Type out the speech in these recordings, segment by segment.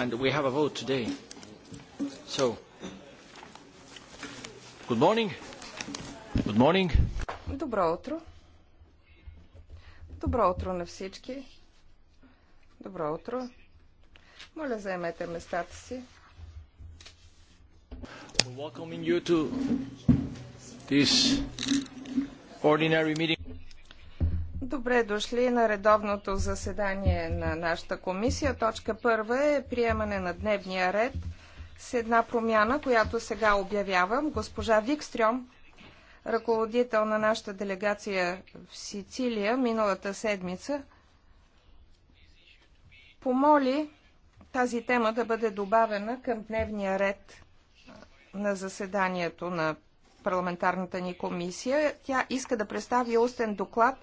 and we have a vote today. So, good morning. Good morning. Добро утро. Добро утро на всички. Добро утро. Моля, заемете местата си. We're welcoming you to this ordinary meeting. Добре дошли на редовното заседание на нашата комисия. Точка първа е приемане на дневния ред с една промяна, която сега обявявам. Госпожа Викстрем, ръководител на нашата делегация в Сицилия миналата седмица, помоли тази тема да бъде добавена към дневния ред на заседанието на парламентарната ни комисия. Тя иска да представи устен доклад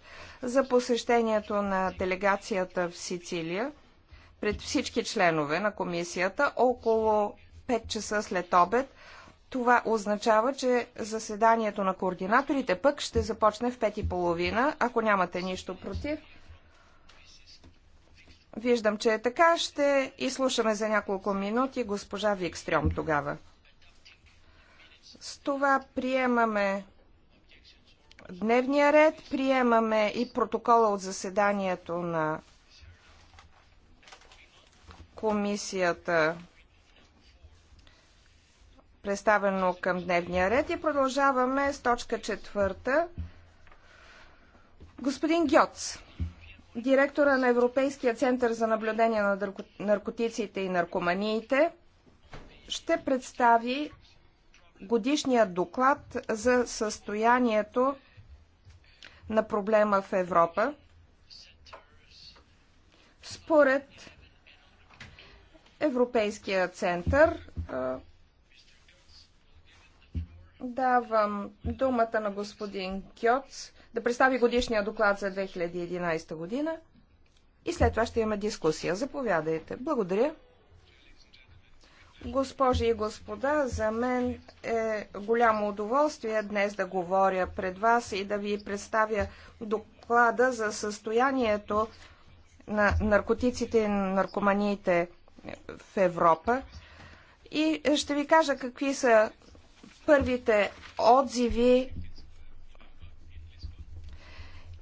за посещението на делегацията в Сицилия пред всички членове на комисията около 5 часа след обед. Това означава, че заседанието на координаторите пък ще започне в 5.30, ако нямате нищо против. Виждам, че е така. Ще изслушаме за няколко минути госпожа Викстрем тогава. С това приемаме дневния ред, приемаме и протокола от заседанието на комисията, представено към дневния ред. И продължаваме с точка четвърта. Господин Гьоц, директора на Европейския център за наблюдение на наркотиците и наркоманиите, ще представи годишния доклад за състоянието на проблема в Европа според Европейския център. Давам думата на господин Кьоц да представи годишния доклад за 2011 година и след това ще имаме дискусия. Заповядайте. Благодаря. Госпожи и господа, за мен е голямо удоволствие днес да говоря пред вас и да ви представя доклада за състоянието на наркотиците и наркоманиите в Европа. И ще ви кажа какви са първите отзиви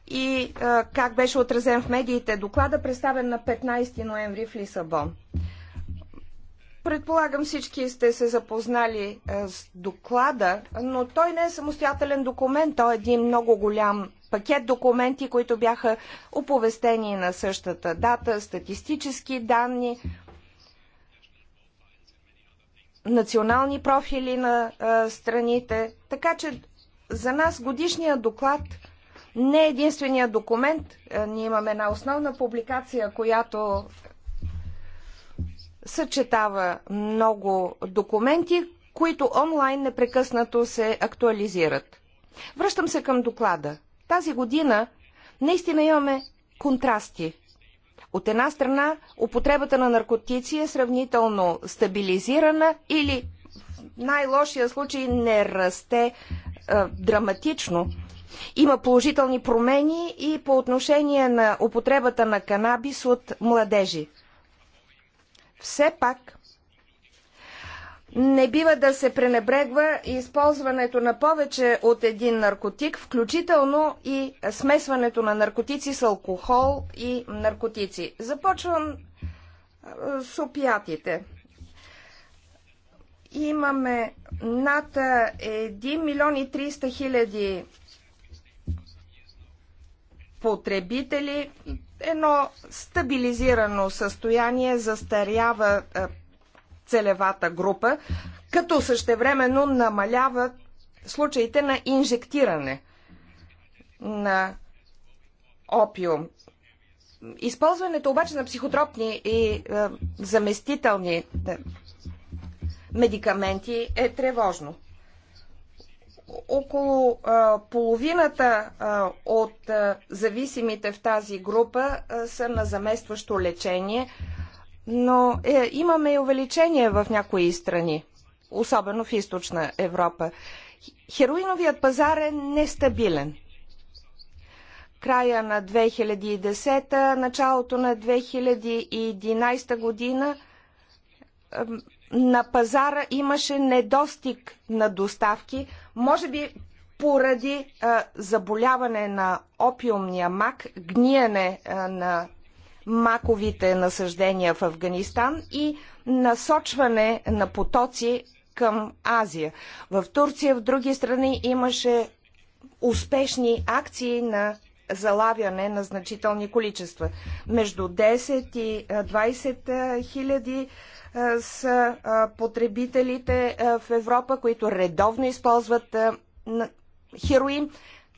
и как беше отразен в медиите доклада, представен на 15 ноември в Лисабон. Предполагам всички сте се запознали е, с доклада, но той не е самостоятелен документ, той е един много голям пакет документи, които бяха оповестени на същата дата, статистически данни, национални профили на а, е, страните. Така че за нас годишният доклад не е единствения документ. Е, ние имаме една основна публикация, която съчетава много документи, които онлайн непрекъснато се актуализират. Връщам се към доклада. Тази година наистина имаме контрасти. От една страна, употребата на наркотици е сравнително стабилизирана или в най-лошия случай не расте а, е, драматично. Има положителни промени и по отношение на употребата на канабис от младежи все пак не бива да се пренебрегва използването на повече от един наркотик, включително и смесването на наркотици с алкохол и наркотици. Започвам с опиатите. Имаме над 1 милион и 300 хиляди потребители, едно стабилизирано състояние застарява е, целевата група, като същевременно намалява случаите на инжектиране на опиум. Използването обаче на психотропни и е, заместителни е, медикаменти е тревожно около а, половината а, от а, зависимите в тази група а, са на заместващо лечение, но е, имаме и увеличение в някои страни, особено в източна Европа. Хероиновият пазар е нестабилен. Края на 2010, началото на 2011 година на пазара имаше недостиг на доставки – може би поради а, заболяване на опиумния мак, гниене а, на маковите насъждения в Афганистан и насочване на потоци към Азия. В Турция, в други страни имаше успешни акции на залавяне на значителни количества. Между 10 и 20 хиляди е, са е, потребителите е, в Европа, които редовно използват хероин.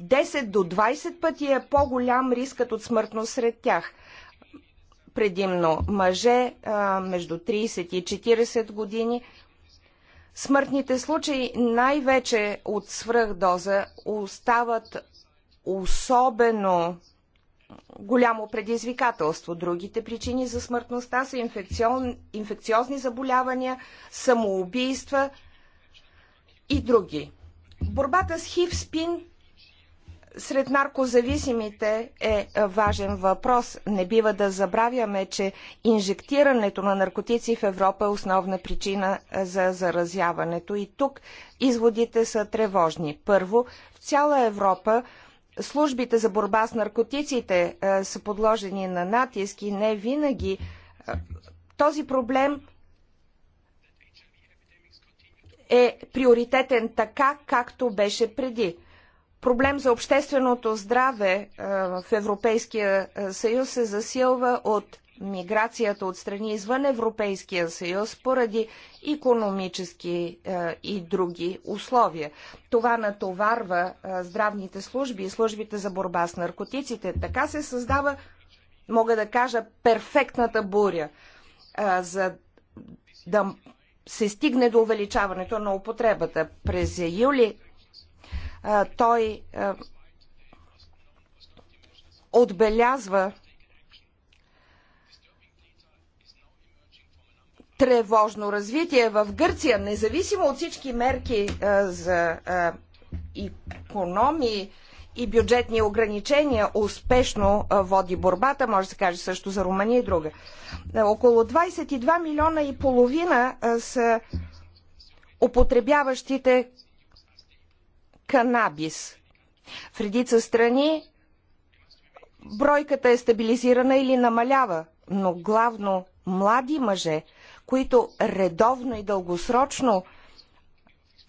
10 до 20 пъти е по-голям рискът от смъртност сред тях. Предимно мъже между 30 и 40 години. Смъртните случаи най-вече от свръхдоза остават особено голямо предизвикателство. Другите причини за смъртността са инфекцион, инфекциозни заболявания, самоубийства и други. Борбата с хив, спин сред наркозависимите е важен въпрос. Не бива да забравяме, че инжектирането на наркотици в Европа е основна причина е, за заразяването. И тук изводите са тревожни. Първо, в цяла Европа службите за борба с наркотиците а, е, са подложени на натиск и не винаги а, е, този проблем е приоритетен така, както беше преди. Проблем за общественото здраве а, е, в Европейския съюз се засилва от миграцията от страни извън Европейския съюз поради економически е, и други условия. Това натоварва е, здравните служби и службите за борба с наркотиците. Така се създава, мога да кажа, перфектната буря, е, за да се стигне до увеличаването на употребата. През юли е, той е, отбелязва тревожно развитие в Гърция, независимо от всички мерки а, за а, економии и бюджетни ограничения, успешно а, води борбата, може да се каже също за Румъния и друга. Около 22 милиона и половина са употребяващите канабис. В редица страни бройката е стабилизирана или намалява, но главно млади мъже – които редовно и дългосрочно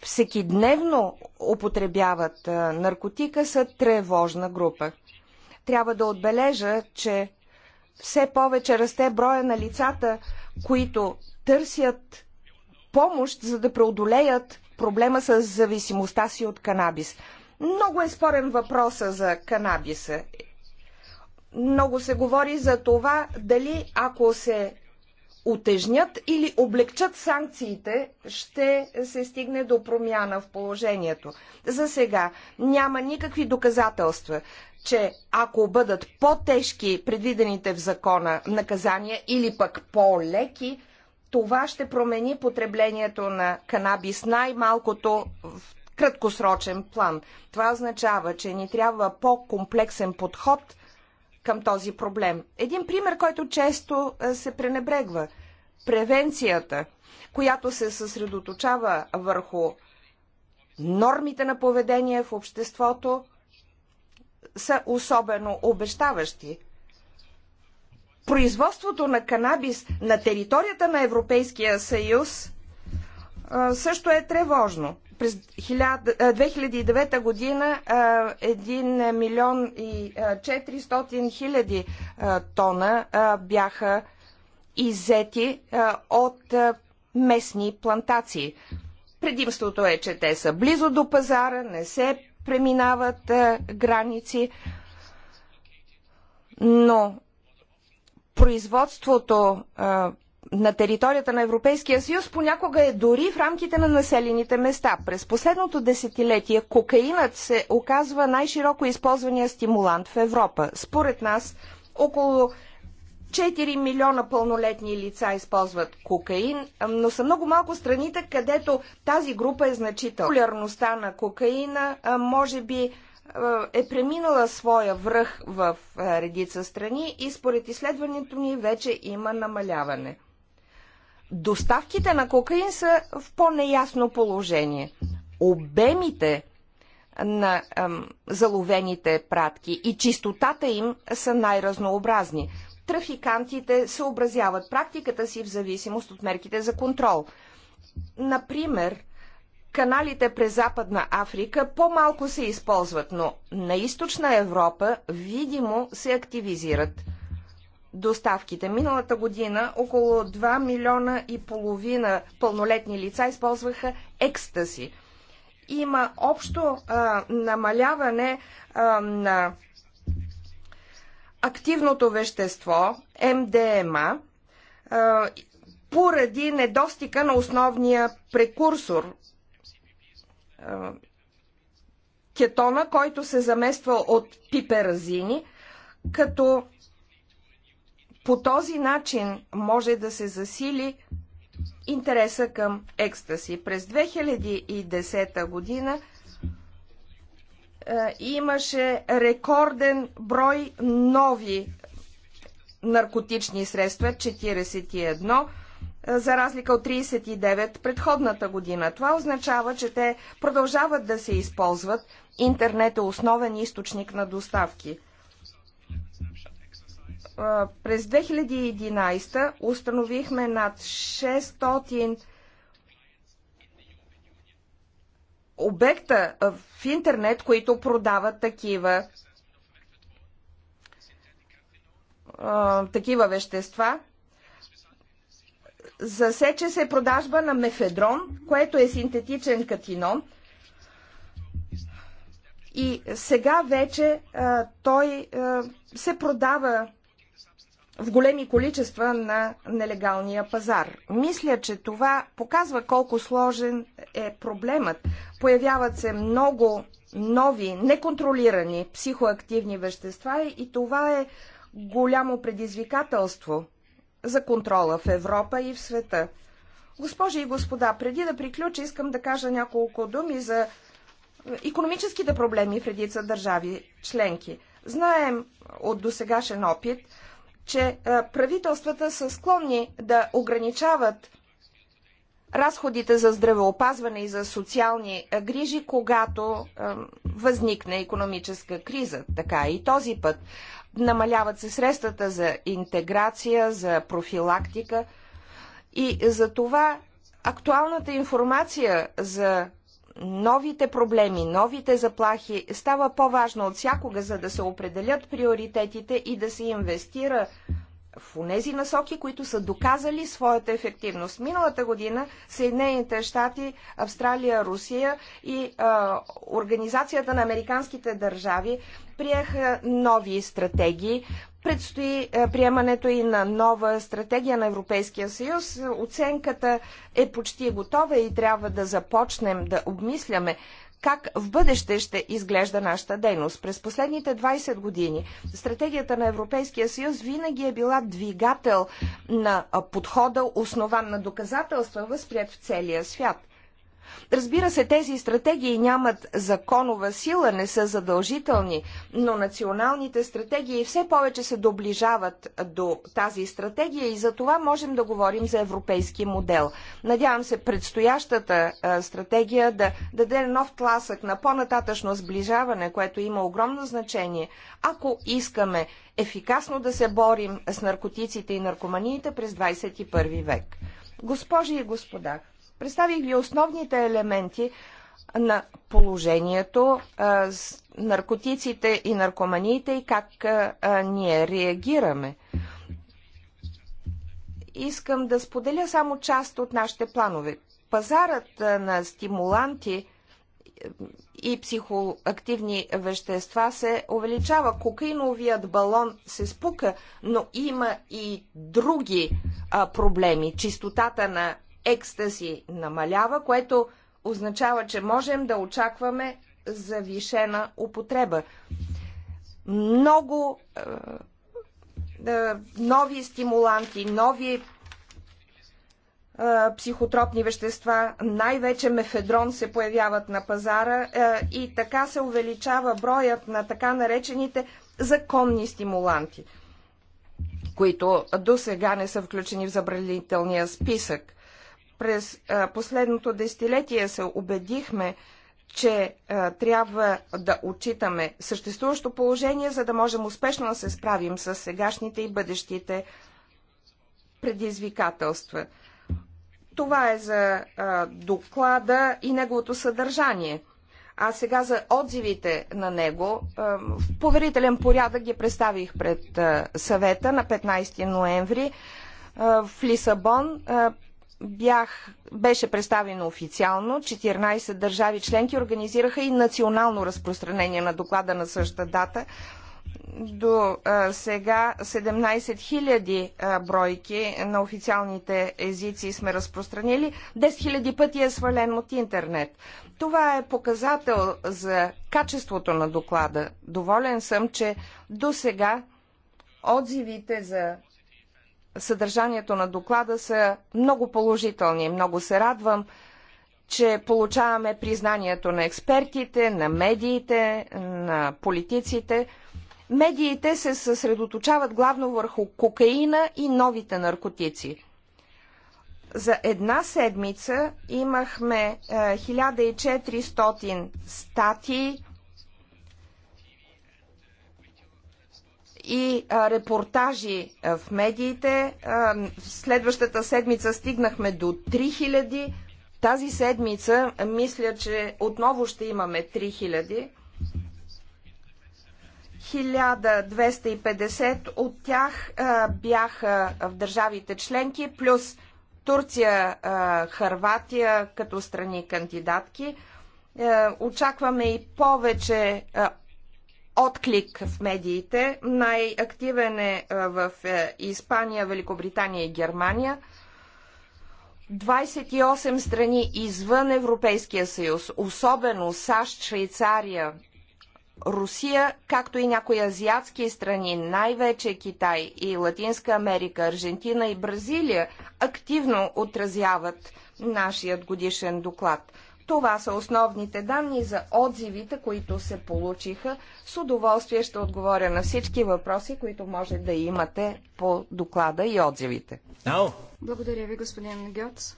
всекидневно употребяват наркотика, са тревожна група. Трябва да отбележа, че все повече расте броя на лицата, които търсят помощ, за да преодолеят проблема с зависимостта си от канабис. Много е спорен въпроса за канабиса. Много се говори за това дали ако се утежнят или облегчат санкциите, ще се стигне до промяна в положението. За сега няма никакви доказателства, че ако бъдат по-тежки предвидените в закона наказания или пък по-леки, това ще промени потреблението на канабис най-малкото в краткосрочен план. Това означава, че ни трябва по-комплексен подход към този проблем. Един пример, който често се пренебрегва – превенцията, която се съсредоточава върху нормите на поведение в обществото, са особено обещаващи. Производството на канабис на територията на Европейския съюз също е тревожно. През 2009 година 1 милион и 400 хиляди тона бяха иззети от местни плантации. Предимството е, че те са близо до пазара, не се преминават граници, но производството на територията на Европейския съюз понякога е дори в рамките на населените места. През последното десетилетие кокаинът се оказва най-широко използвания стимулант в Европа. Според нас около 4 милиона пълнолетни лица използват кокаин, но са много малко страните, където тази група е значителна. Популярността на кокаина може би е преминала своя връх в редица страни и според изследването ни вече има намаляване. Доставките на кокаин са в по-неясно положение. Обемите на ам, заловените пратки и чистотата им са най-разнообразни трафикантите съобразяват практиката си в зависимост от мерките за контрол. Например, каналите през Западна Африка по-малко се използват, но на Източна Европа видимо се активизират доставките. Миналата година около 2 милиона и половина пълнолетни лица използваха екстаси. Има общо а, намаляване а, на активното вещество МДМА поради недостига на основния прекурсор кетона, който се замества от пиперазини, като по този начин може да се засили интереса към екстаси. През 2010 година е, имаше рекорден брой нови наркотични средства 41 е, за разлика от 39 предходната година. Това означава, че те продължават да се използват. Интернет е основен източник на доставки. Е, през 2011 установихме над 600 обекта в интернет, които продават такива такива вещества. Засече се продажба на мефедрон, което е синтетичен катинон. И сега вече а, той а, се продава в големи количества на нелегалния пазар. Мисля, че това показва колко сложен е проблемът. Появяват се много нови, неконтролирани психоактивни вещества и това е голямо предизвикателство за контрола в Европа и в света. Госпожи и господа, преди да приключа, искам да кажа няколко думи за економическите проблеми в редица държави членки. Знаем от досегашен опит, че правителствата са склонни да ограничават разходите за здравеопазване и за социални грижи, когато възникне економическа криза. Така и този път намаляват се средствата за интеграция, за профилактика и за това актуалната информация за новите проблеми, новите заплахи става по-важно от всякога, за да се определят приоритетите и да се инвестира в тези насоки, които са доказали своята ефективност. Миналата година Съединените щати, Австралия, Русия и а, Организацията на американските държави приеха нови стратегии Предстои е, приемането и на нова стратегия на Европейския съюз. Оценката е почти готова и трябва да започнем да обмисляме как в бъдеще ще изглежда нашата дейност. През последните 20 години стратегията на Европейския съюз винаги е била двигател на подхода, основан на доказателства, възприят в целия свят. Разбира се, тези стратегии нямат законова сила, не са задължителни, но националните стратегии все повече се доближават до тази стратегия и за това можем да говорим за европейски модел. Надявам се предстоящата стратегия да даде нов тласък на по-нататъчно сближаване, което има огромно значение, ако искаме ефикасно да се борим с наркотиците и наркоманиите през 21 век. Госпожи и господа, Представих ви основните елементи на положението с наркотиците и наркоманиите и как ние реагираме. Искам да споделя само част от нашите планове. Пазарът на стимуланти и психоактивни вещества се увеличава. Кокаиновият балон се спука, но има и други проблеми. Чистотата на Екстази намалява, което означава, че можем да очакваме завишена употреба. Много е, е, нови стимуланти, нови е, психотропни вещества, най-вече мефедрон се появяват на пазара е, и така се увеличава броят на така наречените законни стимуланти, които до сега не са включени в забранителния списък. През последното десетилетие се убедихме, че а, трябва да отчитаме съществуващо положение, за да можем успешно да се справим с сегашните и бъдещите предизвикателства. Това е за а, доклада и неговото съдържание. А сега за отзивите на него. А, в поверителен порядък ги представих пред а, съвета на 15 ноември а, в Лисабон. А, бях, беше представено официално. 14 държави членки организираха и национално разпространение на доклада на същата дата. До а, сега 17 000 а, бройки на официалните езици сме разпространили. 10 000 пъти е свален от интернет. Това е показател за качеството на доклада. Доволен съм, че до сега отзивите за съдържанието на доклада са много положителни. Много се радвам, че получаваме признанието на експертите, на медиите, на политиците. Медиите се съсредоточават главно върху кокаина и новите наркотици. За една седмица имахме 1400 е, статии, и а, репортажи а, в медиите. А, следващата седмица стигнахме до 3000. Тази седмица а, мисля, че отново ще имаме 3000. 1250 от тях а, бяха в държавите членки, плюс Турция, а, Харватия като страни кандидатки. Е, очакваме и повече отклик в медиите. Най-активен е в е, Испания, Великобритания и Германия. 28 страни извън Европейския съюз, особено САЩ, Швейцария, Русия, както и някои азиатски страни, най-вече Китай и Латинска Америка, Аржентина и Бразилия, активно отразяват нашият годишен доклад. Това са основните данни за отзивите, които се получиха. С удоволствие ще отговоря на всички въпроси, които може да имате по доклада и отзивите. No. Благодаря ви, господин Гьоц.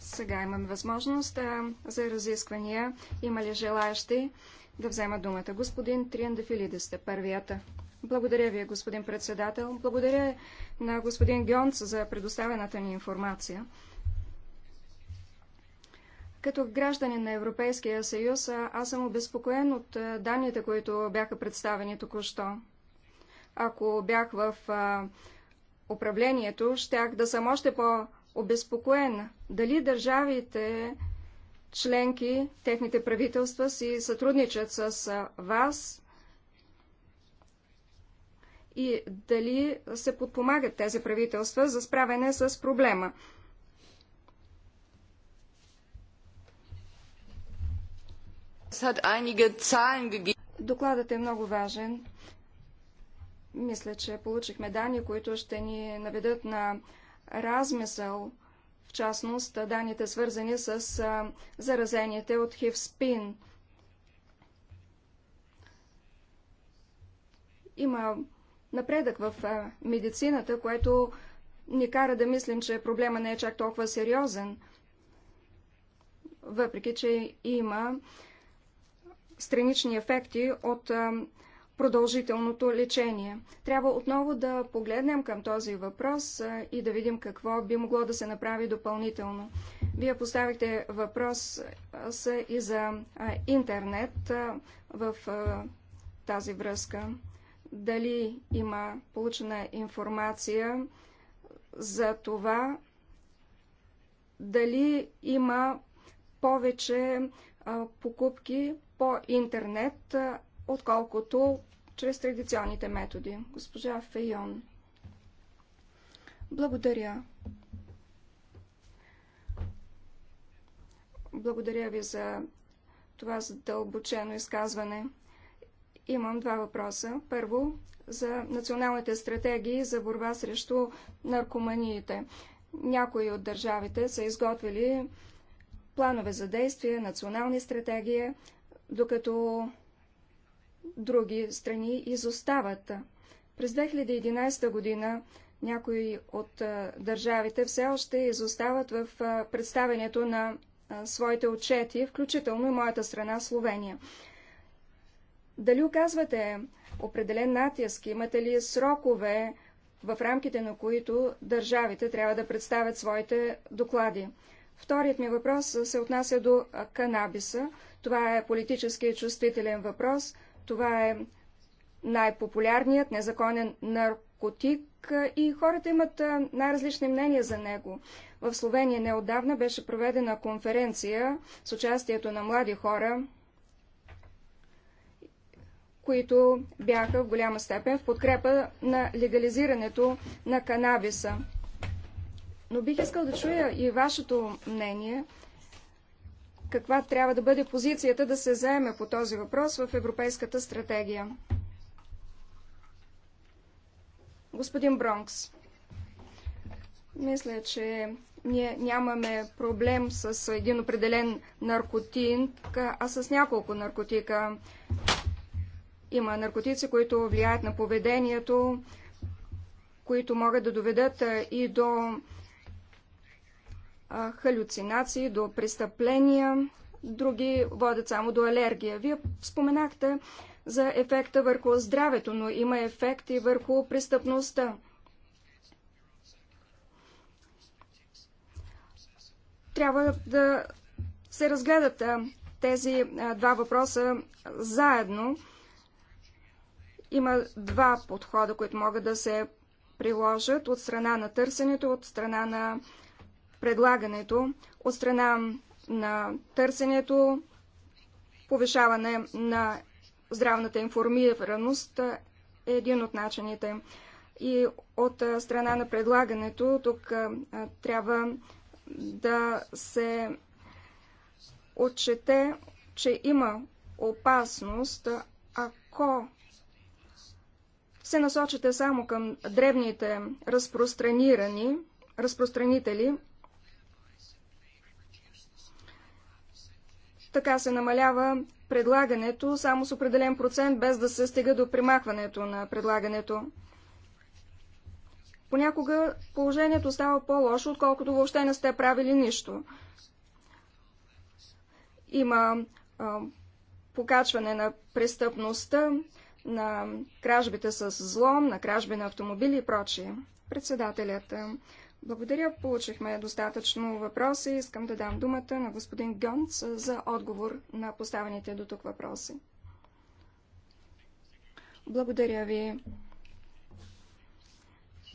Сега имам възможност а, за разисквания. Има ли желаящи да взема думата? Господин Триандафилидес сте първията. Благодаря ви, господин председател. Благодаря на господин Гьонц за предоставената ни информация. Като гражданин на Европейския съюз, аз съм обезпокоен от данните, които бяха представени току-що. Ако бях в а, управлението, щях да съм още по-обезпокоен. Дали държавите членки, техните правителства си сътрудничат с вас и дали се подпомагат тези правителства за справяне с проблема. Докладът е много важен. Мисля, че получихме данни, които ще ни наведат на размисъл, в частност данните свързани с заразените от хив спин. Има напредък в медицината, което ни кара да мислим, че проблема не е чак толкова сериозен, въпреки че има странични ефекти от продължителното лечение. Трябва отново да погледнем към този въпрос и да видим какво би могло да се направи допълнително. Вие поставихте въпрос и за интернет в тази връзка. Дали има получена информация за това, дали има повече покупки по интернет, отколкото чрез традиционните методи. Госпожа Фейон. Благодаря. Благодаря ви за това задълбочено изказване. Имам два въпроса. Първо, за националните стратегии за борба срещу наркоманиите. Някои от държавите са изготвили планове за действие, национални стратегии, докато други страни изостават. През 2011 година някои от държавите все още изостават в представенето на своите отчети, включително и моята страна Словения. Дали оказвате определен натиск, имате ли срокове, в рамките на които държавите трябва да представят своите доклади? Вторият ми въпрос се отнася до канабиса. Това е политически чувствителен въпрос. Това е най-популярният незаконен наркотик и хората имат най-различни мнения за него. В Словения неодавна беше проведена конференция с участието на млади хора, които бяха в голяма степен в подкрепа на легализирането на канабиса. Но бих искал да чуя и вашето мнение каква трябва да бъде позицията да се заеме по този въпрос в Европейската стратегия. Господин Бронкс, мисля, че ние нямаме проблем с един определен наркотик, а с няколко наркотика. Има наркотици, които влияят на поведението, които могат да доведат и до халюцинации, до престъпления, други водят само до алергия. Вие споменахте за ефекта върху здравето, но има ефект и върху престъпността. Трябва да се разгледат тези два въпроса заедно. Има два подхода, които могат да се приложат от страна на търсенето, от страна на предлагането от страна на търсенето, повишаване на здравната информираност е един от начините. И от страна на предлагането тук трябва да се отчете, че има опасност, ако се насочите само към древните разпространирани, разпространители, Така се намалява предлагането само с определен процент, без да се стига до примахването на предлагането. Понякога положението става по-лошо, отколкото въобще не сте правили нищо. Има а, покачване на престъпността, на кражбите с злом, на кражби на автомобили и прочие. Председателят. Благодаря, получихме достатъчно въпроси. Искам да дам думата на господин Гонц за отговор на поставените до тук въпроси. Благодаря ви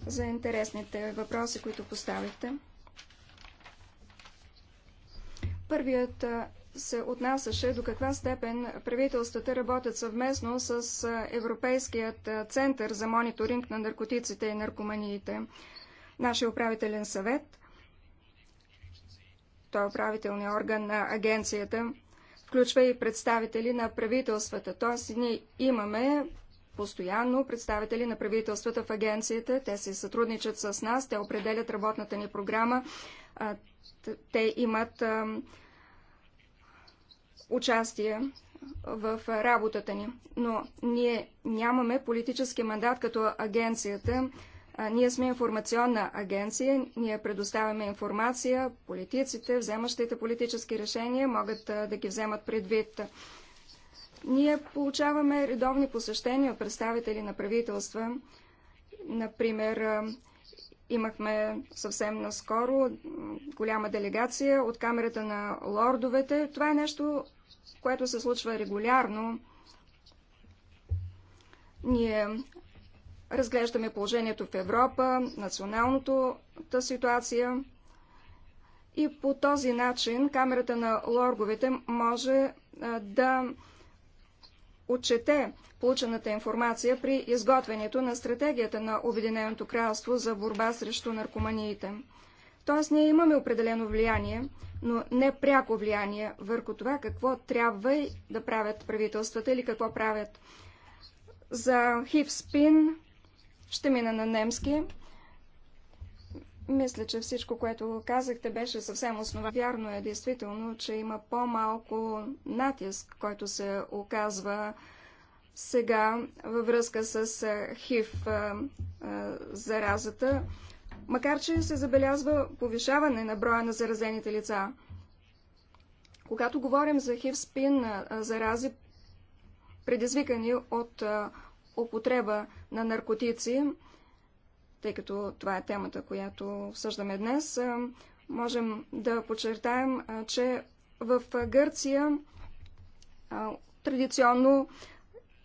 за интересните въпроси, които поставихте. Първият се отнасяше до каква степен правителствата работят съвместно с Европейският център за мониторинг на наркотиците и наркоманиите нашия управителен съвет. Той е управителният орган на агенцията. Включва и представители на правителствата. Т.е. ние имаме постоянно представители на правителствата в агенцията. Те се сътрудничат с нас, те определят работната ни програма. Те имат участие в работата ни. Но ние нямаме политически мандат като агенцията. Ние сме информационна агенция, ние предоставяме информация, политиците, вземащите политически решения могат да ги вземат предвид. Ние получаваме редовни посещения от представители на правителства. Например, имахме съвсем наскоро голяма делегация от Камерата на лордовете. Това е нещо, което се случва регулярно. Ние Разглеждаме положението в Европа, националното ситуация и по този начин камерата на лорговете може да отчете получената информация при изготвянето на стратегията на Обединеното кралство за борба срещу наркоманиите. Тоест ние имаме определено влияние, но не пряко влияние върху това какво трябва да правят правителствата или какво правят. За HIV спин ще мина на немски. Мисля, че всичко, което казахте, беше съвсем основа. Вярно е действително, че има по-малко натиск, който се оказва сега във връзка с ХИВ заразата, макар че се забелязва повишаване на броя на заразените лица. Когато говорим за ХИВ спин зарази, предизвикани от употреба на наркотици, тъй като това е темата, която обсъждаме днес, можем да подчертаем, че в Гърция традиционно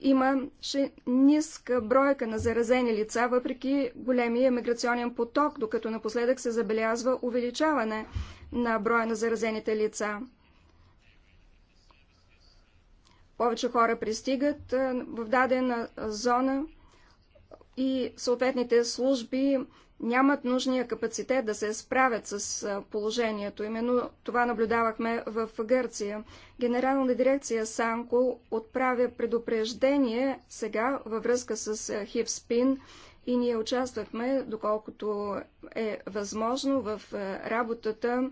имаше ниска бройка на заразени лица, въпреки големия миграционен поток, докато напоследък се забелязва увеличаване на броя на заразените лица повече хора пристигат е, в дадена зона и съответните служби нямат нужния капацитет да се справят с е, положението. Именно това наблюдавахме в Гърция. Генерална дирекция Санко отправя предупреждение сега във връзка с е, ХИВ-СПИН и ние участвахме, доколкото е възможно, в работата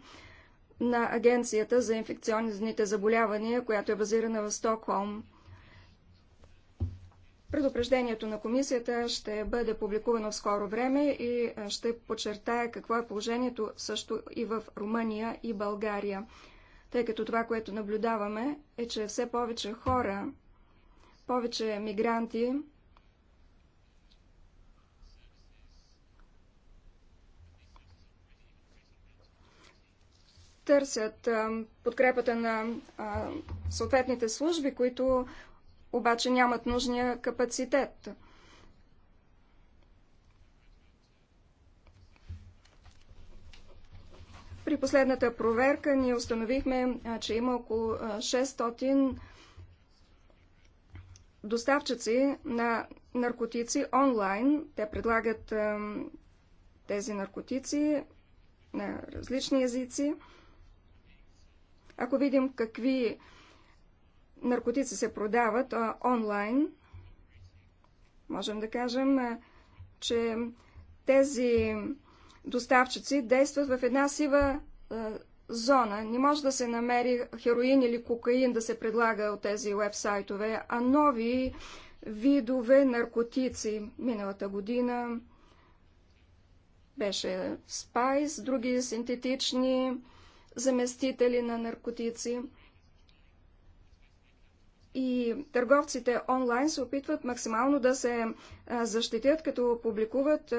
на Агенцията за инфекционните заболявания, която е базирана в Стокхолм. Предупреждението на комисията ще бъде публикувано в скоро време и ще подчертая какво е положението също и в Румъния и България. Тъй като това, което наблюдаваме, е, че все повече хора, повече мигранти търсят подкрепата на съответните служби, които обаче нямат нужния капацитет. При последната проверка ние установихме, че има около 600 доставчици на наркотици онлайн. Те предлагат тези наркотици на различни езици. Ако видим какви наркотици се продават а, онлайн, можем да кажем, а, че тези доставчици действат в една сива а, зона. Не може да се намери хероин или кокаин да се предлага от тези вебсайтове, а нови видове наркотици. Миналата година беше спайс, други синтетични заместители на наркотици. И търговците онлайн се опитват максимално да се защитят, като публикуват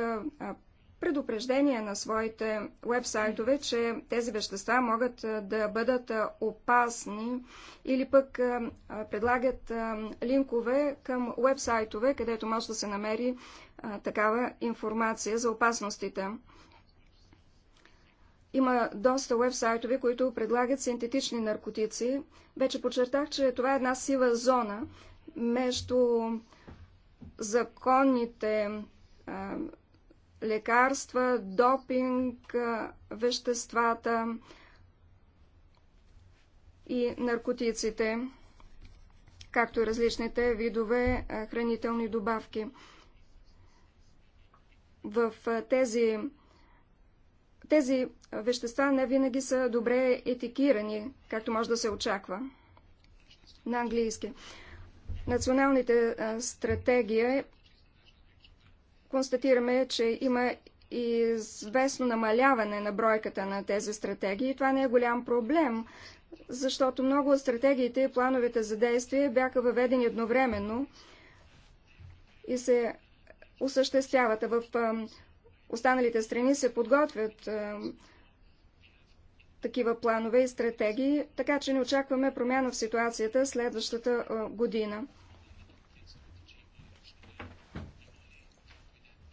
предупреждения на своите вебсайтове, че тези вещества могат да бъдат опасни или пък предлагат линкове към вебсайтове, където може да се намери такава информация за опасностите. Има доста уебсайтове, които предлагат синтетични наркотици. Вече подчертах, че това е една сива зона между законните лекарства, допинг, веществата и наркотиците, както и различните видове хранителни добавки. В тези тези вещества не винаги са добре етикирани, както може да се очаква на английски. Националните стратегия констатираме, че има известно намаляване на бройката на тези стратегии. Това не е голям проблем, защото много от стратегиите и плановете за действие бяха въведени едновременно и се осъществяват. В Останалите страни се подготвят е, такива планове и стратегии, така че не очакваме промяна в ситуацията следващата е, година.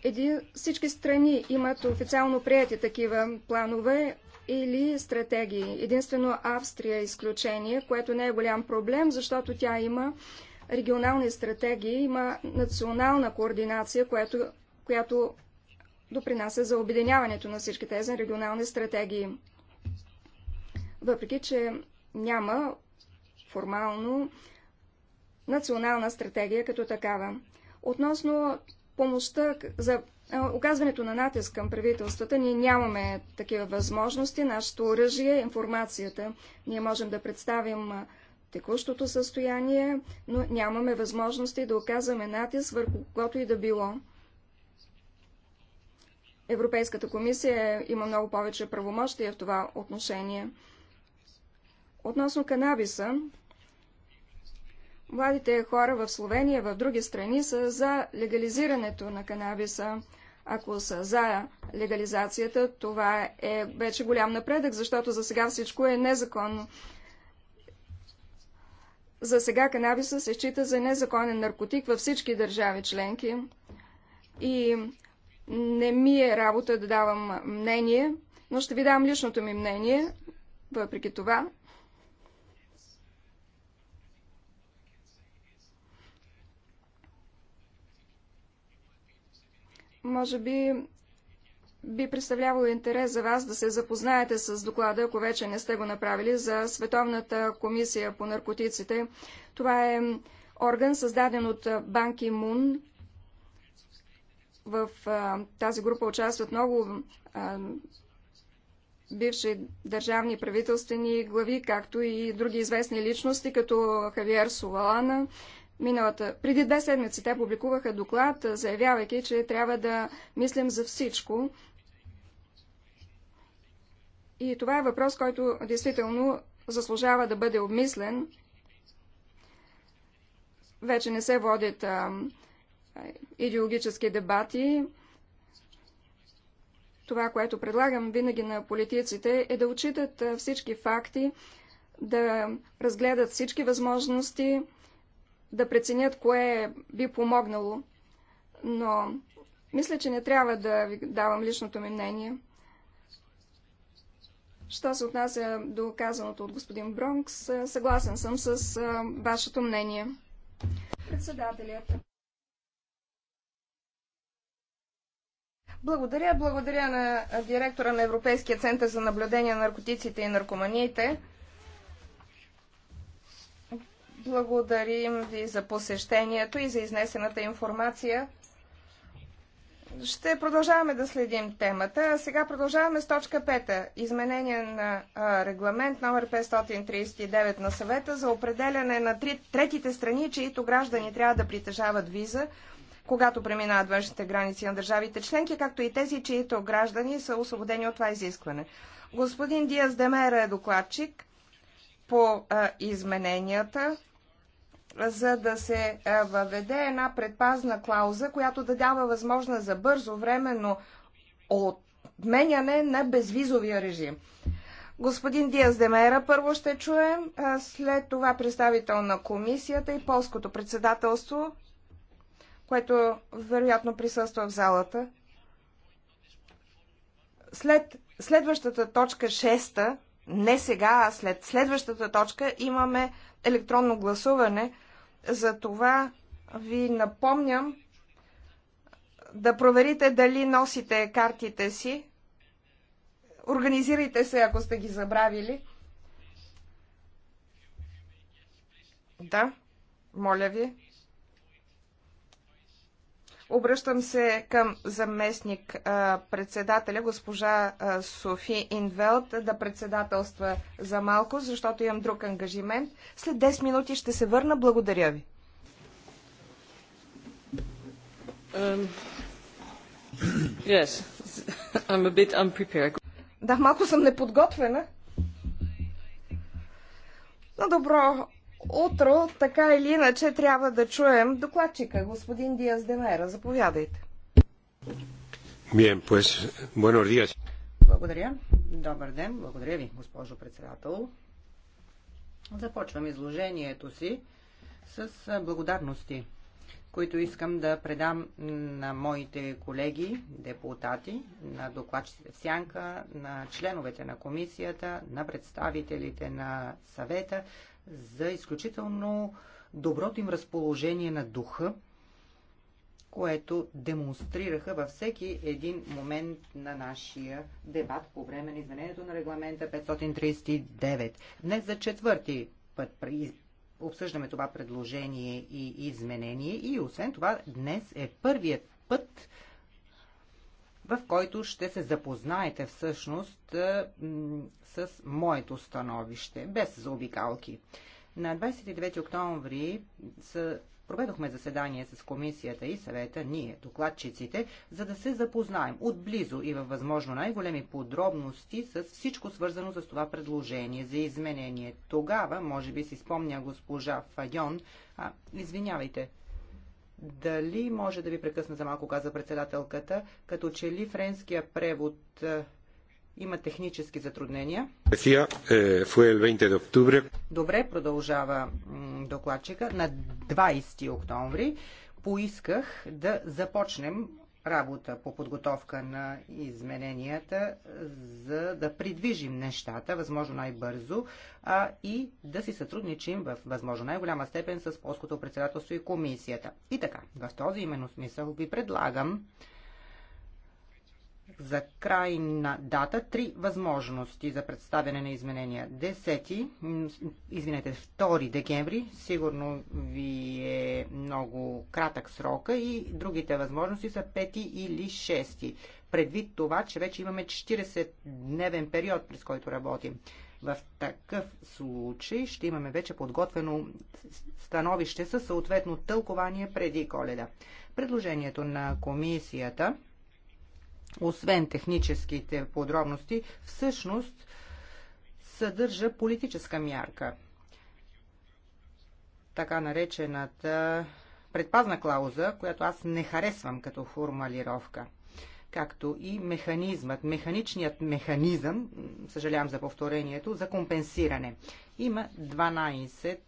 Еди, всички страни имат официално прияти такива планове или стратегии. Единствено Австрия е изключение, което не е голям проблем, защото тя има регионални стратегии, има национална координация, което, която допринася за обединяването на всички тези регионални стратегии. Въпреки, че няма формално национална стратегия като такава. Относно помощта за оказването на натиск към правителствата, ние нямаме такива възможности. Нашето оръжие е информацията. Ние можем да представим текущото състояние, но нямаме възможности да оказваме натиск върху когото и да било. Европейската комисия има много повече правомощия в това отношение. Относно канабиса, младите хора в Словения, в други страни са за легализирането на канабиса. Ако са за легализацията, това е вече голям напредък, защото за сега всичко е незаконно. За сега канабиса се счита за незаконен наркотик във всички държави членки. И не ми е работа да давам мнение, но ще ви дам личното ми мнение, въпреки това. Може би би представлявало интерес за вас да се запознаете с доклада, ако вече не сте го направили, за Световната комисия по наркотиците. Това е орган, създаден от Банки Мун, в а, тази група участват много а, бивши държавни правителствени глави, както и други известни личности, като Хавиер Солана. Миналата, преди две седмици те публикуваха доклад, заявявайки, че трябва да мислим за всичко. И това е въпрос, който действително заслужава да бъде обмислен. Вече не се водят а, идеологически дебати. Това, което предлагам винаги на политиците, е да учитат всички факти, да разгледат всички възможности, да преценят кое би помогнало. Но мисля, че не трябва да ви давам личното ми мнение. Що се отнася до казаното от господин Бронкс, съгласен съм с вашето мнение. Председателят. Благодаря, благодаря на директора на Европейския център за наблюдение на наркотиците и наркоманиите. Благодарим ви за посещението и за изнесената информация. Ще продължаваме да следим темата. А сега продължаваме с точка 5. Изменение на регламент номер 539 на съвета за определяне на третите страни, чието граждани трябва да притежават виза когато преминават външните граници на държавите членки, както и тези, чието граждани са освободени от това изискване. Господин Диас Демера е докладчик по а, измененията, за да се а, въведе една предпазна клауза, която да дава възможност за бързо времено отменяне на безвизовия режим. Господин Диас Демера първо ще чуем, а след това представител на комисията и полското председателство което вероятно присъства в залата. След следващата точка 6, не сега, а след следващата точка, имаме електронно гласуване. За това ви напомням да проверите дали носите картите си. Организирайте се, ако сте ги забравили. Да, моля ви. Обръщам се към заместник председателя госпожа Софи Инвелт да председателства за малко, защото имам друг ангажимент. След 10 минути ще се върна. Благодаря ви. Um, yes, I'm a bit unprepared. Да, малко съм неподготвена. На добро Утро, така или иначе, трябва да чуем докладчика, господин Диас Демера. Заповядайте. Bien, pues, buenos días. Благодаря. Добър ден. Благодаря ви, госпожо председател. Започвам изложението си с благодарности, които искам да предам на моите колеги, депутати, на докладчите в Сянка, на членовете на комисията, на представителите на съвета, за изключително доброто им разположение на духа, което демонстрираха във всеки един момент на нашия дебат по време на изменението на регламента 539. Днес за четвърти път обсъждаме това предложение и изменение и освен това днес е първият път, в който ще се запознаете всъщност е, с моето становище, без заобикалки. На 29 октомври са Проведохме заседание с комисията и съвета, ние, докладчиците, за да се запознаем отблизо и във възможно най-големи подробности с всичко свързано с това предложение за изменение. Тогава, може би си спомня госпожа Файон, а, извинявайте, дали може да ви прекъсна за малко, каза председателката, като че ли френския превод е, има технически затруднения. Е, Добре, продължава докладчика. На 20 октомври поисках да започнем работа по подготовка на измененията, за да придвижим нещата възможно най-бързо, а и да си сътрудничим в възможно най-голяма степен с полското председателство и комисията. И така, в този именно смисъл ви предлагам за крайна дата три възможности за представяне на изменения. 10, извинете, 2 декември, сигурно ви е много кратък срока и другите възможности са 5 или 6. Предвид това, че вече имаме 40-дневен период, през който работим. В такъв случай ще имаме вече подготвено становище със съответно тълкование преди коледа. Предложението на комисията освен техническите подробности, всъщност съдържа политическа мярка. Така наречената предпазна клауза, която аз не харесвам като формулировка както и механизмът, механичният механизъм, съжалявам за повторението, за компенсиране. Има 12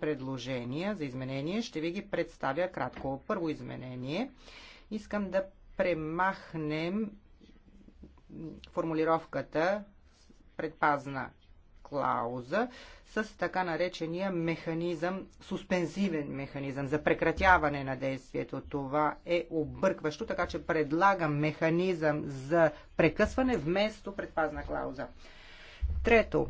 предложения за изменение. Ще ви ги представя кратко. Първо изменение. Искам да премахнем формулировката предпазна клауза с така наречения механизъм, суспензивен механизъм за прекратяване на действието. Това е объркващо, така че предлагам механизъм за прекъсване вместо предпазна клауза. Трето,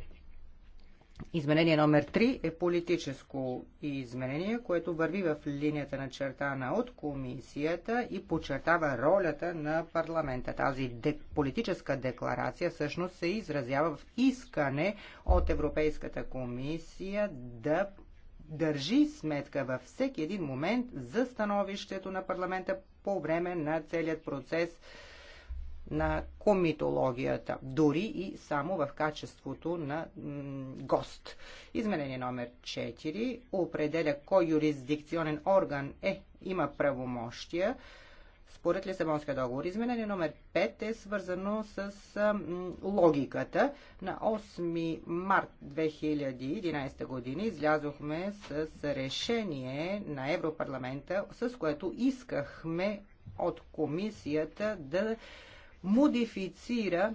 Изменение номер 3 е политическо изменение, което върви в линията на чертана от комисията и подчертава ролята на парламента. Тази де- политическа декларация всъщност се изразява в искане от Европейската комисия да държи сметка във всеки един момент за становището на парламента по време на целият процес на комитологията, дори и само в качеството на гост. Изменение номер 4 определя кой юрисдикционен орган е, има правомощия според Лисабонския договор. Изменение номер 5 е свързано с логиката. На 8 март 2011 година излязохме с решение на Европарламента, с което искахме от комисията да модифицира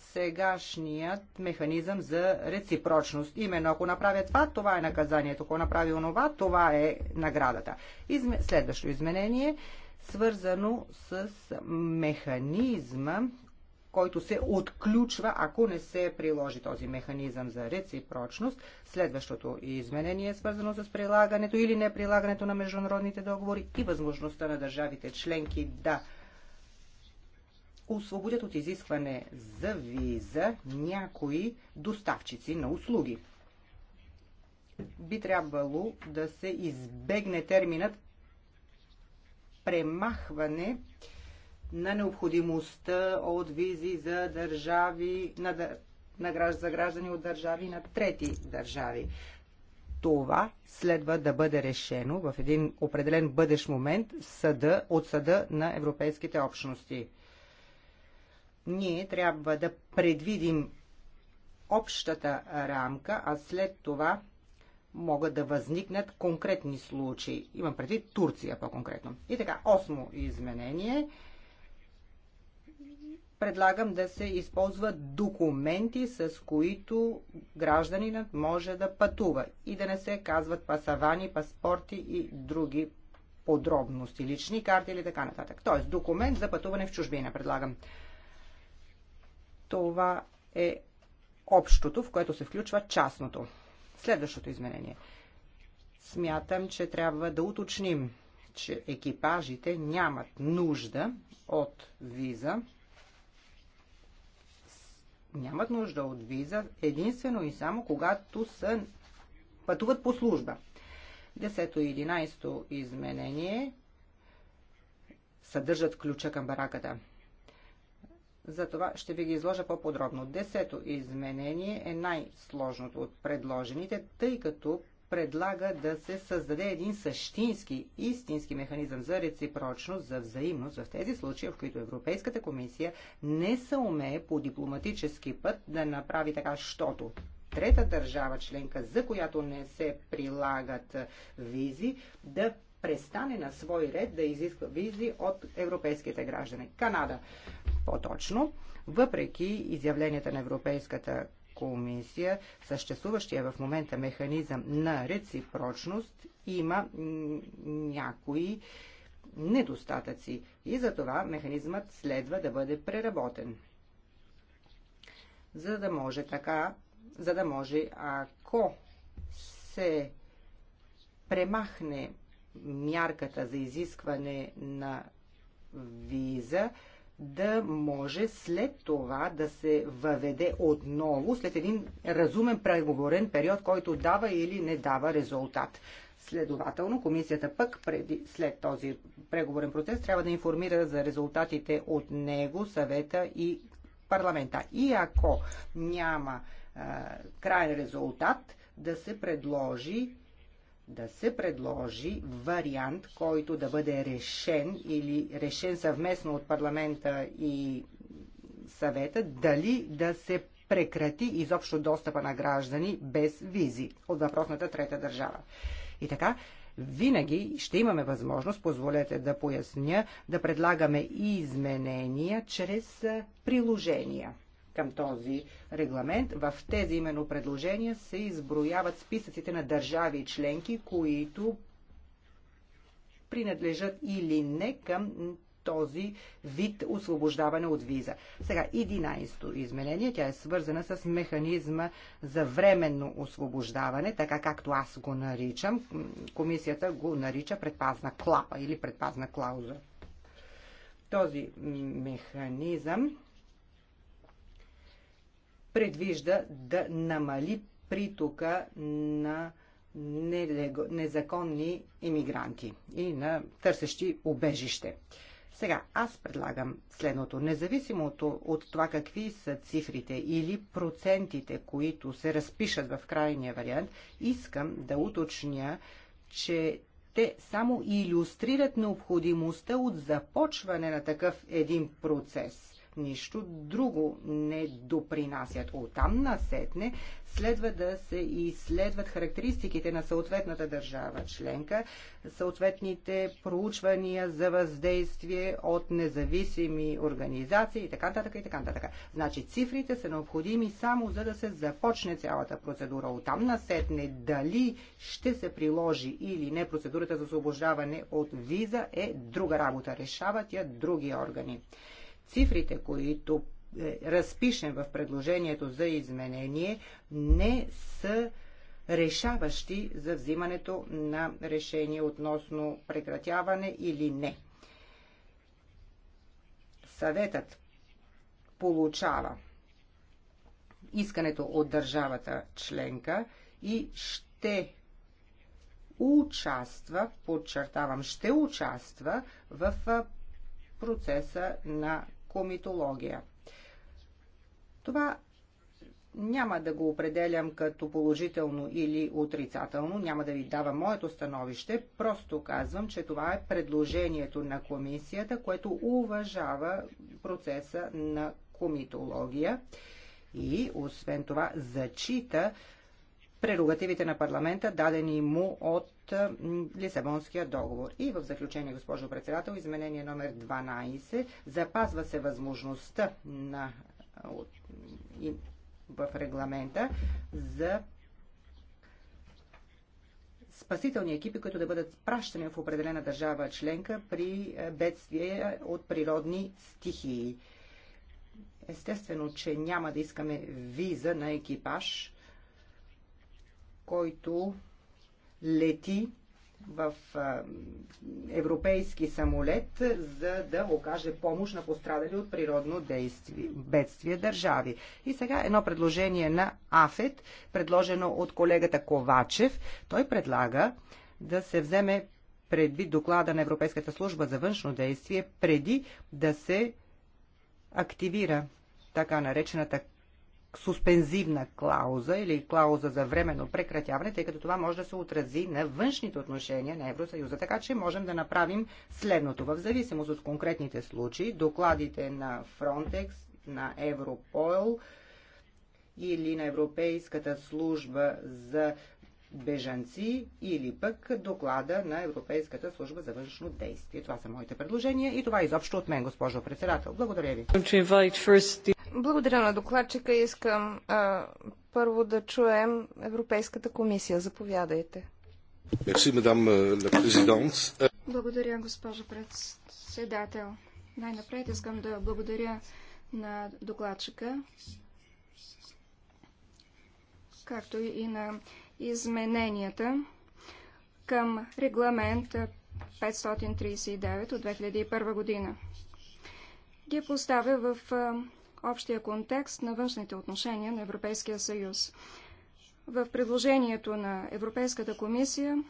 сегашният механизъм за реципрочност. Именно ако направя това, това е наказанието. Ако направи онова, това е наградата. Изме... Следващо изменение, свързано с механизма, който се отключва, ако не се приложи този механизъм за реципрочност. Следващото изменение е свързано с прилагането или неприлагането на международните договори и възможността на държавите членки да освободят от изискване за виза някои доставчици на услуги. Би трябвало да се избегне терминът премахване на необходимостта от визи за държави, на, на, за граждани от държави на трети държави. Това следва да бъде решено в един определен бъдещ момент съда, от съда на европейските общности. Ние трябва да предвидим общата рамка, а след това могат да възникнат конкретни случаи. Имам предвид Турция по-конкретно. И така, осмо изменение. Предлагам да се използват документи, с които гражданинът може да пътува и да не се казват пасавани, паспорти и други подробности, лични карти или така нататък. Тоест, документ за пътуване в чужбина предлагам. Това е общото, в което се включва частното. Следващото изменение. Смятам, че трябва да уточним, че екипажите нямат нужда от виза. Нямат нужда от виза единствено и само когато са, пътуват по служба. Десето и единайсто изменение съдържат ключа към бараката. Затова ще ви ги изложа по-подробно. Десето изменение е най-сложното от предложените, тъй като предлага да се създаде един същински, истински механизъм за реципрочност, за взаимност в тези случаи, в които Европейската комисия не съумее по дипломатически път да направи така, щото трета държава членка, за която не се прилагат визи, да престане на свой ред да изисква визи от европейските граждани. Канада. По-точно, въпреки изявленията на Европейската комисия, съществуващия в момента механизъм на реципрочност има някои недостатъци и за това механизмът следва да бъде преработен. За да може така, за да може ако се премахне мярката за изискване на виза, да може след това да се въведе отново след един разумен преговорен период, който дава или не дава резултат. Следователно, комисията пък преди, след този преговорен процес трябва да информира за резултатите от него, съвета и парламента. И ако няма а, крайен резултат, да се предложи да се предложи вариант, който да бъде решен или решен съвместно от парламента и съвета, дали да се прекрати изобщо достъпа на граждани без визи от въпросната трета държава. И така, винаги ще имаме възможност, позволете да поясня, да предлагаме изменения чрез приложения към този регламент. В тези именно предложения се изброяват списъците на държави и членки, които принадлежат или не към този вид освобождаване от виза. Сега, 11-то изменение, тя е свързана с механизма за временно освобождаване, така както аз го наричам. Комисията го нарича предпазна клапа или предпазна клауза. Този механизъм предвижда да намали притока на незаконни иммигранти и на търсещи убежище. Сега, аз предлагам следното. Независимо от това какви са цифрите или процентите, които се разпишат в крайния вариант, искам да уточня, че те само иллюстрират необходимостта от започване на такъв един процес – нищо друго не допринасят. Оттам насетне следва да се изследват характеристиките на съответната държава членка, съответните проучвания за въздействие от независими организации и така нататък и така нататък. Значи цифрите са необходими само за да се започне цялата процедура. Оттам насетне дали ще се приложи или не процедурата за освобождаване от виза е друга работа. Решават я други органи. Цифрите, които е, разпишем в предложението за изменение, не са решаващи за взимането на решение относно прекратяване или не. Съветът получава искането от държавата членка и ще участва, подчертавам, ще участва в процеса на комитология. Това няма да го определям като положително или отрицателно, няма да ви дава моето становище, просто казвам, че това е предложението на комисията, което уважава процеса на комитология и освен това зачита прерогативите на парламента, дадени му от Лисабонския договор. И в заключение, госпожо председател, изменение номер 12 запазва се възможността на, от, и, в регламента за спасителни екипи, които да бъдат пращани в определена държава членка при е, бедствие от природни стихии. Естествено, че няма да искаме виза на екипаж който лети в европейски самолет, за да окаже помощ на пострадали от природно действие, бедствие държави. И сега едно предложение на АФЕТ, предложено от колегата Ковачев. Той предлага да се вземе предвид доклада на Европейската служба за външно действие преди да се активира така наречената суспензивна клауза или клауза за временно прекратяване, тъй като това може да се отрази на външните отношения на Евросъюза. Така че можем да направим следното. В зависимост от конкретните случаи, докладите на Frontex, на Европол или на Европейската служба за бежанци или пък доклада на Европейската служба за външно действие. Това са моите предложения и това е изобщо от мен, госпожо председател. Благодаря ви. Благодаря на докладчика. Искам а, първо да чуем Европейската комисия. Заповядайте. Euh, благодаря, госпожо председател. Най-напред искам да благодаря на докладчика, както и на измененията към регламент 539 от 2001 година. Ги поставя в общия контекст на външните отношения на Европейския съюз. В предложението на Европейската комисия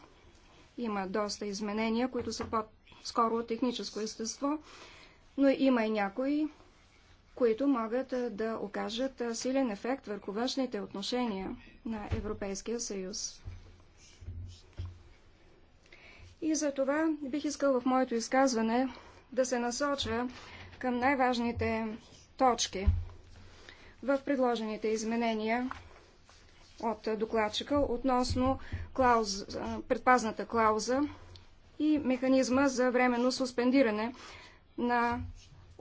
има доста изменения, които са по-скоро техническо естество, но има и някои, които могат да окажат силен ефект върху външните отношения на Европейския съюз. И за това бих искал в моето изказване да се насоча към най-важните точки в предложените изменения от докладчика относно клауз, предпазната клауза и механизма за временно суспендиране на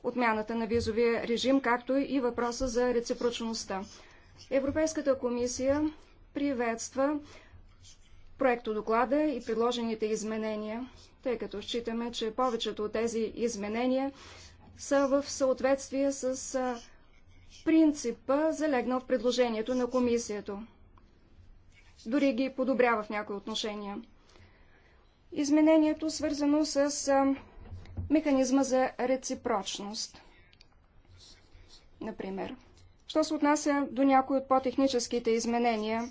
отмяната на визовия режим, както и въпроса за реципрочността. Европейската комисия приветства проекто доклада и предложените изменения, тъй като считаме, че повечето от тези изменения са в съответствие с принципа, залегнал в предложението на комисията. Дори ги подобрява в някои отношения. Изменението, свързано с механизма за реципрочност. Например, що се отнася до някои от по-техническите изменения,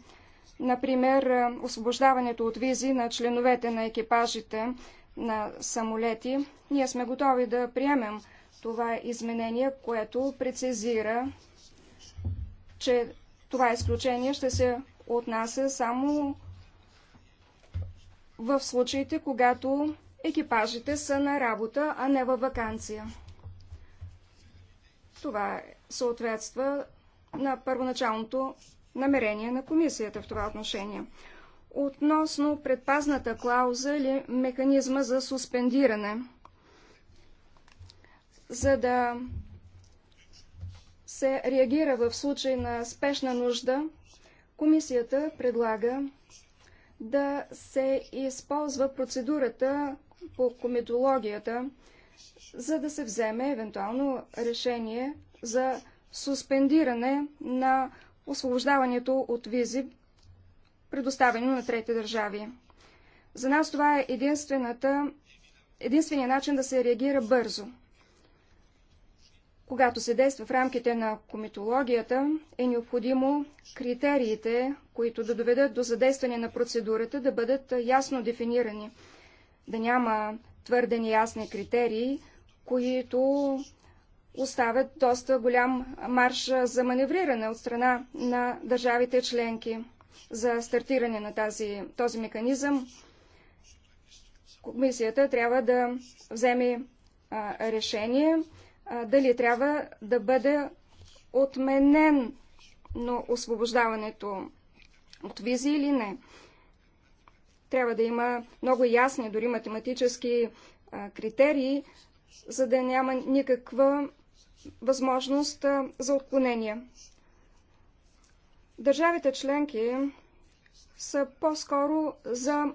например, е, освобождаването от визи на членовете на екипажите на самолети, ние сме готови да приемем това изменение, което прецизира, че това изключение ще се отнася само в случаите, когато екипажите са на работа, а не във вакансия. Това съответства на първоначалното намерение на комисията в това отношение. Относно предпазната клауза или механизма за суспендиране, за да се реагира в случай на спешна нужда, комисията предлага да се използва процедурата по комедологията, за да се вземе евентуално решение за суспендиране на освобождаването от визи, предоставени на трети държави. За нас това е единствената, единствения начин да се реагира бързо. Когато се действа в рамките на комитологията, е необходимо критериите, които да доведат до задействане на процедурата, да бъдат ясно дефинирани – да няма твърде неясни критерии, които оставят доста голям марш за маневриране от страна на държавите членки за стартиране на тази, този механизъм. Комисията трябва да вземе а, решение а, дали трябва да бъде отменен но освобождаването от визи или не. Трябва да има много ясни, дори математически а, критерии, за да няма никаква възможност а, за отклонение. Държавите членки са по-скоро за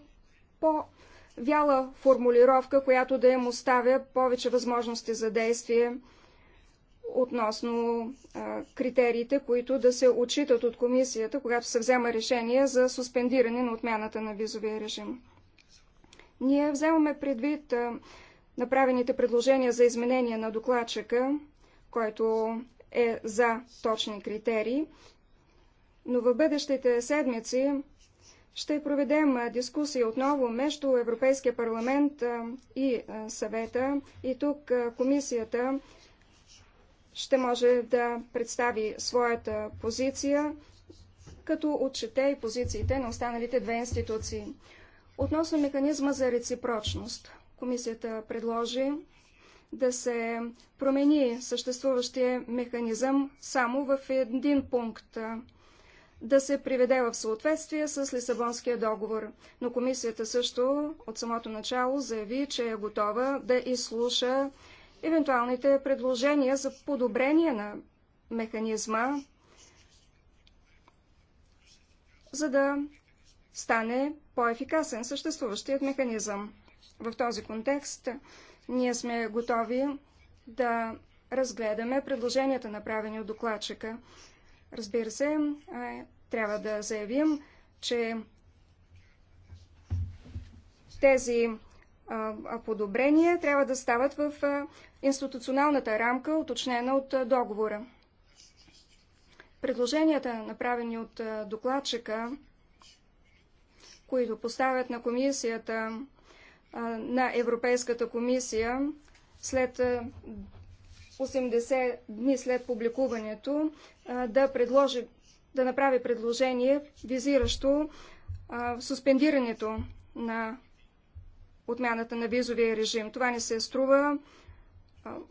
по-вяла формулировка, която да им оставя повече възможности за действие относно а, критериите, които да се отчитат от комисията, когато се взема решение за суспендиране на отмяната на визовия режим. Ние вземаме предвид а, направените предложения за изменение на докладчика, който е за точни критерии, но в бъдещите седмици ще проведем дискусия отново между Европейския парламент и съвета и тук комисията ще може да представи своята позиция, като отчете и позициите на останалите две институции. Относно механизма за реципрочност, комисията предложи да се промени съществуващия механизъм само в един пункт да се приведе в съответствие с Лисабонския договор. Но комисията също от самото начало заяви, че е готова да изслуша евентуалните предложения за подобрение на механизма, за да стане по-ефикасен съществуващият механизъм. В този контекст ние сме готови да разгледаме предложенията, направени от докладчика. Разбира се, трябва да заявим, че тези подобрения трябва да стават в институционалната рамка, уточнена от договора. Предложенията, направени от докладчика, които поставят на комисията, на Европейската комисия, след 80 дни след публикуването, да, предложи, да направи предложение, визиращо суспендирането на отмяната на визовия режим. Това не се струва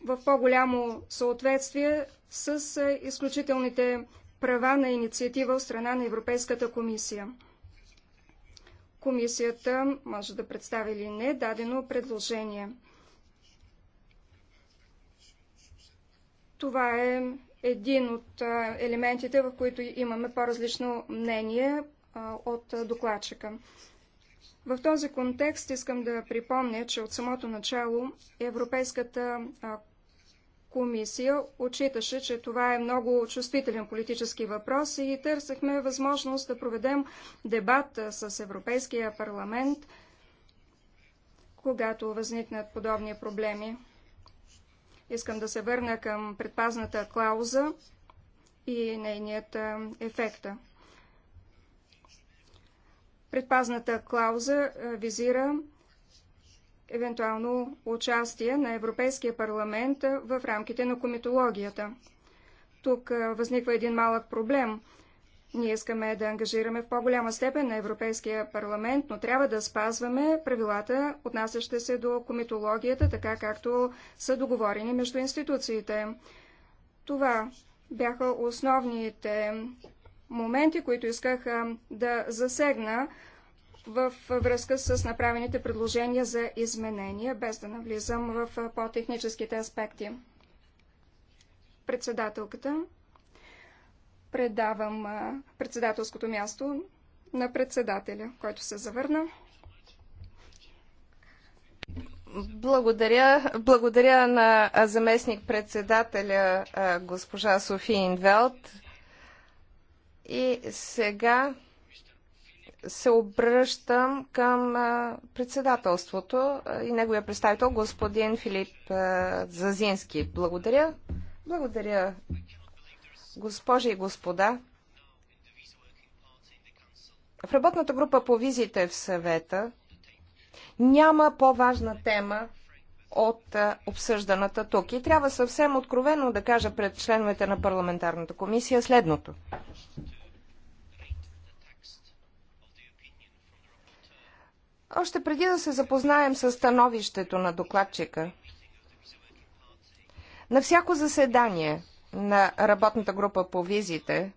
в по-голямо съответствие с изключителните права на инициатива от страна на Европейската комисия. Комисията може да представи или не дадено предложение. Това е един от елементите, в които имаме по-различно мнение от докладчика. В този контекст искам да припомня, че от самото начало Европейската комисия отчиташе, че това е много чувствителен политически въпрос и търсихме възможност да проведем дебат с Европейския парламент, когато възникнат подобни проблеми. Искам да се върна към предпазната клауза и нейният ефекта. Предпазната клауза визира евентуално участие на Европейския парламент в рамките на комитологията. Тук възниква един малък проблем. Ние искаме да ангажираме в по-голяма степен на Европейския парламент, но трябва да спазваме правилата, отнасящи се до комитологията, така както са договорени между институциите. Това бяха основните моменти, които исках да засегна в връзка с направените предложения за изменения, без да навлизам в по-техническите аспекти. Председателката. Предавам председателското място на председателя, който се завърна. Благодаря. Благодаря на заместник председателя госпожа Софи Инвелт и сега се обръщам към председателството и неговия представител господин Филип Зазински. Благодаря. Благодаря, госпожи и господа. В работната група по визите в съвета няма по-важна тема от обсъжданата тук. И трябва съвсем откровено да кажа пред членовете на парламентарната комисия следното. Още преди да се запознаем с становището на докладчика, на всяко заседание на работната група по визите,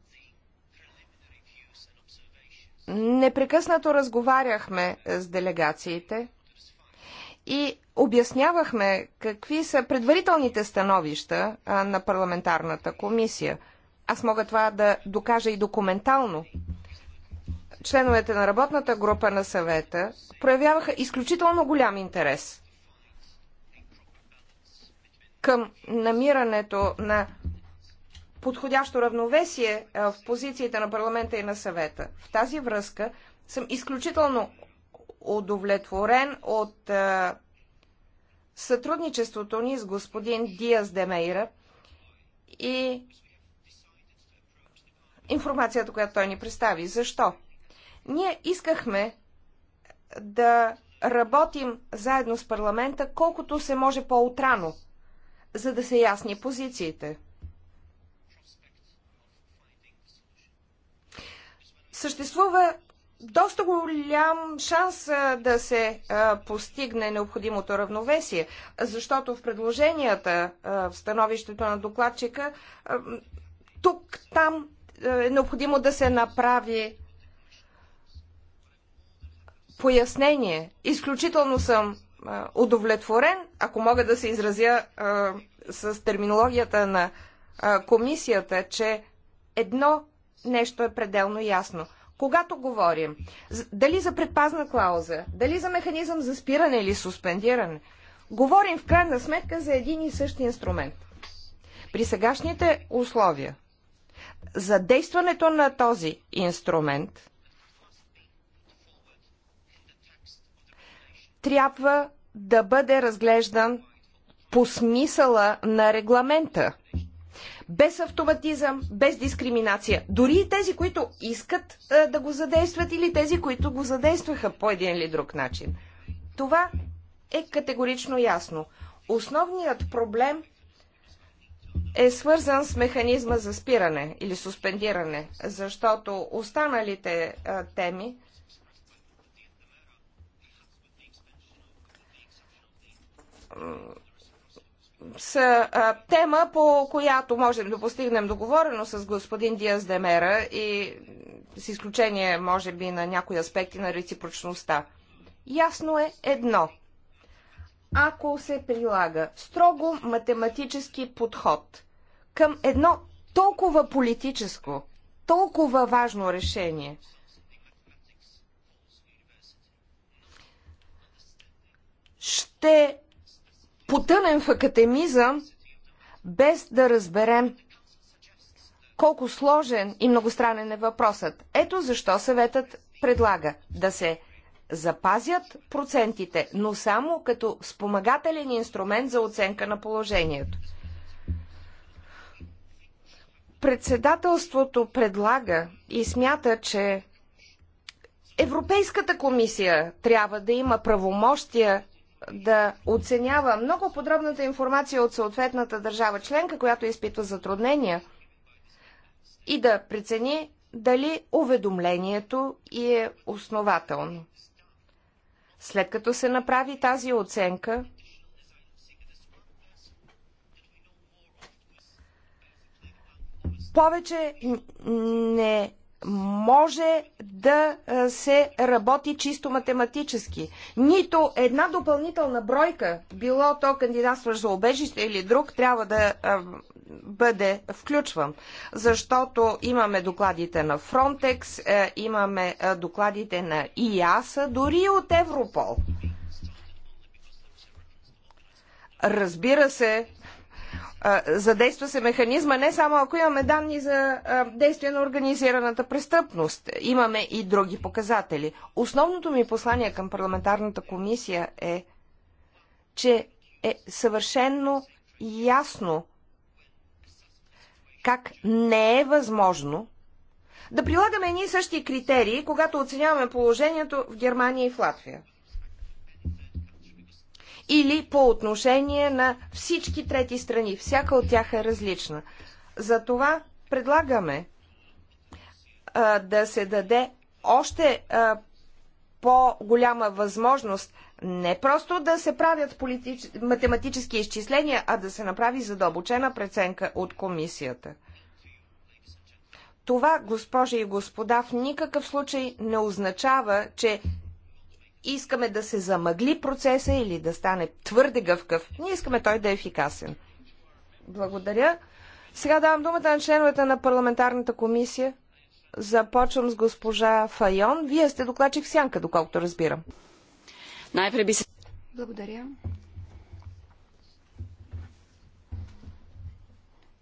непрекъснато разговаряхме с делегациите и обяснявахме какви са предварителните становища на парламентарната комисия. Аз мога това да докажа и документално – членовете на работната група на съвета проявяваха изключително голям интерес към намирането на подходящо равновесие е, в позициите на парламента и на съвета. В тази връзка съм изключително удовлетворен от е, сътрудничеството ни с господин Диас Демейра и информацията, която той ни представи. Защо? Ние искахме да работим заедно с парламента колкото се може по-утрано, за да се ясни позициите. Съществува доста голям шанс да се постигне необходимото равновесие, защото в предложенията, в становището на докладчика, тук, там е необходимо да се направи пояснение. Изключително съм удовлетворен, ако мога да се изразя а, с терминологията на а, комисията, че едно нещо е пределно ясно. Когато говорим дали за предпазна клауза, дали за механизъм за спиране или суспендиране, говорим в крайна сметка за един и същи инструмент. При сегашните условия за действането на този инструмент трябва да бъде разглеждан по смисъла на регламента. Без автоматизъм, без дискриминация. Дори и тези, които искат а, е, да го задействат или тези, които го задействаха по един или друг начин. Това е категорично ясно. Основният проблем е свързан с механизма за спиране или суспендиране, защото останалите а, е, теми са а, тема, по която можем да постигнем договорено с господин Диас Демера и с изключение, може би, на някои аспекти на реципрочността. Ясно е едно. Ако се прилага строго математически подход към едно толкова политическо, толкова важно решение, ще потънем в академизъм, без да разберем колко сложен и многостранен е въпросът. Ето защо съветът предлага да се запазят процентите, но само като спомагателен инструмент за оценка на положението. Председателството предлага и смята, че Европейската комисия трябва да има правомощия да оценява много подробната информация от съответната държава членка, която изпитва затруднения и да прецени дали уведомлението и е основателно. След като се направи тази оценка, повече не може да се работи чисто математически. Нито една допълнителна бройка, било то кандидатство за обежище или друг, трябва да бъде включван. Защото имаме докладите на Frontex, имаме докладите на ИАСа, дори от Европол. Разбира се, задейства се механизма не само ако имаме данни за действие на организираната престъпност. Имаме и други показатели. Основното ми послание към парламентарната комисия е, че е съвършенно ясно как не е възможно да прилагаме едни същи критерии, когато оценяваме положението в Германия и в Латвия или по отношение на всички трети страни. Всяка от тях е различна. Затова предлагаме а, да се даде още а, по-голяма възможност не просто да се правят политич... математически изчисления, а да се направи задълбочена преценка от комисията. Това, госпожи и господа, в никакъв случай не означава, че искаме да се замъгли процеса или да стане твърде гъвкав. Ние искаме той да е ефикасен. Благодаря. Сега давам думата на членовете на парламентарната комисия. Започвам с госпожа Файон. Вие сте докладчик в сянка, доколкото разбирам. Най-преби се... Благодаря.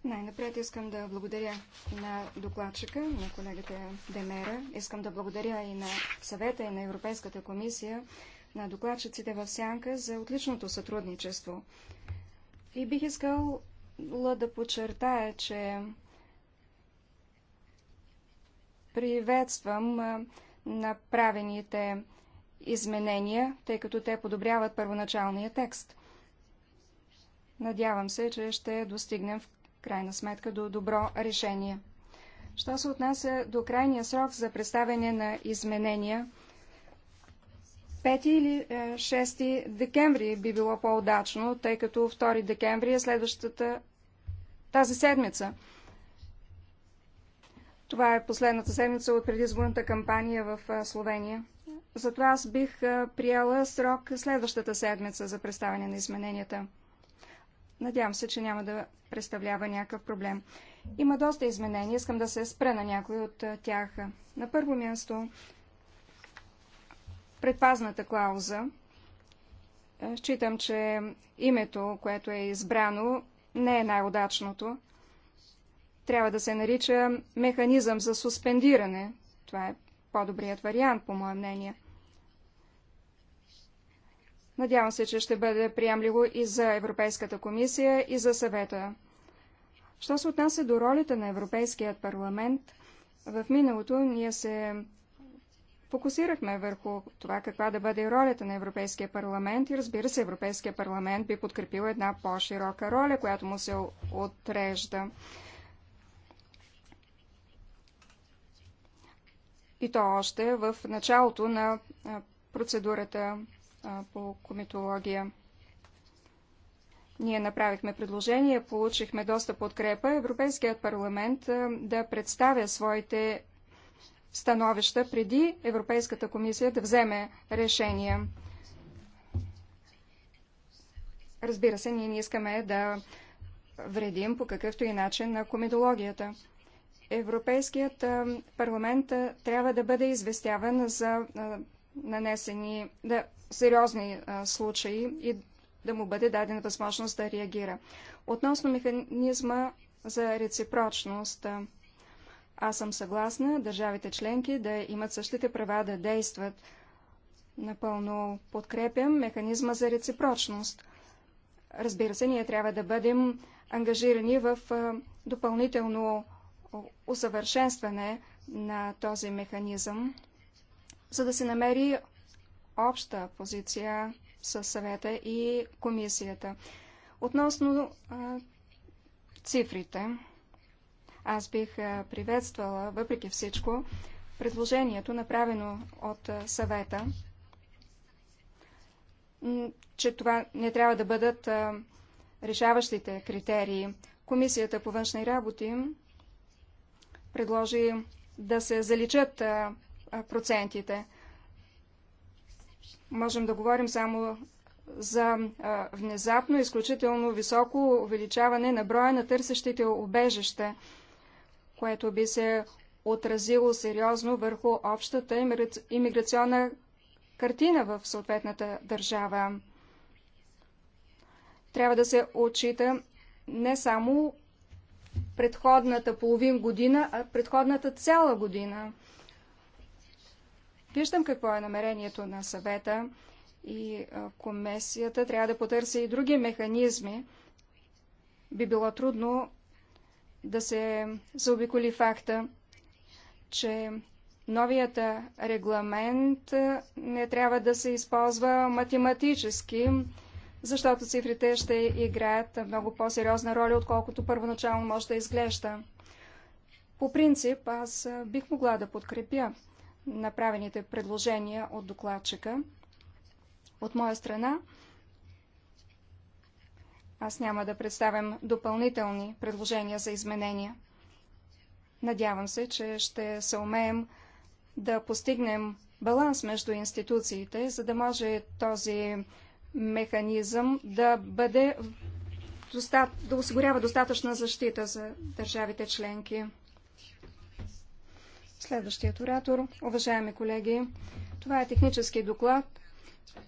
Най-напред искам да благодаря на докладчика, на колегата Демера. Искам да благодаря и на съвета и на Европейската комисия, на докладчиците в Сянка за отличното сътрудничество. И бих искала да подчертая, че приветствам направените изменения, тъй като те подобряват първоначалния текст. Надявам се, че ще достигнем в крайна сметка до добро решение. Що се отнася до крайния срок за представяне на изменения, 5 или 6 е, декември би било по-удачно, тъй като 2 декември е следващата тази седмица. Това е последната седмица от предизборната кампания в е, Словения. Затова аз бих е, приела срок следващата седмица за представяне на измененията. Надявам се, че няма да представлява някакъв проблем. Има доста изменения, искам да се спра на някои от тях. На първо място, предпазната клауза. Е, считам, че името, което е избрано, не е най-удачното. Трябва да се нарича механизъм за суспендиране. Това е по-добрият вариант, по мое мнение – Надявам се, че ще бъде приемливо и за Европейската комисия, и за съвета. Що се отнася до ролята на Европейският парламент, в миналото ние се фокусирахме върху това каква да бъде ролята на Европейския парламент и разбира се, Европейския парламент би подкрепил една по-широка роля, която му се отрежда. И то още в началото на процедурата по комитология. Ние направихме предложение, получихме доста подкрепа. Европейският парламент да представя своите становища преди Европейската комисия да вземе решение. Разбира се, ние не искаме да вредим по какъвто и начин на комедологията. Европейският парламент трябва да бъде известяван за нанесени да, сериозни а, случаи и да му бъде дадена възможност да реагира. Относно механизма за реципрочност, аз съм съгласна държавите членки да имат същите права да действат. Напълно подкрепям механизма за реципрочност. Разбира се, ние трябва да бъдем ангажирани в допълнително усъвършенстване на този механизъм за да се намери обща позиция с съвета и комисията. Относно а, цифрите, аз бих приветствала, въпреки всичко, предложението, направено от съвета, че това не трябва да бъдат а, решаващите критерии. Комисията по външни работи предложи да се заличат а, процентите. Можем да говорим само за внезапно, изключително високо увеличаване на броя на търсещите обежище, което би се отразило сериозно върху общата иммиграционна картина в съответната държава. Трябва да се отчита не само предходната половин година, а предходната цяла година – Виждам какво е намерението на съвета и комисията трябва да потърси и други механизми. Би било трудно да се заобиколи факта, че новият регламент не трябва да се използва математически, защото цифрите ще играят много по-сериозна роля, отколкото първоначално може да изглежда. По принцип, аз бих могла да подкрепя направените предложения от докладчика. От моя страна, аз няма да представям допълнителни предложения за изменения. Надявам се, че ще се умеем да постигнем баланс между институциите, за да може този механизъм да бъде да осигурява достатъчна защита за държавите членки. Следващият оратор. Уважаеми колеги, това е технически доклад,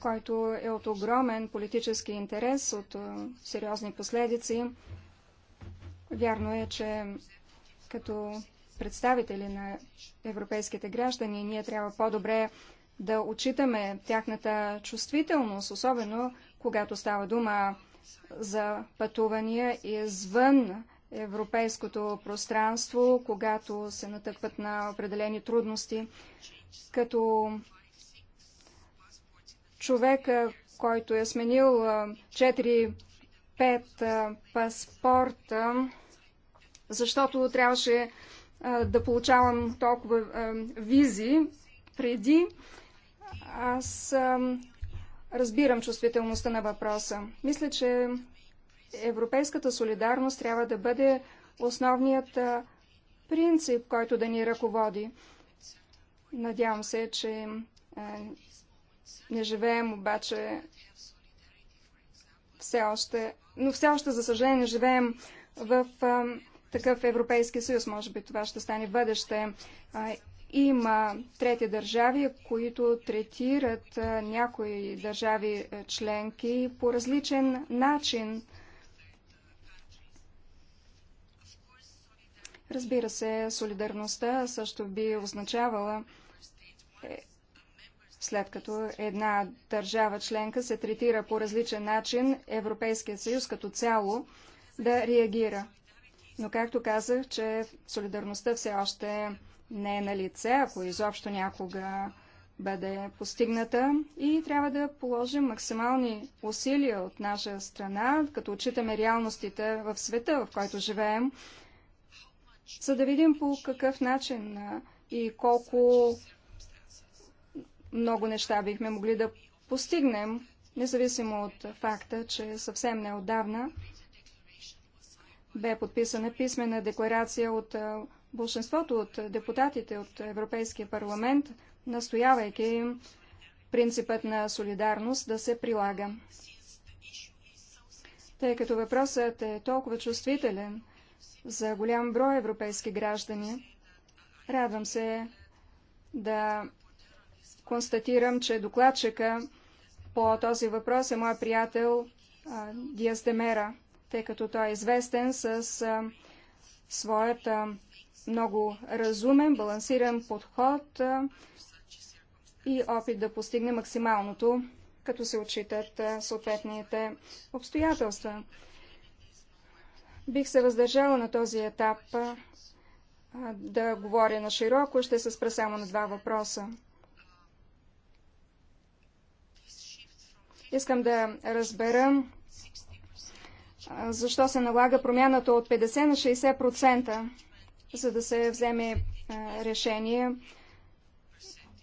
който е от огромен политически интерес, от сериозни последици. Вярно е, че като представители на европейските граждани ние трябва по-добре да отчитаме тяхната чувствителност, особено когато става дума за пътувания извън европейското пространство, когато се натъкват на определени трудности. Като човек, който е сменил 4-5 паспорта, защото трябваше да получавам толкова визи преди, аз разбирам чувствителността на въпроса. Мисля, че Европейската солидарност трябва да бъде основният принцип, който да ни ръководи. Надявам се, че не живеем обаче все още, но все още, за съжаление, не живеем в такъв Европейски съюз. Може би това ще стане бъдеще. има трети държави, които третират някои държави членки по различен начин. Разбира се, солидарността също би означавала е, след като една държава членка се третира по различен начин, Европейския съюз като цяло да реагира. Но както казах, че солидарността все още не е на лице, ако изобщо някога бъде постигната и трябва да положим максимални усилия от наша страна, като отчитаме реалностите в света, в който живеем, за да видим по какъв начин и колко много неща бихме могли да постигнем, независимо от факта, че съвсем неодавна бе подписана писмена декларация от большинството от депутатите от Европейския парламент, настоявайки им принципът на солидарност да се прилага. Тъй като въпросът е толкова чувствителен, за голям брой европейски граждани. Радвам се да констатирам, че докладчика по този въпрос е моят приятел Диас Демера, тъй като той е известен с а, своята много разумен, балансиран подход и опит да постигне максималното, като се отчитат съответните обстоятелства. Бих се въздържала на този етап да говоря на широко, ще се спра само на два въпроса. Искам да разбера защо се налага промяната от 50 на 60%, за да се вземе решение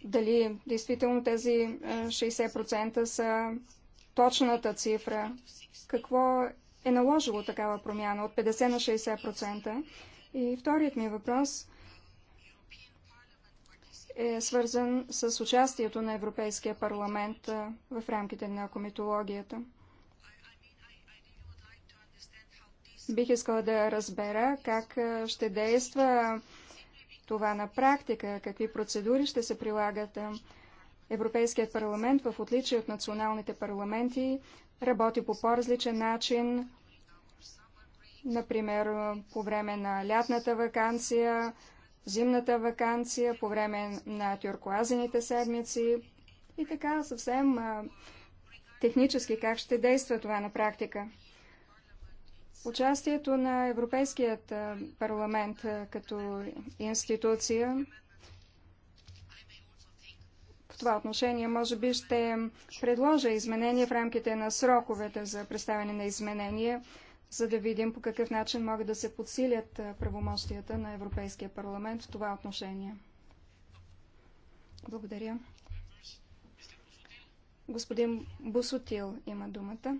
дали действително тези 60% са точната цифра. Какво е наложило такава промяна от 50 на 60%. И вторият ми въпрос е свързан с участието на Европейския парламент в рамките на комитологията. Бих искала да разбера как ще действа това на практика, какви процедури ще се прилагат. Европейският парламент, в отличие от националните парламенти, работи по по-различен начин, например, по време на лятната вакансия, зимната вакансия, по време на тюркоазените седмици и така съвсем а, технически как ще действа това на практика. Участието на Европейският парламент като институция в това отношение може би ще предложа изменения в рамките на сроковете за представяне на изменения за да видим по какъв начин могат да се подсилят правомощията на Европейския парламент в това отношение. Благодаря. Господин Бусотил има думата.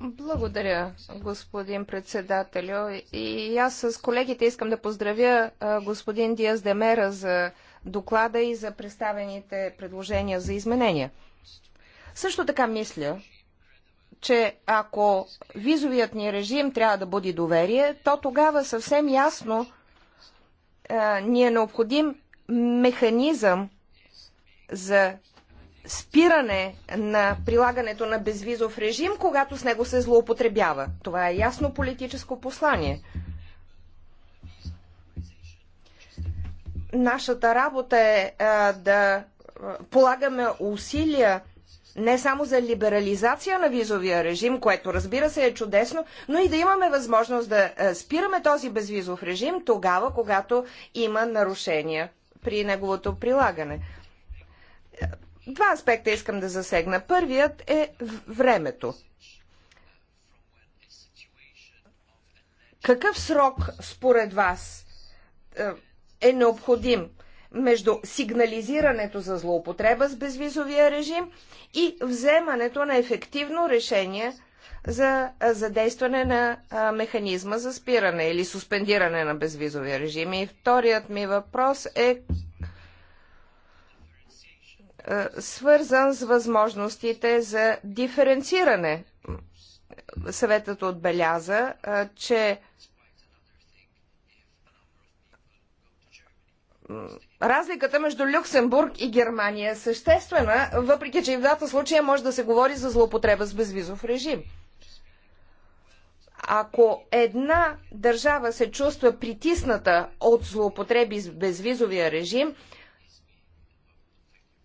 Благодаря, господин председателю. И аз с колегите искам да поздравя господин Диас Демера за доклада и за представените предложения за изменения. Също така мисля, че ако визовият ни режим трябва да буди доверие, то тогава съвсем ясно а, е, ни е необходим механизъм за спиране на прилагането на безвизов режим, когато с него се злоупотребява. Това е ясно политическо послание. Нашата работа е а, е, да е, полагаме усилия не само за либерализация на визовия режим, което разбира се е чудесно, но и да имаме възможност да е, спираме този безвизов режим тогава, когато има нарушения при неговото прилагане. Два аспекта искам да засегна. Първият е времето. Какъв срок според вас е, е необходим между сигнализирането за злоупотреба с безвизовия режим и вземането на ефективно решение за задействане на механизма за спиране или суспендиране на безвизовия режим. И вторият ми въпрос е свързан с възможностите за диференциране. Съветът отбеляза, че разликата между Люксембург и Германия е съществена, въпреки че и в двата случая може да се говори за злоупотреба с безвизов режим. Ако една държава се чувства притисната от злоупотреби с безвизовия режим,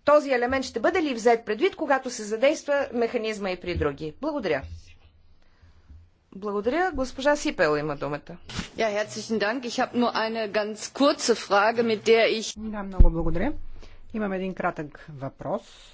този елемент ще бъде ли взет предвид, когато се задейства механизма и при други? Благодаря. Благодаря. Госпожа Сипел има думата. Ja, herzlichen Dank. Ich habe nur eine ganz kurze Frage, mit der ich... Да, много благодаря. Имам един кратък въпрос.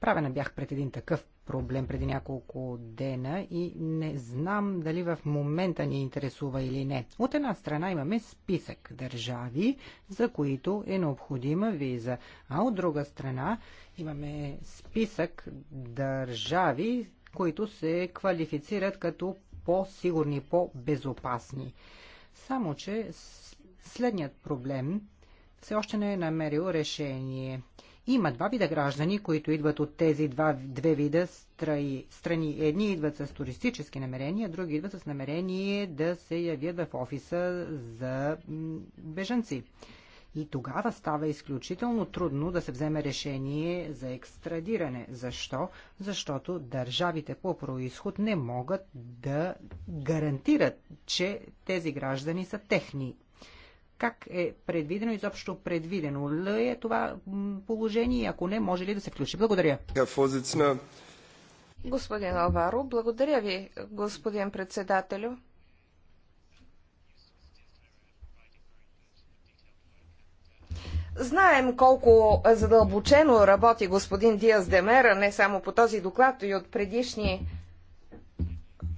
Правена бях пред един такъв проблем преди няколко дена и не знам дали в момента ни интересува или не. От една страна имаме списък държави, за които е необходима виза, а от друга страна имаме списък държави, които се квалифицират като по-сигурни, по-безопасни. Само, че следният проблем все още не е намерил решение. Има два вида граждани, които идват от тези два, две вида страни. страни. Едни идват с туристически намерения, други идват с намерение да се явят в офиса за бежанци. И тогава става изключително трудно да се вземе решение за екстрадиране. Защо? Защото държавите по происход не могат да гарантират, че тези граждани са техни как е предвидено, изобщо предвидено ли е това положение ако не, може ли да се включи? Благодаря. Господин Алваро, благодаря ви, господин председателю. Знаем колко задълбочено работи господин Диас Демера, не само по този доклад, и от предишни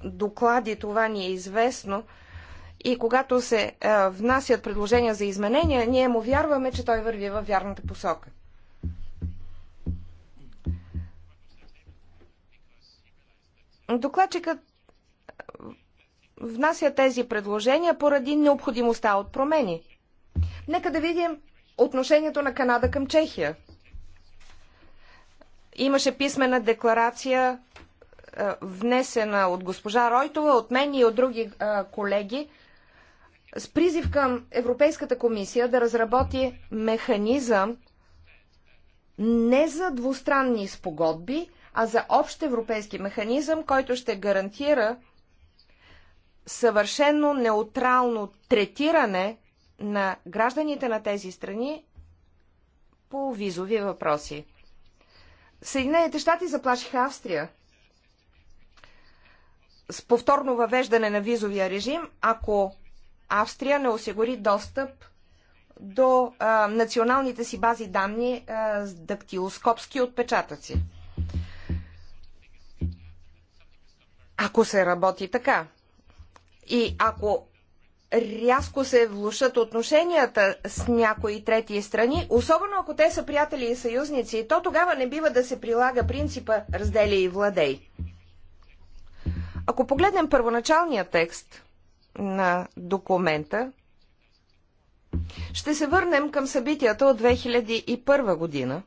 доклади това ни е известно. И когато се е, внасят предложения за изменения, ние му вярваме, че той върви във вярната посока. Докладчикът внася тези предложения поради необходимостта от промени. Нека да видим отношението на Канада към Чехия. Имаше писмена декларация, е, внесена от госпожа Ройтова, от мен и от други е, колеги, с призив към Европейската комисия да разработи механизъм не за двустранни спогодби, а за общ европейски механизъм, който ще гарантира съвършено неутрално третиране на гражданите на тези страни по визови въпроси. Съединените щати заплашиха Австрия с повторно въвеждане на визовия режим, ако Австрия не осигури достъп до а, националните си бази данни а, с дактилоскопски отпечатъци. Ако се работи така и ако рязко се влушат отношенията с някои трети страни, особено ако те са приятели и съюзници, и то тогава не бива да се прилага принципа разделя и владей. Ако погледнем първоначалния текст на документа, ще се върнем към събитията от 2001 година,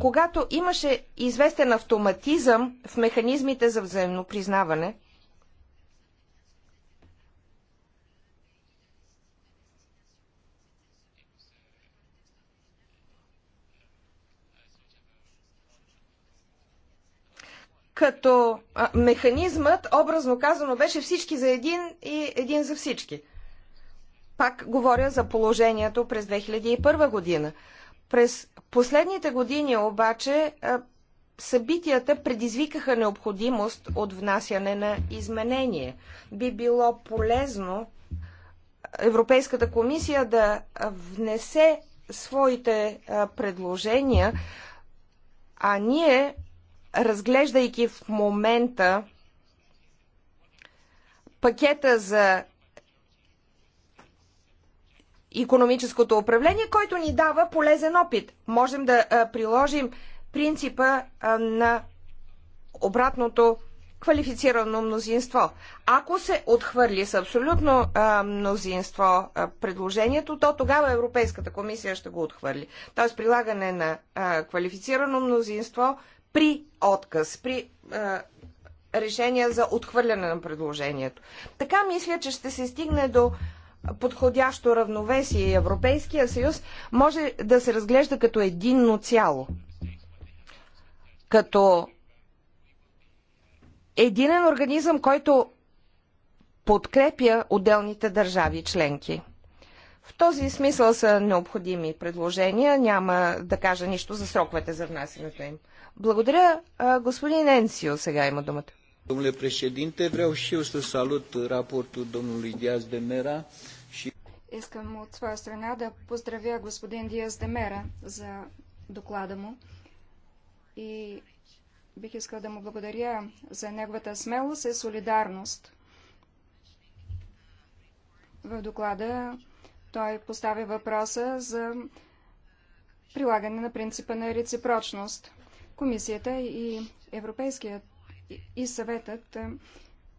когато имаше известен автоматизъм в механизмите за взаимно признаване – като механизмът, образно казано, беше всички за един и един за всички. Пак говоря за положението през 2001 година. През последните години обаче събитията предизвикаха необходимост от внасяне на изменение. Би било полезно Европейската комисия да внесе своите предложения, а ние разглеждайки в момента пакета за економическото управление, който ни дава полезен опит. Можем да приложим принципа на обратното квалифицирано мнозинство. Ако се отхвърли с абсолютно а, мнозинство а, предложението, то тогава Европейската комисия ще го отхвърли. Тоест прилагане на а, квалифицирано мнозинство при отказ, при а, решение за отхвърляне на предложението. Така мисля, че ще се стигне до подходящо равновесие. Европейския съюз може да се разглежда като единно цяло. Като единен организъм, който подкрепя отделните държави членки. В този смисъл са необходими предложения. Няма да кажа нищо за сроковете за внасянето им. Благодаря. Господин Енсио сега има думата. Domnule președinte, vreau și eu să salut raportul domnului Diaz de Mera și... Искам от своя страна да поздравя господин Диаз де Мера за доклада му и бих искал да му благодаря за неговата смелост и солидарност. В доклада той поставя въпроса за прилагане на принципа на реципрочност – Комисията и Европейският и съветът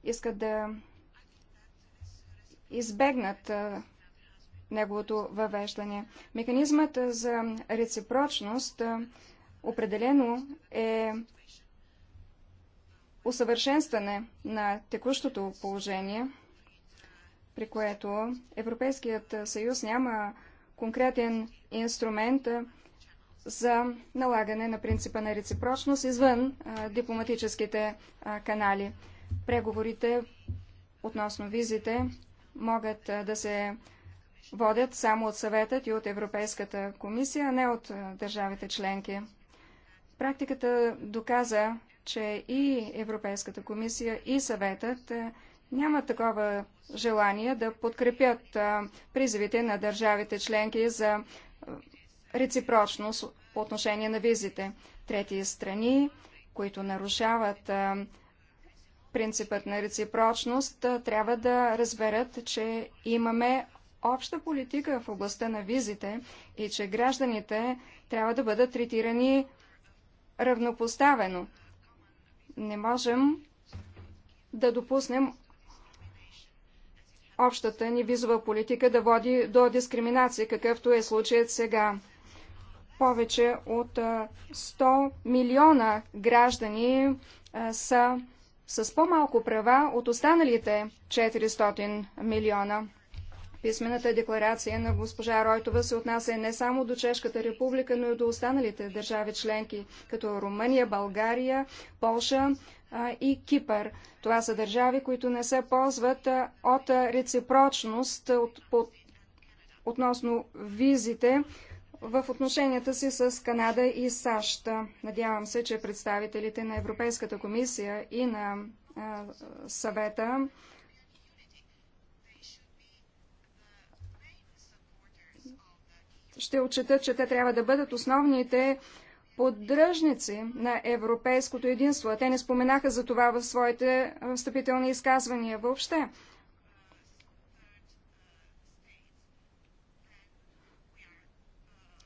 искат да избегнат неговото въвеждане. Механизмът за реципрочност определено е усъвършенстване на текущото положение, при което Европейският съюз няма конкретен инструмент, за налагане на принципа на реципрочност извън дипломатическите канали. Преговорите относно визите могат да се водят само от съветът и от Европейската комисия, а не от държавите членки. Практиката доказа, че и Европейската комисия, и съветът няма такова желание да подкрепят призивите на държавите членки за реципрочност по отношение на визите. Трети страни, които нарушават принципът на реципрочност, трябва да разберат, че имаме обща политика в областта на визите и че гражданите трябва да бъдат третирани равнопоставено. Не можем да допуснем общата ни визова политика да води до дискриминация, какъвто е случаят сега повече от 100 милиона граждани са с по-малко права от останалите 400 милиона. Писмената декларация на госпожа Ройтова се отнася не само до Чешката република, но и до останалите държави членки, като Румъния, България, Полша и Кипър. Това са държави, които не се ползват от реципрочност от, по, относно визите в отношенията си с Канада и САЩ. Надявам се, че представителите на Европейската комисия и на съвета ще отчитат, че те трябва да бъдат основните поддръжници на европейското единство. Те не споменаха за това в своите встъпителни изказвания въобще.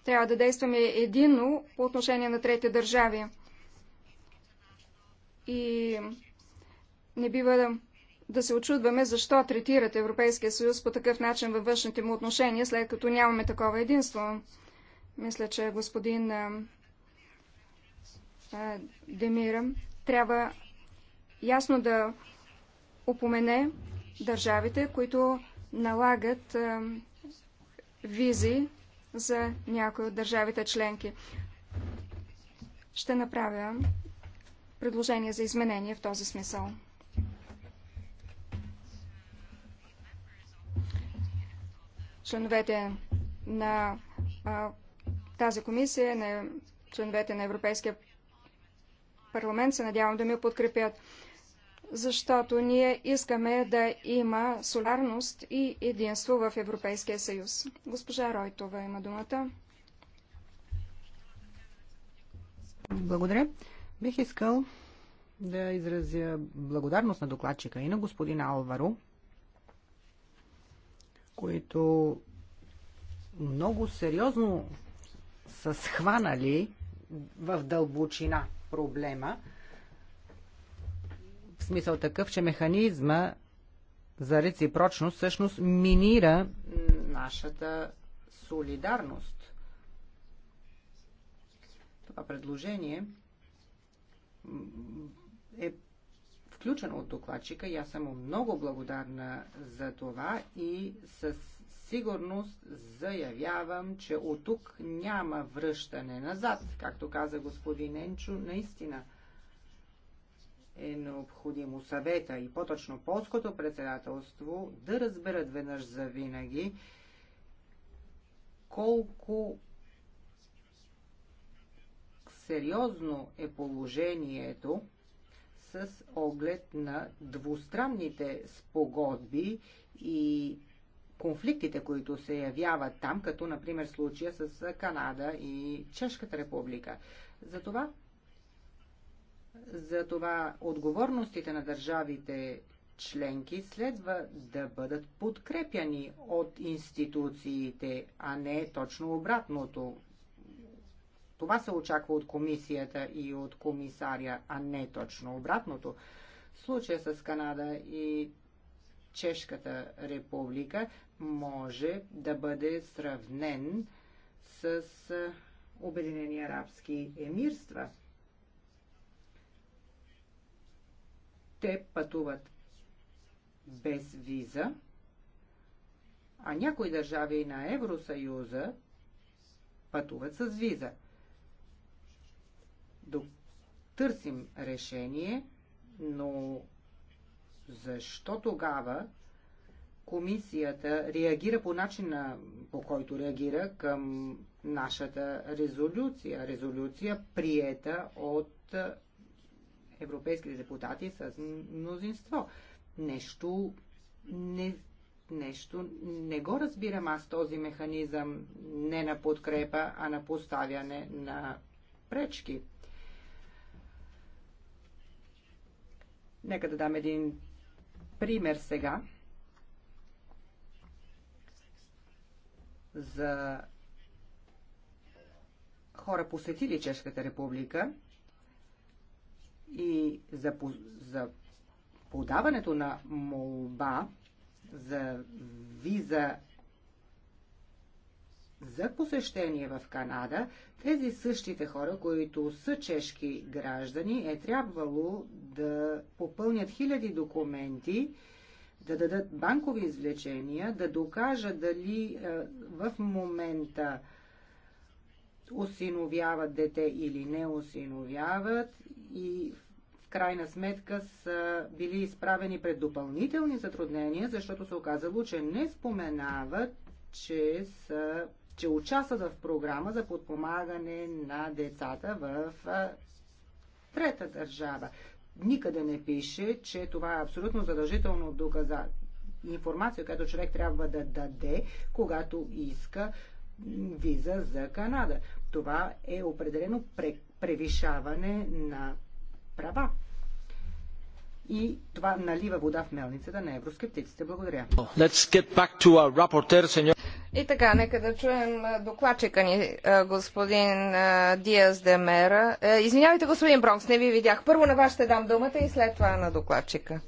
Трябва да действаме единно по отношение на трети държави. И не бива да, да се очудваме защо третират Европейския съюз по такъв начин във външните му отношения, след като нямаме такова единство. Мисля, че господин Демира трябва ясно да упомене държавите, които налагат визи за някои от държавите членки. Ще направя предложение за изменение в този смисъл. Членовете на а, тази комисия, на членовете на Европейския парламент, се надявам да ми подкрепят защото ние искаме да има солярност и единство в Европейския съюз. Госпожа Ройтова има думата. Благодаря. Бих искал да изразя благодарност на докладчика и на господина Алваро, които много сериозно са схванали в дълбочина проблема – смисъл такъв, че механизма за реципрочност всъщност минира нашата солидарност. Това предложение е включено от докладчика и аз съм много благодарна за това и с сигурност заявявам, че от тук няма връщане назад, както каза господин Енчо, наистина – е необходимо съвета и по-точно полското председателство да разберат веднъж за винаги колко сериозно е положението с оглед на двустранните спогодби и конфликтите, които се явяват там, като например случая с Канада и Чешката република. Затова за това отговорностите на държавите членки следва да бъдат подкрепяни от институциите, а не точно обратното. Това се очаква от комисията и от комисаря, а не точно обратното. В случая с Канада и Чешката република може да бъде сравнен с Обединени арабски емирства – Те пътуват без виза, а някои държави на Евросъюза пътуват с виза. Търсим решение, но защо тогава комисията реагира по начина, по който реагира към нашата резолюция. Резолюция приета от европейските депутати с мнозинство. Нещо не, нещо не го разбирам аз този механизъм не на подкрепа, а на поставяне на пречки. Нека да дам един пример сега за хора посетили Чешката република и за, за подаването на молба за виза за посещение в Канада, тези същите хора, които са чешки граждани, е трябвало да попълнят хиляди документи, да дадат банкови извлечения, да докажат дали е, в момента осиновяват дете или не осиновяват и в крайна сметка са били изправени пред допълнителни затруднения, защото се оказало, че не споменават, че са че участват в програма за подпомагане на децата в трета държава. Никъде не пише, че това е абсолютно задължително доказа информация, която човек трябва да даде, когато иска виза за Канада това е определено превишаване на права. И това налива вода в мелницата на евроскептиците. Благодаря. Reporter, и така, нека да чуем докладчика ни, господин Диас Демера. Е, извинявайте, господин Бронкс, не ви видях. Първо на вас ще дам думата и след това на докладчика.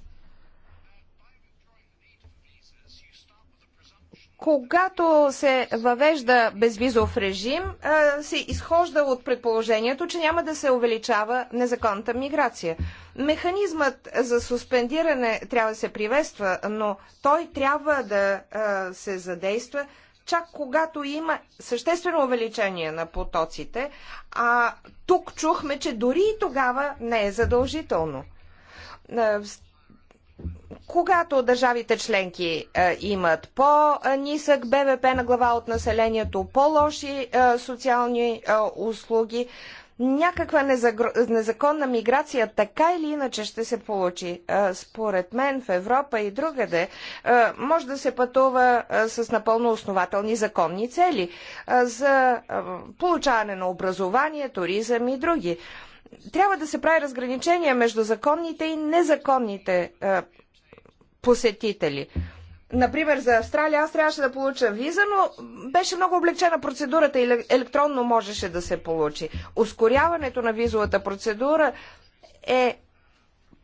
когато се въвежда безвизов режим, се изхожда от предположението, че няма да се увеличава незаконната миграция. Механизмът за суспендиране трябва да се приветства, но той трябва да се задейства чак когато има съществено увеличение на потоците, а тук чухме, че дори и тогава не е задължително когато държавите членки е, имат по-нисък БВП на глава от населението, по-лоши е, социални е, услуги, някаква незагр... незаконна миграция така или иначе ще се получи. според мен в Европа и другаде може да се пътува с напълно основателни законни цели за получаване на образование, туризъм и други трябва да се прави разграничение между законните и незаконните е, посетители. Например, за Австралия аз трябваше да получа виза, но беше много облегчена процедурата и електронно можеше да се получи. Ускоряването на визовата процедура е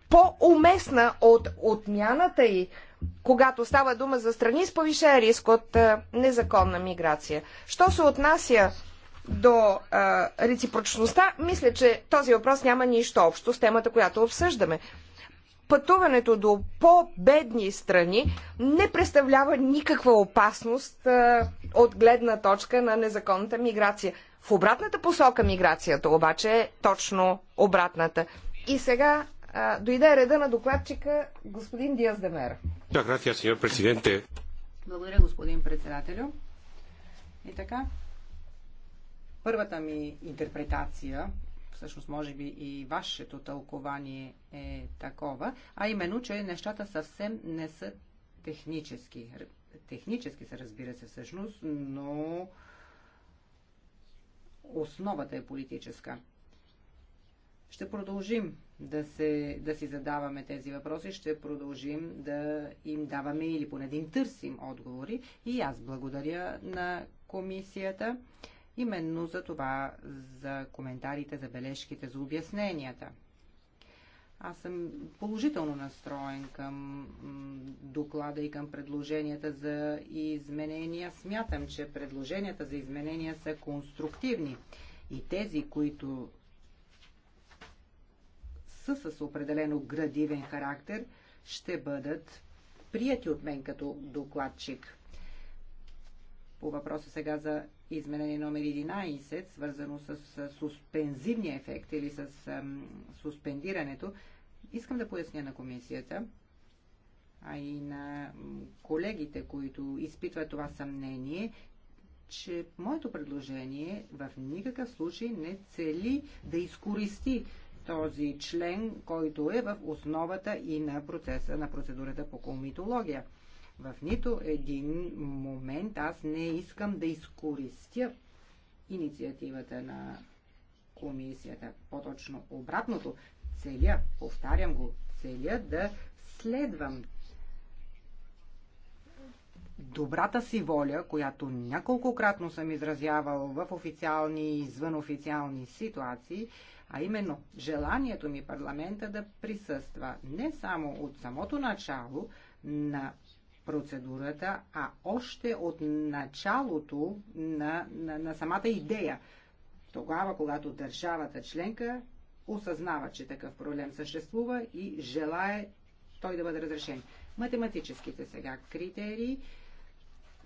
по-уместна от отмяната и, когато става дума за страни с повишен риск от е, незаконна миграция. Що се отнася до а, реципрочността, мисля, че този въпрос няма нищо общо с темата, която обсъждаме. Пътуването до по-бедни страни не представлява никаква опасност а, от гледна точка на незаконната миграция. В обратната посока миграцията обаче е точно обратната. И сега а, дойде реда на докладчика господин Диаз Демер. Благодаря, господин председателю. И така, Първата ми интерпретация, всъщност може би и вашето тълкование е такова, а именно, че нещата съвсем не са технически. Технически се разбира се всъщност, но основата е политическа. Ще продължим да, се, да си задаваме тези въпроси, ще продължим да им даваме или поне да им търсим отговори. И аз благодаря на комисията именно за това, за коментарите, за бележките, за обясненията. Аз съм положително настроен към доклада и към предложенията за изменения. Смятам, че предложенията за изменения са конструктивни и тези, които са с определено градивен характер, ще бъдат прияти от мен като докладчик. По въпроса сега за Изменение номер 11, свързано с суспензивния ефект или с суспендирането, искам да поясня на комисията, а и на колегите, които изпитват това съмнение, че моето предложение в никакъв случай не цели да изкористи този член, който е в основата и на процеса на процедурата по комитология. В нито един момент аз не искам да изкористя инициативата на комисията. По-точно обратното, целя, повтарям го, целя да следвам добрата си воля, която няколкократно съм изразявал в официални и извънофициални ситуации, а именно желанието ми парламента да присъства не само от самото начало на процедурата, а още от началото на, на, на самата идея. Тогава, когато държавата членка осъзнава, че такъв проблем съществува и желае той да бъде разрешен. Математическите сега критерии.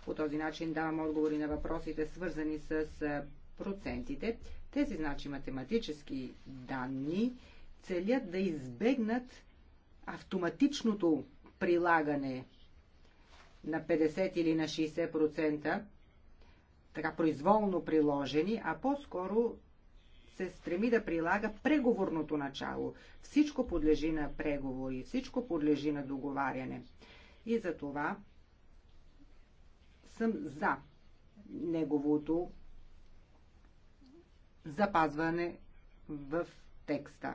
По този начин давам отговори на въпросите, свързани с процентите. Тези, значи, математически данни целят да избегнат автоматичното прилагане на 50 или на 60%, така произволно приложени, а по-скоро се стреми да прилага преговорното начало. Всичко подлежи на преговори, всичко подлежи на договаряне. И за това съм за неговото запазване в текста.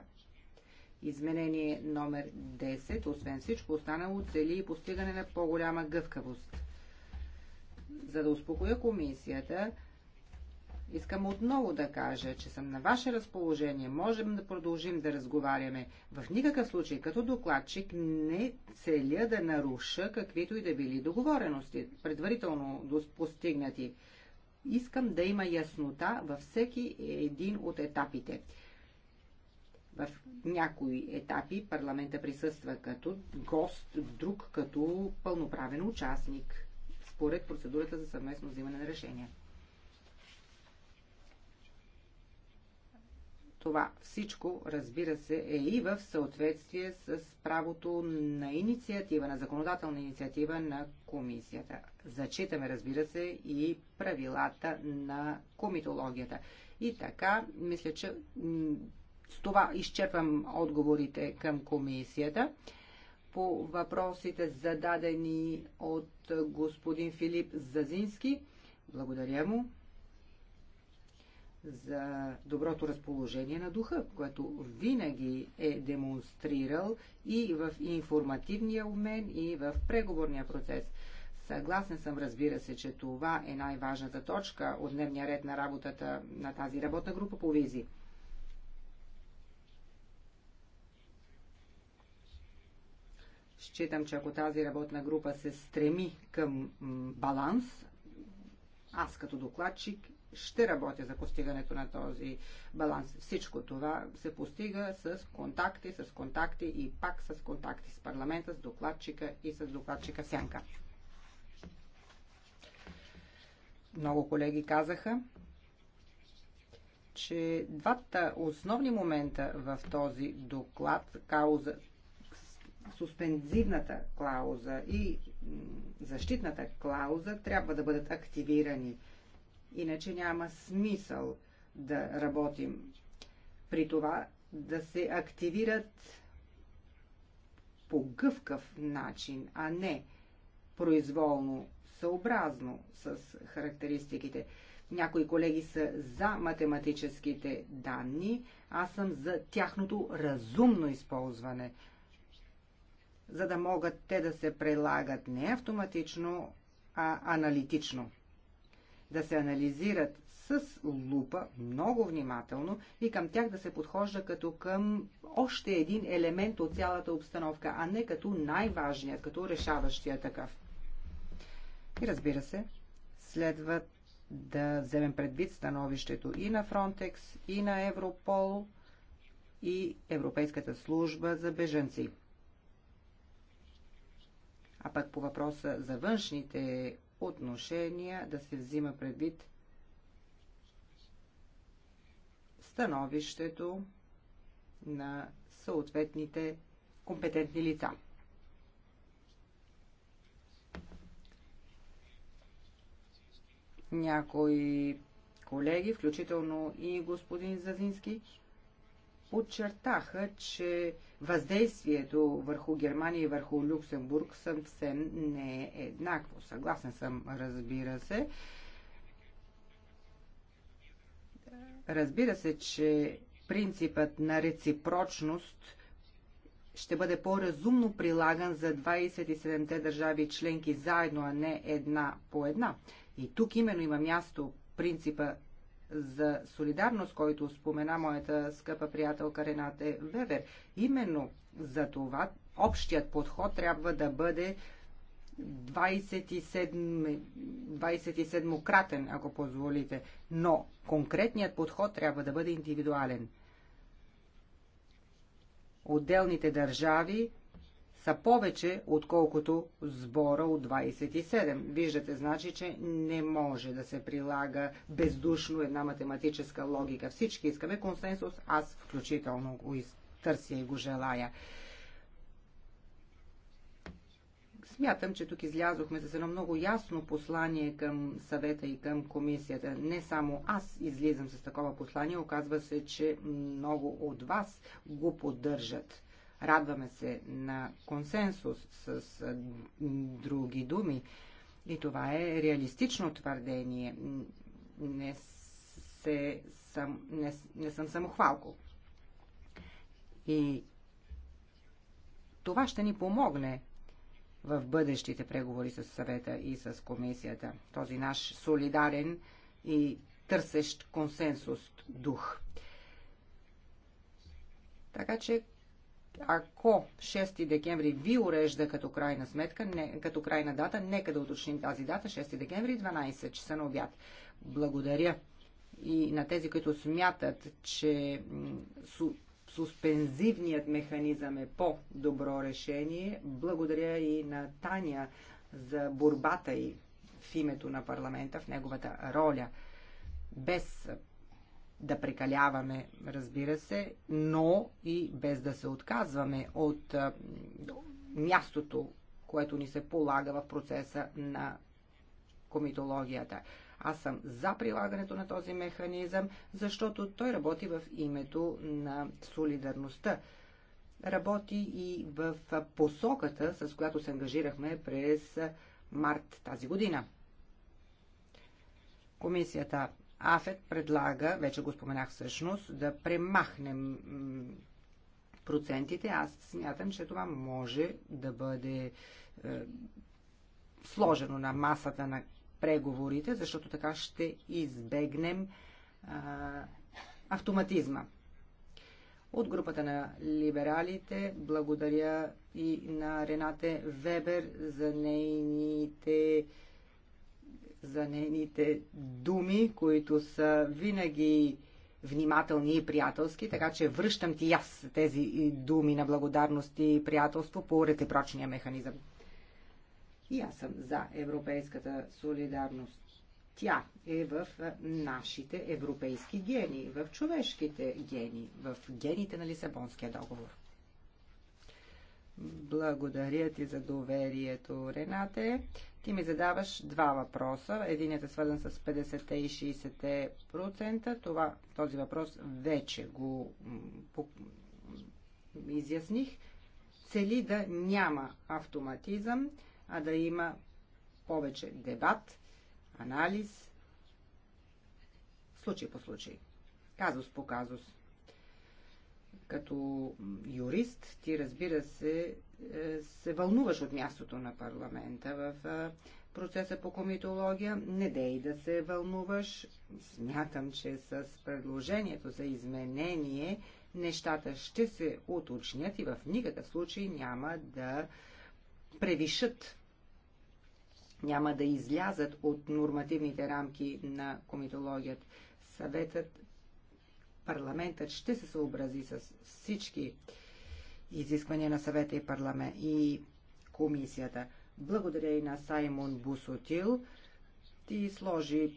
Изменение номер 10, освен всичко останало, цели и постигане на по-голяма гъвкавост. За да успокоя комисията, искам отново да кажа, че съм на ваше разположение. Можем да продължим да разговаряме. В никакъв случай, като докладчик, не целя да наруша каквито и да били договорености, предварително постигнати. Искам да има яснота във всеки един от етапите. В някои етапи парламента присъства като гост, друг като пълноправен участник, според процедурата за съвместно взимане на решения. Това всичко, разбира се, е и в съответствие с правото на инициатива, на законодателна инициатива на комисията. Зачитаме, разбира се, и правилата на комитологията. И така, мисля, че с това изчерпвам отговорите към комисията по въпросите зададени от господин Филип Зазински. Благодаря му за доброто разположение на духа, което винаги е демонстрирал и в информативния умен, и в преговорния процес. Съгласен съм, разбира се, че това е най-важната точка от дневния ред на работата на тази работна група по визи. Считам, че ако тази работна група се стреми към баланс, аз като докладчик ще работя за постигането на този баланс. Всичко това се постига с контакти, с контакти и пак с контакти с парламента, с докладчика и с докладчика Сянка. Много колеги казаха, че двата основни момента в този доклад, кауза, суспензивната клауза и защитната клауза трябва да бъдат активирани. Иначе няма смисъл да работим. При това да се активират по гъвкав начин, а не произволно, съобразно с характеристиките. Някои колеги са за математическите данни, аз съм за тяхното разумно използване – за да могат те да се прилагат не автоматично, а аналитично. Да се анализират с лупа много внимателно и към тях да се подхожда като към още един елемент от цялата обстановка, а не като най-важният, като решаващия такъв. И разбира се, следва да вземем предвид становището и на Фронтекс, и на Европол, и Европейската служба за беженци. А пък по въпроса за външните отношения да се взима предвид становището на съответните компетентни лица. Някои колеги, включително и господин Зазински, подчертаха, че въздействието върху Германия и върху Люксембург съвсем не е еднакво. Съгласен съм, разбира се. Разбира се, че принципът на реципрочност ще бъде по-разумно прилаган за 27-те държави членки заедно, а не една по една. И тук именно има място принципа за солидарност, който спомена моята скъпа приятелка Ренате Вебер. Именно за това общият подход трябва да бъде 27, 27-кратен, ако позволите, но конкретният подход трябва да бъде индивидуален. Отделните държави са повече, отколкото сбора от 27. Виждате, значи, че не може да се прилага бездушно една математическа логика. Всички искаме консенсус, аз включително го търся и го желая. Смятам, че тук излязохме с едно много ясно послание към съвета и към комисията. Не само аз излизам с такова послание, оказва се, че много от вас го поддържат. Радваме се на консенсус с други думи. И това е реалистично твърдение. Не, се, съм, не, не съм самохвалко. И това ще ни помогне в бъдещите преговори с съвета и с комисията. Този наш солидарен и търсещ консенсус дух. Така че ако 6 декември ви урежда като крайна сметка, не, като крайна дата, нека да уточним тази дата, 6 декември, 12 часа на обяд. Благодаря и на тези, които смятат, че суспензивният механизъм е по-добро решение. Благодаря и на Таня за борбата и в името на парламента, в неговата роля. Без да прекаляваме, разбира се, но и без да се отказваме от мястото, което ни се полага в процеса на комитологията. Аз съм за прилагането на този механизъм, защото той работи в името на солидарността. Работи и в посоката, с която се ангажирахме през март тази година. Комисията АФЕТ предлага, вече го споменах всъщност, да премахнем процентите. Аз смятам, че това може да бъде е, сложено на масата на преговорите, защото така ще избегнем автоматизма. От групата на либералите благодаря и на Ренате Вебер за нейните за нейните думи, които са винаги внимателни и приятелски, така че връщам ти аз тези думи на благодарност и приятелство по ретепрочния механизъм. И аз съм за европейската солидарност. Тя е в нашите европейски гени, в човешките гени, в гените на Лисабонския договор. Благодаря ти за доверието, Ренате. Ти ми задаваш два въпроса. Единият е свързан с 50 и 60%. Това, този въпрос вече го по, изясних. Цели да няма автоматизъм, а да има повече дебат, анализ, случай по случай, казус по казус като юрист ти, разбира се, е, се вълнуваш от мястото на парламента в е, процеса по комитология. Не дей да се вълнуваш. Смятам, че с предложението за изменение нещата ще се уточнят и в никакъв случай няма да превишат няма да излязат от нормативните рамки на комитологията. Съветът парламентът ще се съобрази с всички изисквания на съвета и, парламент, и комисията. Благодаря и на Саймон Бусотил ти сложи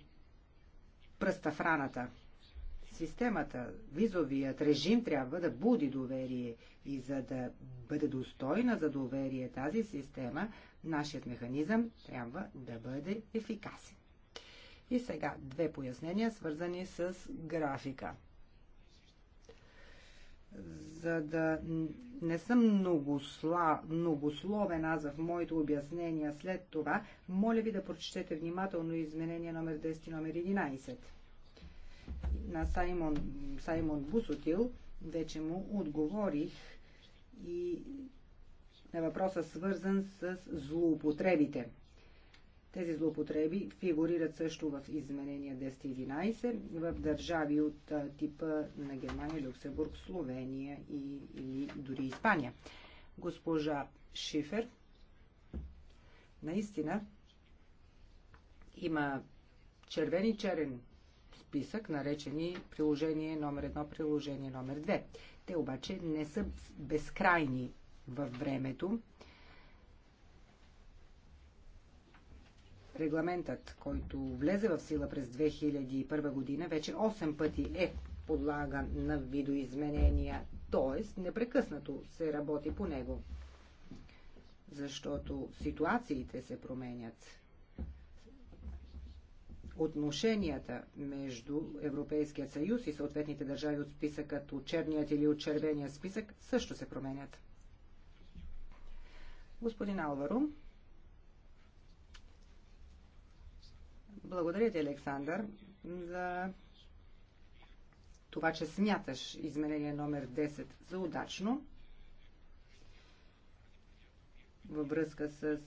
пръста в раната. Системата, визовият режим трябва да буди доверие и за да бъде достойна за доверие тази система, нашият механизъм трябва да бъде ефикасен. И сега две пояснения, свързани с графика за да не съм многосла, многословен аз в моето обяснение след това, моля ви да прочетете внимателно изменение номер 10 и номер 11 на Саймон, Саймон Бусотил, вече му отговорих и на въпроса свързан с злоупотребите. Тези злоупотреби фигурират също в изменения 1011 в държави от типа на Германия, Люксембург, Словения и, или дори Испания. Госпожа Шифер, наистина има червен и черен списък, наречени приложение номер 1, приложение номер 2. Те обаче не са безкрайни във времето Регламентът, който влезе в сила през 2001 година, вече 8 пъти е подлаган на видоизменения, т.е. непрекъснато се работи по него, защото ситуациите се променят. Отношенията между Европейския съюз и съответните държави от списъкът от черният или от червения списък също се променят. Господин Алваро, Благодаря ти, Александър, за това, че смяташ изменение номер 10 за удачно във връзка с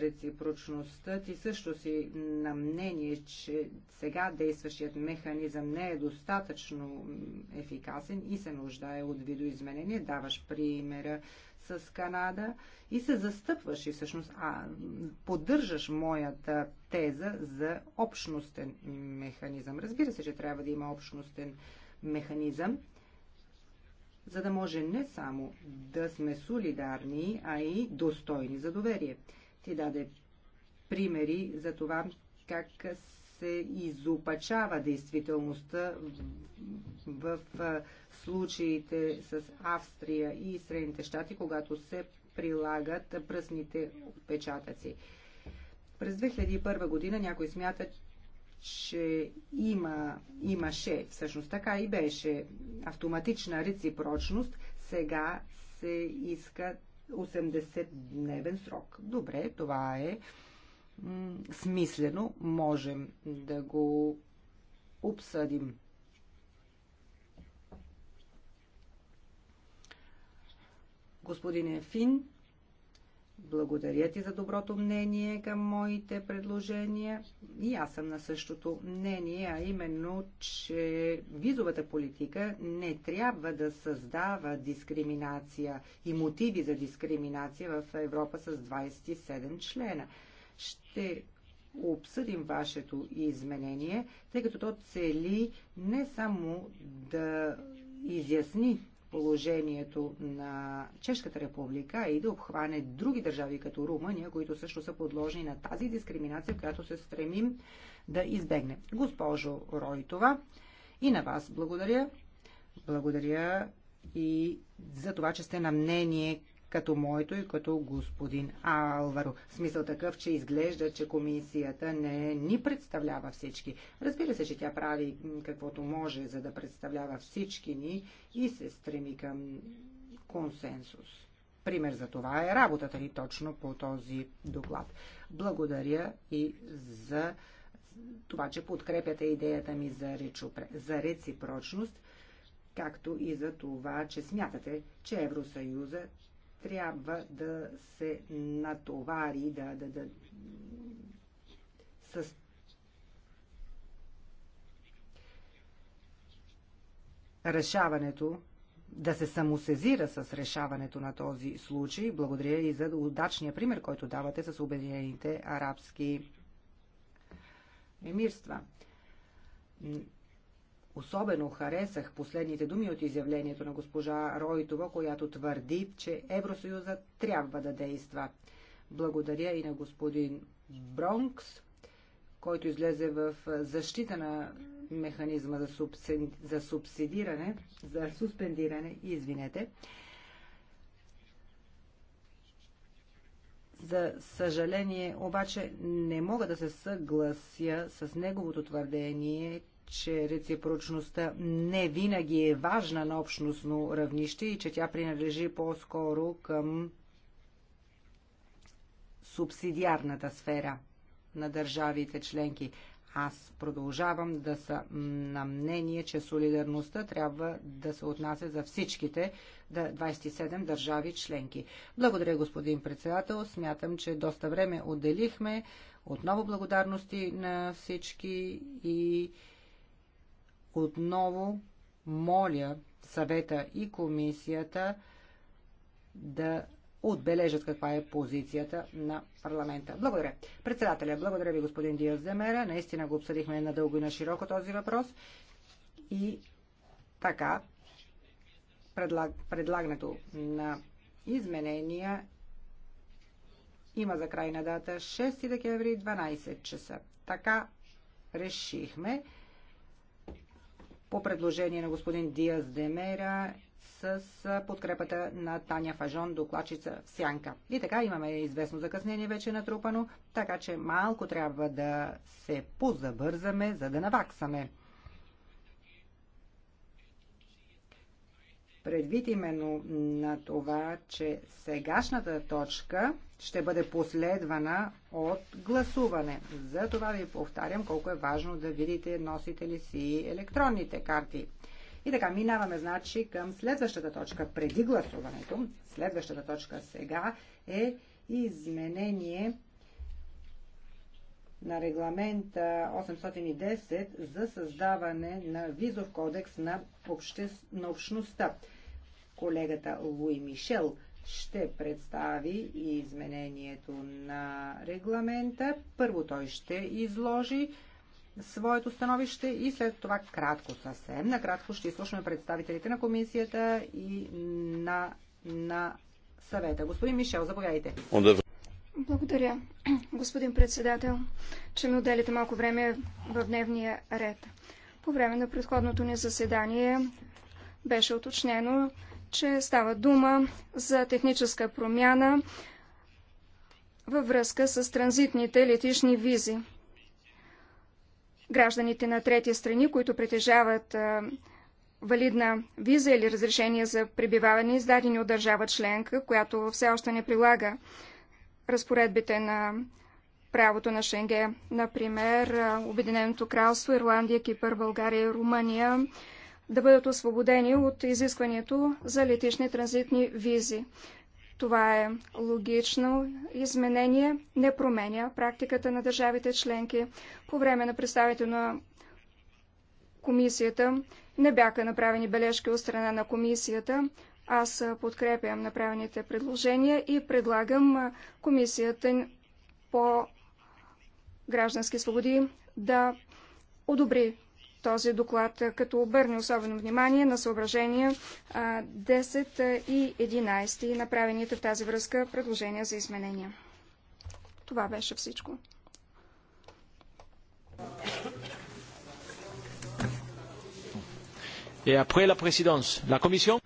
реципрочността. Ти също си на мнение, че сега действащият механизъм не е достатъчно ефикасен и се нуждае от видоизменение. Даваш примера с Канада и се застъпваш и всъщност а, поддържаш моята теза за общностен механизъм. Разбира се, че трябва да има общностен механизъм, за да може не само да сме солидарни, а и достойни за доверие. Ти даде примери за това как се изопачава действителността в случаите с Австрия и Средните щати, когато се прилагат пръсните отпечатъци. През 2001 година някой смята, че има, имаше, всъщност така и беше, автоматична реципрочност, сега се иска 80-дневен срок. Добре, това е смислено можем да го обсъдим. Господин Ефин, благодаря ти за доброто мнение към моите предложения. И аз съм на същото мнение, а именно, че визовата политика не трябва да създава дискриминация и мотиви за дискриминация в Европа с 27 члена ще обсъдим вашето изменение, тъй като то цели не само да изясни положението на Чешката република и да обхване други държави като Румъния, които също са подложени на тази дискриминация, която се стремим да избегне. Госпожо Ройтова, и на вас благодаря. Благодаря и за това, че сте на мнение като моето и като господин Алваро. смисъл такъв, че изглежда, че комисията не ни представлява всички. Разбира се, че тя прави каквото може, за да представлява всички ни и се стреми към консенсус. Пример за това е работата ни точно по този доклад. Благодаря и за това, че подкрепяте идеята ми за, речупре, за реципрочност, както и за това, че смятате, че Евросъюза трябва да се натовари, да, да, да с решаването, да се самосезира с решаването на този случай. Благодаря и за удачния пример, който давате с Обединените арабски емирства. Особено харесах последните думи от изявлението на госпожа Ройтова, която твърди, че Евросъюза трябва да действа. Благодаря и на господин Бронкс, който излезе в защита на механизма за, субсиди... за субсидиране, за суспендиране, извинете. За съжаление, обаче не мога да се съглася с неговото твърдение, че реципрочността не винаги е важна на общностно равнище и че тя принадлежи по-скоро към субсидиарната сфера на държавите членки. Аз продължавам да съм на мнение, че солидарността трябва да се отнася за всичките 27 държави членки. Благодаря, господин председател. Смятам, че доста време отделихме. Отново благодарности на всички и отново моля съвета и комисията да отбележат каква е позицията на парламента. Благодаря. Председателя, благодаря ви господин Диас Демера. Наистина го обсъдихме надълго и на широко този въпрос. И така, предлаг, предлагането на изменения има за крайна дата 6 декември 12 часа. Така решихме по предложение на господин Диас Демера с подкрепата на Таня Фажон, докладчица в Сянка. И така имаме известно закъснение вече натрупано, така че малко трябва да се позабързаме, за да наваксаме. Предвид именно на това, че сегашната точка ще бъде последвана от гласуване. За това ви повтарям колко е важно да видите носите ли си електронните карти. И така, минаваме значи към следващата точка преди гласуването. Следващата точка сега е изменение на регламент 810 за създаване на визов кодекс на, обще... на общността. Колегата Луи Мишел – ще представи и изменението на регламента. Първо той ще изложи своето становище и след това кратко, съвсем накратко ще изслушаме представителите на комисията и на, на съвета. Господин Мишел, заповядайте. Благодаря, господин председател, че ми отделите малко време в дневния ред. По време на предходното ни заседание беше уточнено, че става дума за техническа промяна във връзка с транзитните летишни визи. Гражданите на трети страни, които притежават валидна виза или разрешение за пребиваване, издадени от държава членка, която все още не прилага разпоредбите на правото на Шенге, например Обединеното кралство, Ирландия, Кипър, България и Румъния, да бъдат освободени от изискването за летишни транзитни визи. Това е логично изменение, не променя практиката на държавите членки. По време на представите на комисията не бяха направени бележки от страна на комисията. Аз подкрепям направените предложения и предлагам комисията по граждански свободи да одобри този доклад, като обърне особено внимание на съображения 10 и 11 и направените в тази връзка предложения за изменения. Това беше всичко. И апрел la présidence, la комисион?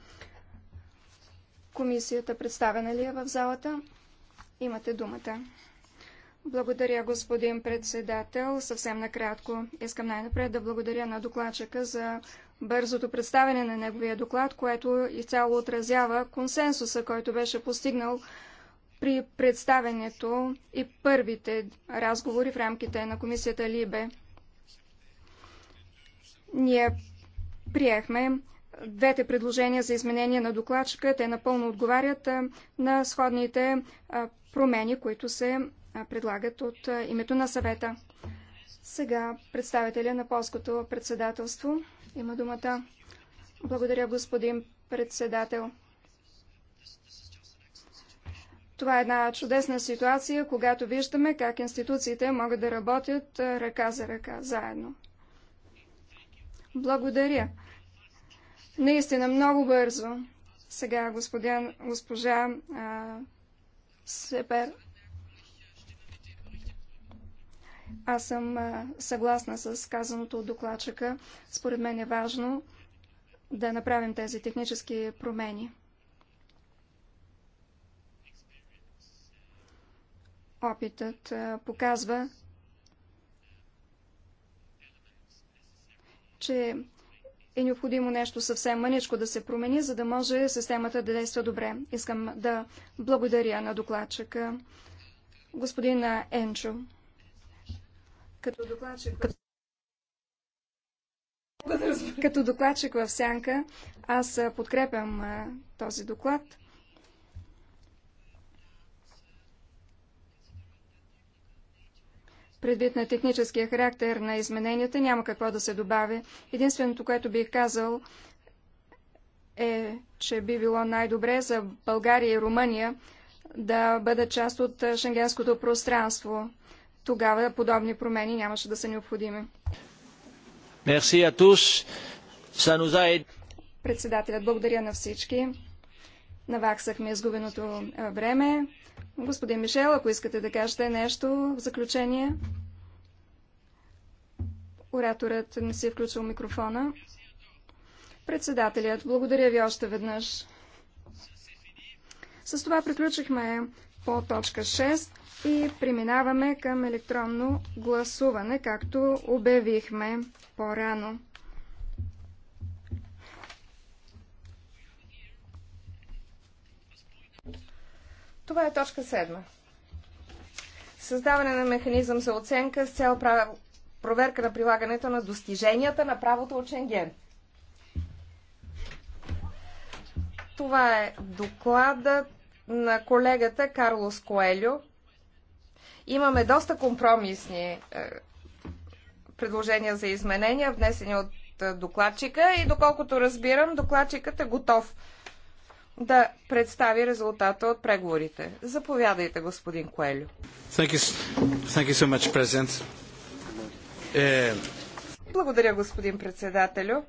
Комисията представена ли е в залата? Имате думата. Благодаря, господин председател. Съвсем накратко искам най-напред да благодаря на докладчика за бързото представяне на неговия доклад, което изцяло отразява консенсуса, който беше постигнал при представенето и първите разговори в рамките на комисията Либе. Ние приехме двете предложения за изменение на докладчика. Те напълно отговарят на сходните промени, които се предлагат от името на съвета. Сега представителя на полското председателство има думата. Благодаря, господин председател. Това е една чудесна ситуация, когато виждаме как институциите могат да работят ръка за ръка, заедно. Благодаря. Наистина много бързо. Сега господин, госпожа а, Сепер аз съм съгласна с казаното от докладчика. Според мен е важно да направим тези технически промени. Опитът показва, че е необходимо нещо съвсем мъничко да се промени, за да може системата да действа добре. Искам да благодаря на докладчика, господина Енчо. Като докладчик, като докладчик в сянка, аз подкрепям този доклад. Предвид на техническия характер на измененията няма какво да се добави. Единственото, което бих казал е, че би било най-добре за България и Румъния да бъдат част от шенгенското пространство тогава подобни промени нямаше да са необходими. Председателят, благодаря на всички. Наваксахме изгубеното време. Господин Мишел, ако искате да кажете нещо в заключение. Ораторът не си е включил микрофона. Председателят, благодаря ви още веднъж. С това приключихме по точка 6. И преминаваме към електронно гласуване, както обявихме по-рано. Това е точка 7. Създаване на механизъм за оценка с цел прав... проверка на прилагането на достиженията на правото от Шенген. Това е докладът на колегата Карлос Коелю Имаме доста компромисни е, предложения за изменения, внесени от е, докладчика и доколкото разбирам, докладчикът е готов да представи резултата от преговорите. Заповядайте, господин Коелю. So е, Благодаря, господин председателю.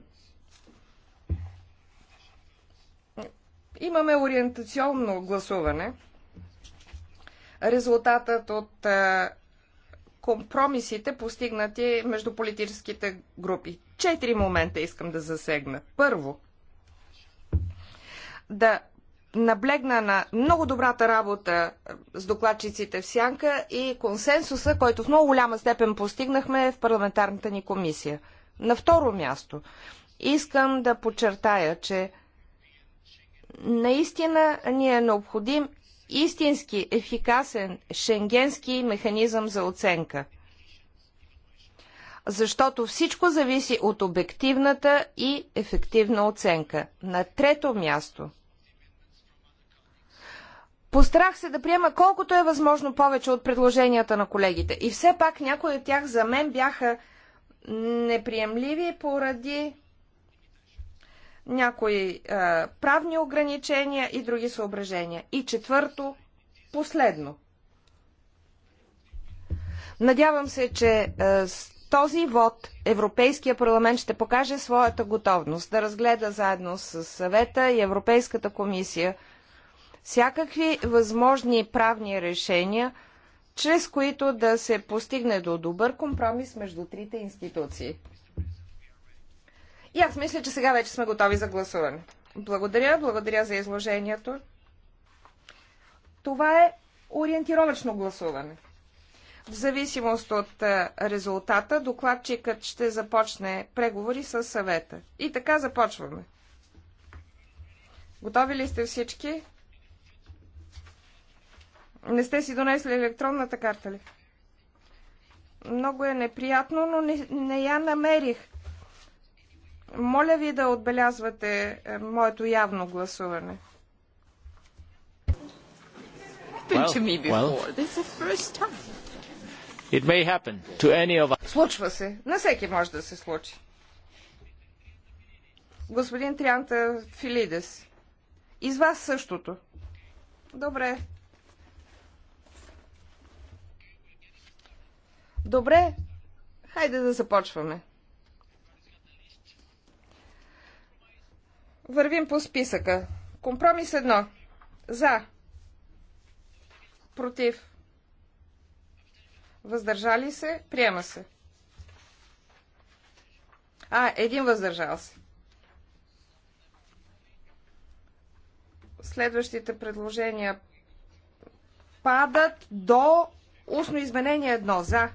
Имаме ориентационно гласуване резултатът от компромисите, постигнати между политическите групи. Четири момента искам да засегна. Първо, да наблегна на много добрата работа с докладчиците в Сянка и консенсуса, който в много голяма степен постигнахме в парламентарната ни комисия. На второ място, искам да подчертая, че наистина ни е необходим истински ефикасен шенгенски механизъм за оценка. Защото всичко зависи от обективната и ефективна оценка. На трето място. Пострах се да приема колкото е възможно повече от предложенията на колегите. И все пак някои от тях за мен бяха неприемливи поради някои е, правни ограничения и други съображения. И четвърто, последно. Надявам се, че а, е, с този вод Европейския парламент ще покаже своята готовност да разгледа заедно с съвета и Европейската комисия всякакви възможни правни решения, чрез които да се постигне до добър компромис между трите институции. И аз мисля, че сега вече сме готови за гласуване. Благодаря, благодаря за изложението. Това е ориентировачно гласуване. В зависимост от е, резултата, докладчикът ще започне преговори с съвета. И така започваме. Готови ли сте всички? Не сте си донесли електронната карта ли? Много е неприятно, но не, не я намерих. Моля ви да отбелязвате е, моето явно гласуване. Случва се. На всеки може да се случи. Господин Трианта Филидес. Из вас същото. Добре. Добре. Хайде да започваме. Вървим по списъка. Компромис едно. За. Против. Въздържали се. Приема се. А, един въздържал се. Следващите предложения падат до устно изменение едно. За.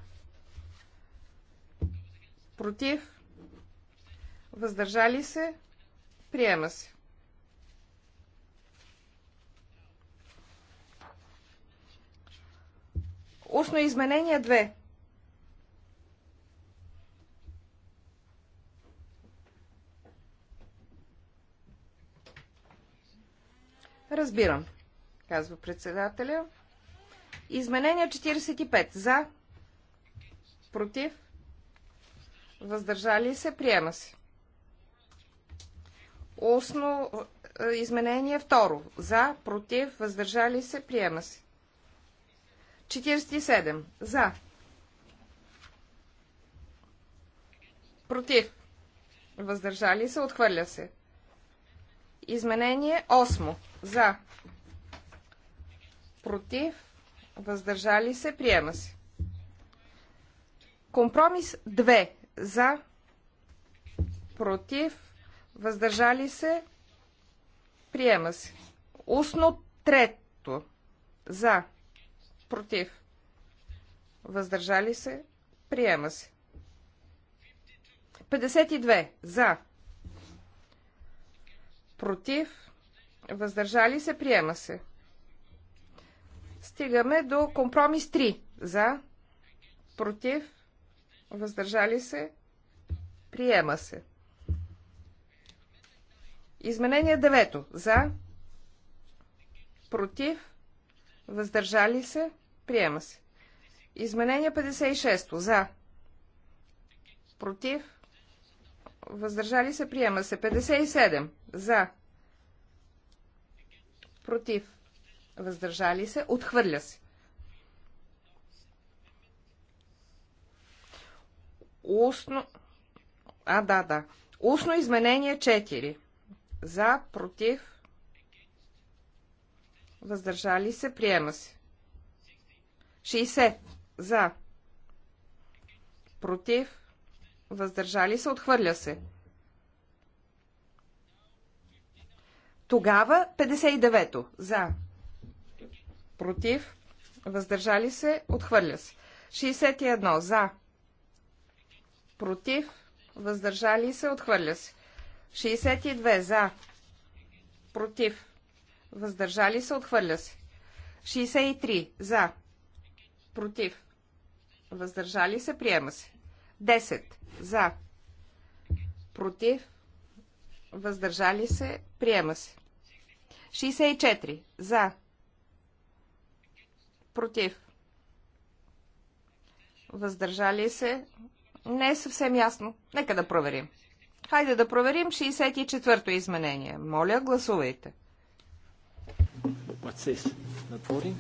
Против. Въздържали се. Приема се. Устно изменение 2. Разбирам, казва председателя. Изменение 45. За. Против. Въздържали се. Приема се. Устно е, изменение второ. За, против, въздържали се, приема се. 47. За. Против. Въздържали се, отхвърля се. Изменение 8. За. Против. Въздържали се, приема се. Компромис 2. За. Против въздържали се, приема се. Устно трето, за, против, въздържали се, приема се. 52, за, против, въздържали се, приема се. Стигаме до компромис 3, за, против, въздържали се, приема се. Изменение 9. За. Против. Въздържали се. Приема се. Изменение 56. За. Против. Въздържали се. Приема се. 57. За. Против. Въздържали се. Отхвърля се. Устно... А, да, да. Устно изменение 4. За, против, въздържали се, приема се. 60. За, против, въздържали се, отхвърля се. Тогава 59-то. За. Против. Въздържали се. Отхвърля се. 61. За. Против. Въздържали се. Отхвърля се. 62 за. Против. Въздържали се. Отхвърля се. 63 за. Против. Въздържали се. Приема се. 10 за. Против. Въздържали се. Приема се. 64 за. Против. Въздържали се. Не е съвсем ясно. Нека да проверим. Хайде да проверим 64-то изменение. Моля, гласувайте. What's this? Not voting?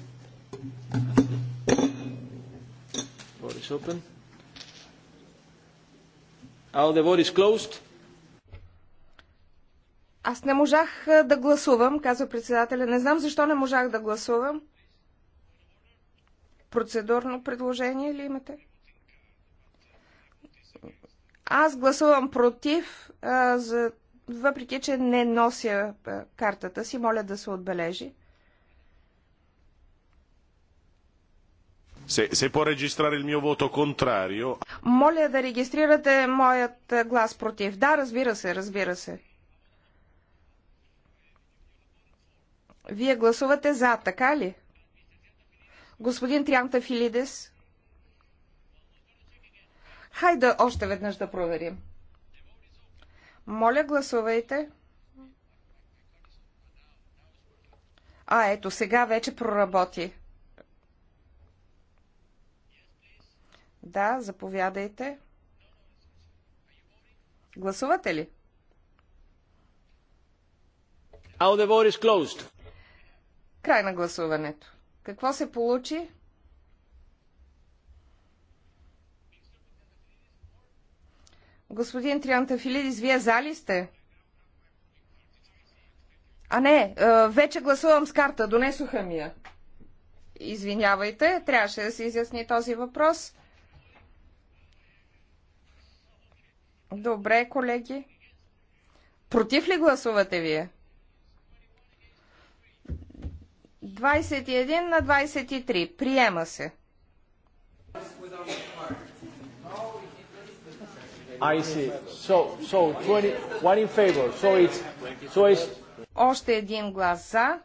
Vote is open. All the vote is closed. Аз не можах да гласувам, казва председателя. Не знам защо не можах да гласувам. Процедурно предложение ли имате? Аз гласувам против, а, за... въпреки че не нося а, картата си, моля да се отбележи. Се се può ми il контрарио. Моля да регистрирате моят глас против. Да, разбира се, разбира се. Вие гласувате за, така ли? Господин Трианта Филидес. Хайде още веднъж да проверим. Моля, гласувайте. А, ето, сега вече проработи. Да, заповядайте. Гласувате ли? Край на гласуването. Какво се получи? Господин Триантафилидис, вие за ли сте? А не, вече гласувам с карта, донесоха ми я. Извинявайте, трябваше да се изясни този въпрос. Добре, колеги. Против ли гласувате вие? 21 на 23. Приема се. I see. So, so 20, one in favor. So it's, so it's... Още един глас за.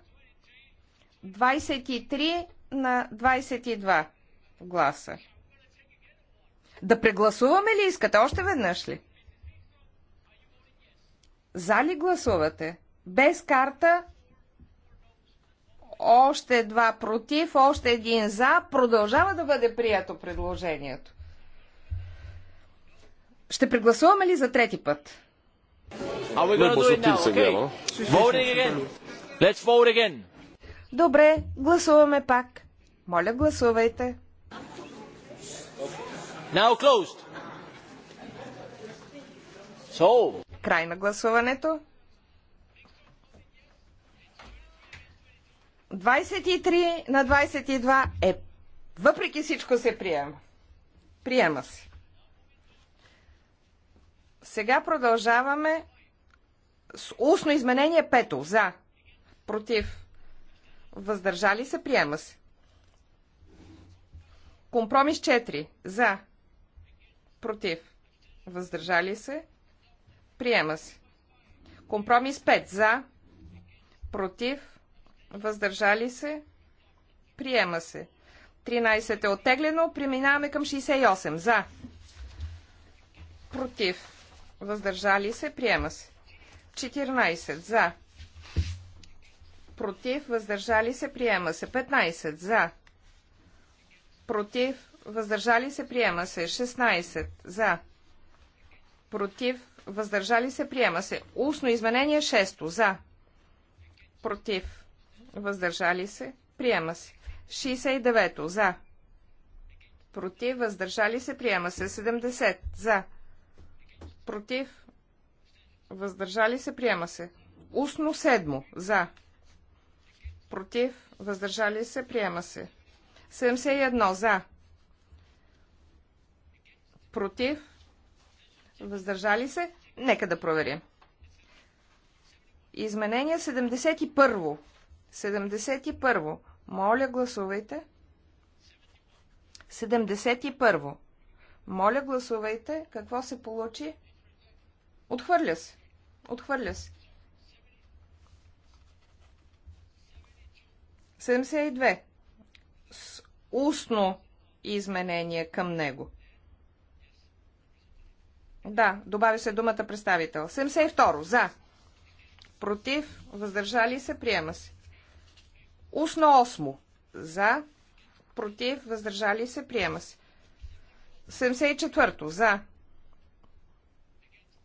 23 на 22 гласа. Да прегласуваме ли искате? Още веднъж ли? За ли гласувате? Без карта още два против, още един за. Продължава да бъде прието предложението. Ще прегласуваме ли за трети път? Добре, гласуваме пак. Моля, гласувайте. Now closed. So. Край на гласуването. 23 на 22 е. Въпреки всичко се приема. Приема се. Сега продължаваме с устно изменение пето. За. Против. Въздържали се. Приема се. Компромис 4. За. Против. Въздържали се. Приема се. Компромис 5. За. Против. Въздържали се. Приема се. 13 е оттеглено. Преминаваме към 68. За. Против въздържали се, приема се. 14 за, против, въздържали се, приема се. 15 за, против, въздържали се, приема се. 16 за, против, въздържали се, приема се. Устно изменение 6 за, против, въздържали се, приема се. 69 за, против, въздържали се, приема се. 70 за, против, въздържали се, приема се. Устно седмо, за, против, въздържали се, приема се. 71 за, против, въздържали се, нека да проверим. Изменение 71. 71. Моля, гласувайте. 71. Моля, гласувайте. Какво се получи? 71. Отхвърля се. Отхвърля се. 72. С устно изменение към него. Да, добави се думата представител. 72. За. Против. Въздържали се. Приема се. Устно 8. За. Против. Въздържали се. Приема се. 74. За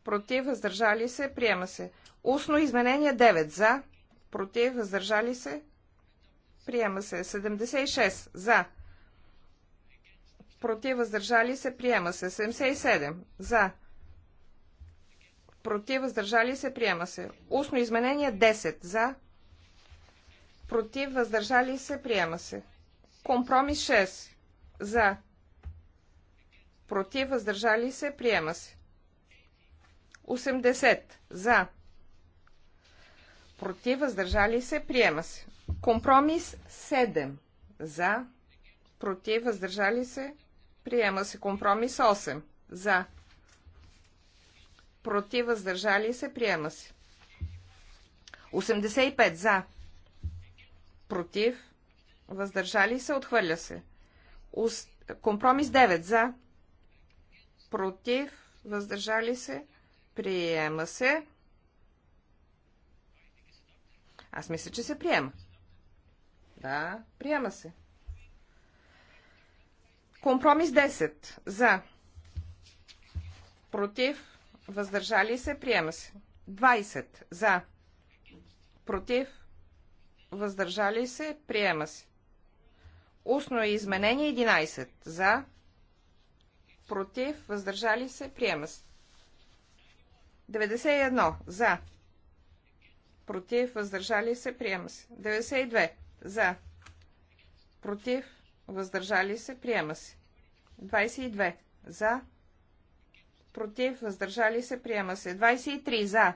против, въздържали се, приема се. Устно изменение 9 за, против, въздържали се, приема се. 76 за, против, въздържали се, приема се. 77 за, против, въздържали се, приема се. Устно изменение 10 за, против, въздържали се, приема се. Компромис 6 за, против, въздържали се, приема се. 80 за. Против, въздържали се, приема се. Компромис 7 за. Против, въздържали се, приема се. Компромис 8 за. Против, въздържали се, приема се. 85 за. Против, въздържали се, отхвърля се. Компромис 9 за. Против, въздържали се, Приема се. Аз мисля, че се приема. Да, приема се. Компромис 10. За. Против. Въздържали се. Приема се. 20. За. Против. Въздържали се. Приема се. Устно изменение 11. За. Против. Въздържали се. Приема се. 91 за. Против, въздържали се, приема се. 92 за. Против, въздържали се, приема се. 22 за. Против, въздържали се, приема се. 23 за.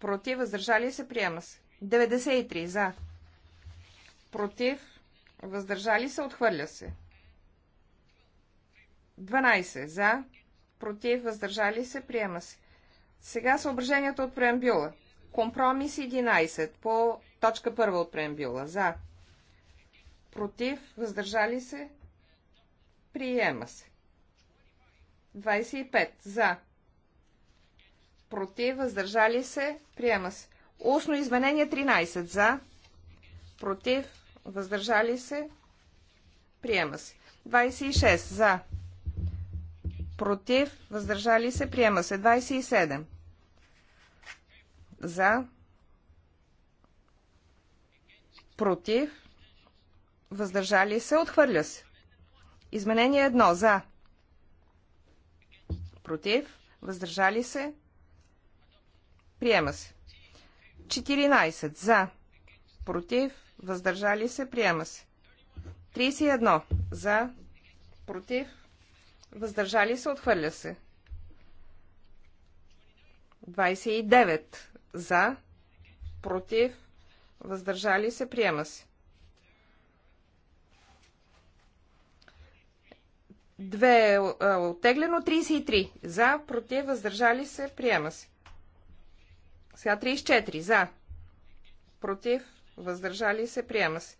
Против, въздържали се, приема се. 93 за. Против, въздържали се, отхвърля се. 12 за. Против, въздържали се, приема се. Сега съображението от преамбюла. Компромис 11 по точка 1 от преамбюла. За. Против. Въздържали се. Приема се. 25. За. Против. Въздържали се. Приема се. Устно изменение 13. За. Против. Въздържали се. Приема се. 26. За против, въздържали се, приема се. 27 за, против, въздържали се, отхвърля се. Изменение 1 за, против, въздържали се, приема се. 14 за, против, въздържали се, приема се. 31 за, против, Въздържали се, отхвърля се. 29 за, против, въздържали се, приема се. 2 е, е, оттеглено, 33 за, против, въздържали се, приема се. Сега 34 за, против, въздържали се, приема се.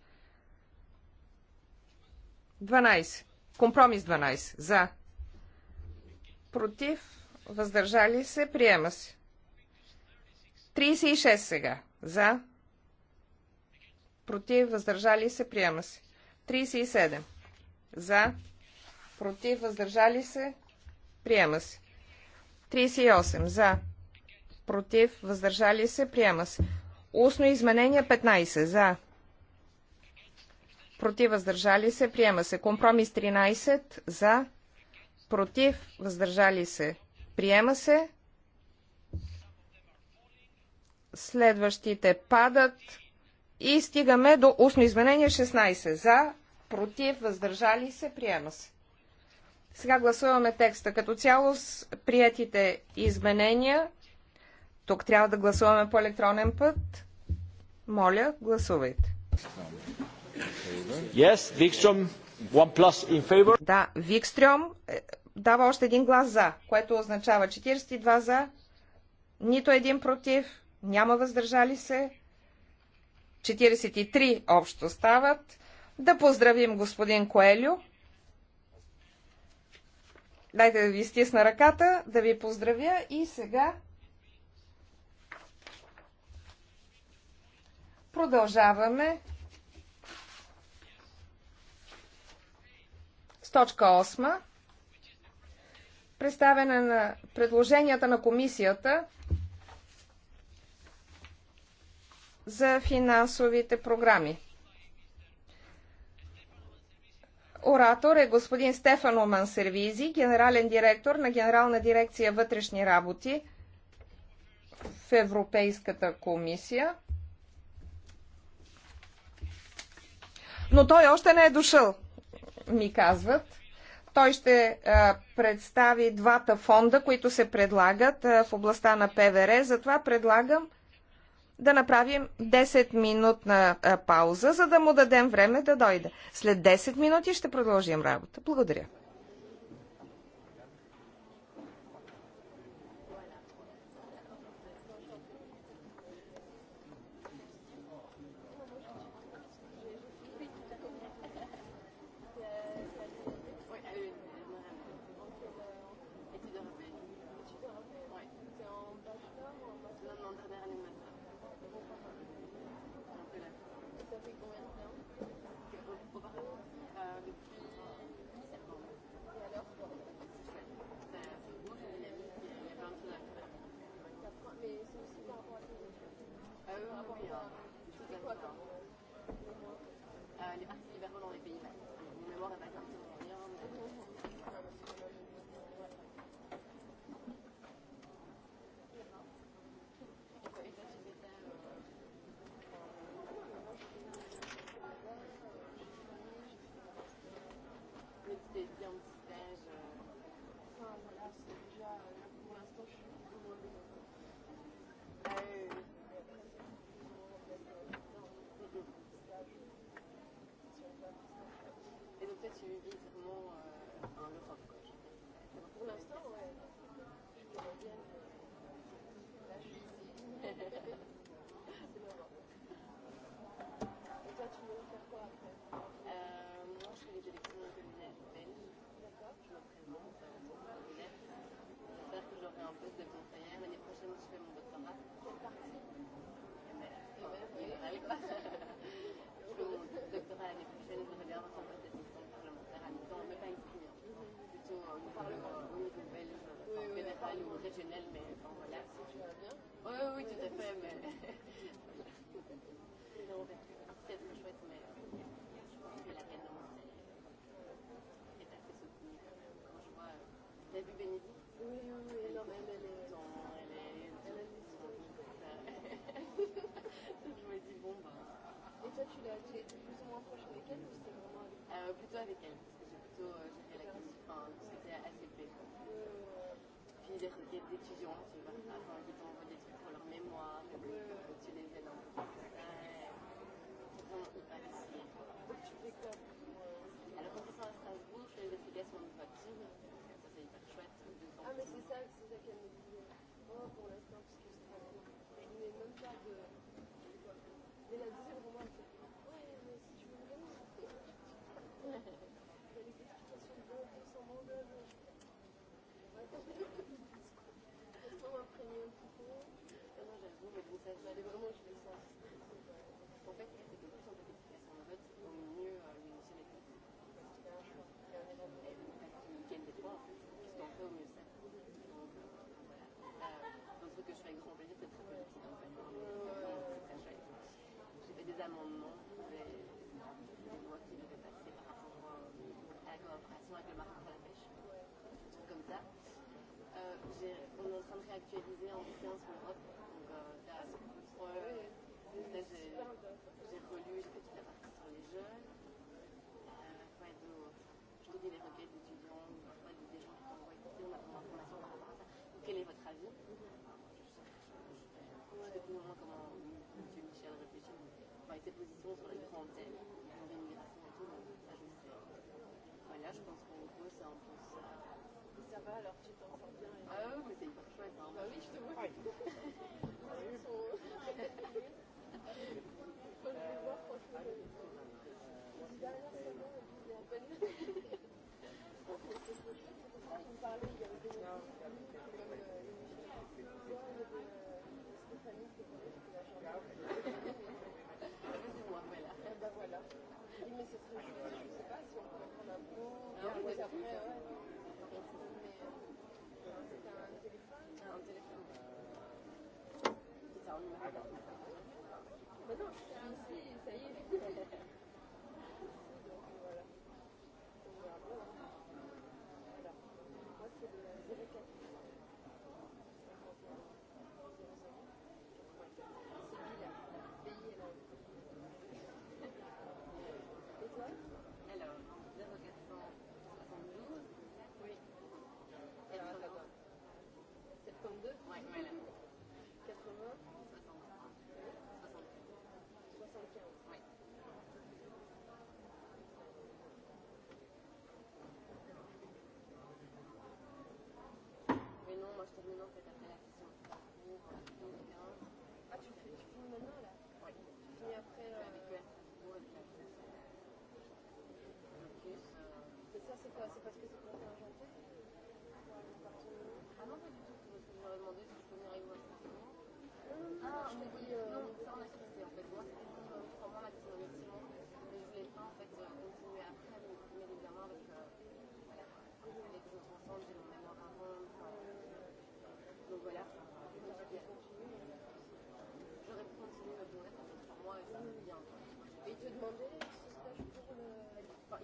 12. Компромис 12. За, против, въздържали се, приема се. 36 сега. За, против, въздържали се, приема се. 37. За, против, въздържали се, приема се. 38. За, против, въздържали се, приема се. Устно изменение 15. За, против, въздържали се, приема се. Компромис 13. За, против, въздържали се, приема се. Следващите падат и стигаме до устно изменение 16. За, против, въздържали се, приема се. Сега гласуваме текста като цяло с приятите изменения. Тук трябва да гласуваме по електронен път. Моля, гласувайте. Yes, one plus in favor. Да, Викстром, дава още един глас за, което означава 42 за, нито един против, няма въздържали се, 43 общо стават. Да поздравим господин Коелю. Дайте да ви стисна ръката, да ви поздравя и сега продължаваме с точка 8 представяне на предложенията на комисията за финансовите програми. Оратор е господин Стефано Мансервизи, генерален директор на Генерална дирекция вътрешни работи в Европейската комисия. Но той още не е дошъл, ми казват. Той ще представи двата фонда, които се предлагат в областта на ПВР. Затова предлагам да направим 10-минутна пауза, за да му дадем време да дойде. След 10 минути ще продължим работа. Благодаря. t'as vu Bénédicte Oui, oui, je me dis, bon, ben. Et toi, tu l'as tu plus ou moins proche avec elle ou c'était vraiment Plutôt avec elle, parce que j'ai plutôt. Euh, j'ai fait la question. Enfin, c'était assez peu. Puis des requêtes d'étudiants, tu vois. Enfin, qui t'envoient leur mémoire, tu les aides à Strasbourg, je fais de ça c'est hyper chouette. Ah mais c'est ça, c'est ça qu'elle me dit. Oh pour l'instant. ça, ça allait vraiment dans tous les sens. Donc, euh, en fait, c'était de plus en plus efficace. En fait, on est mieux euh, les émissions avec les week-end des trois, en fait, parce qu'en fait, au mieux ça. Donc, voilà. Euh, un truc que je fais avec grand plaisir, c'est très politique, en fait. C'est très chouette. J'ai fait des amendements, mais des lois qui devaient passer par rapport à la coopération avec le Maroc pour la pêche. Des trucs comme ça. Euh, on est en train de réactualiser en séance l'Europe cette position sur les quarantaines. Pour les migrations et tout, donc ça je sais. Voilà, je pense qu'en gros c'est un peu ça. Ça va alors, tu t'en sens bien c'est you. je ne sais pas si on prendre un après, c'est un téléphone Un téléphone. un numéro. quoi C'est parce que c'est pour faire un Ah non, pas du tout. Ah, on m'a dit. ça on a fixé en fait. Moi c'était trois mois maximum, effectivement. Mais je pas en fait continuer après, mais mes avec les ensemble, j'ai mon mémoire avant. Donc voilà. J'aurais pu continuer, mais je voudrais fait trois mois et ça me Et te demandaient ce stage pour le. Enfin,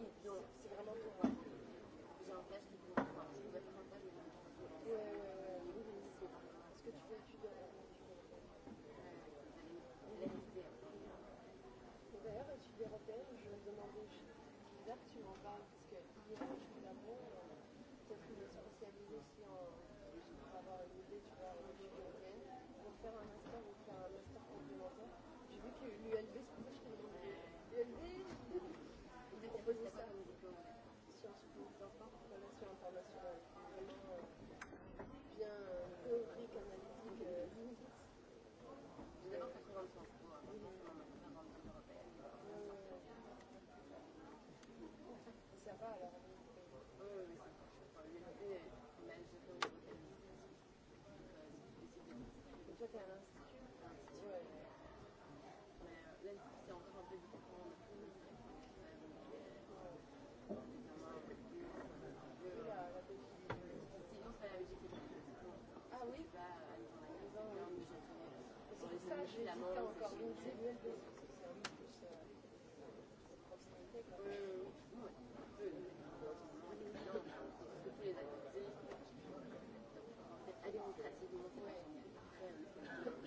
c'est un peu plus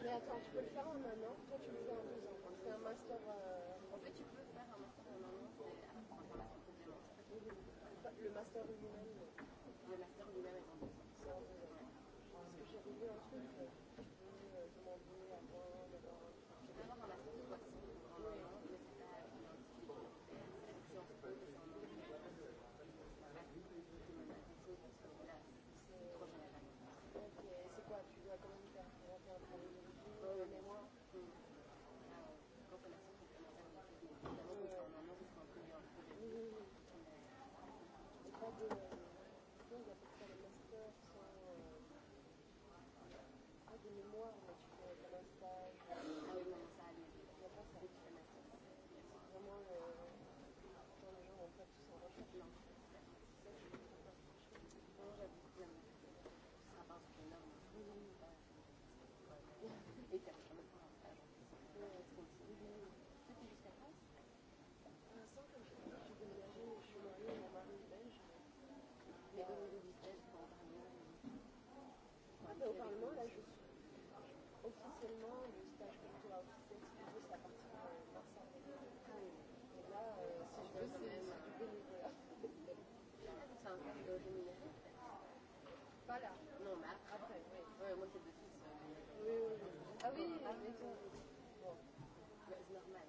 Mais attends, tu peux le faire en un an Toi, tu en deux ans. un master. En fait, tu peux faire un master en un an, c'est Le master humain. de mémoire, mais je seulement le stage c'est mars Et là, euh, si je veux, c'est du bénévolat. c'est un rémunéré. Pas là. Non, mais après. après oui. Ouais, moi, c'est de fils. Oui, oui, Ah oui, ah, Bon. Mais c'est normal,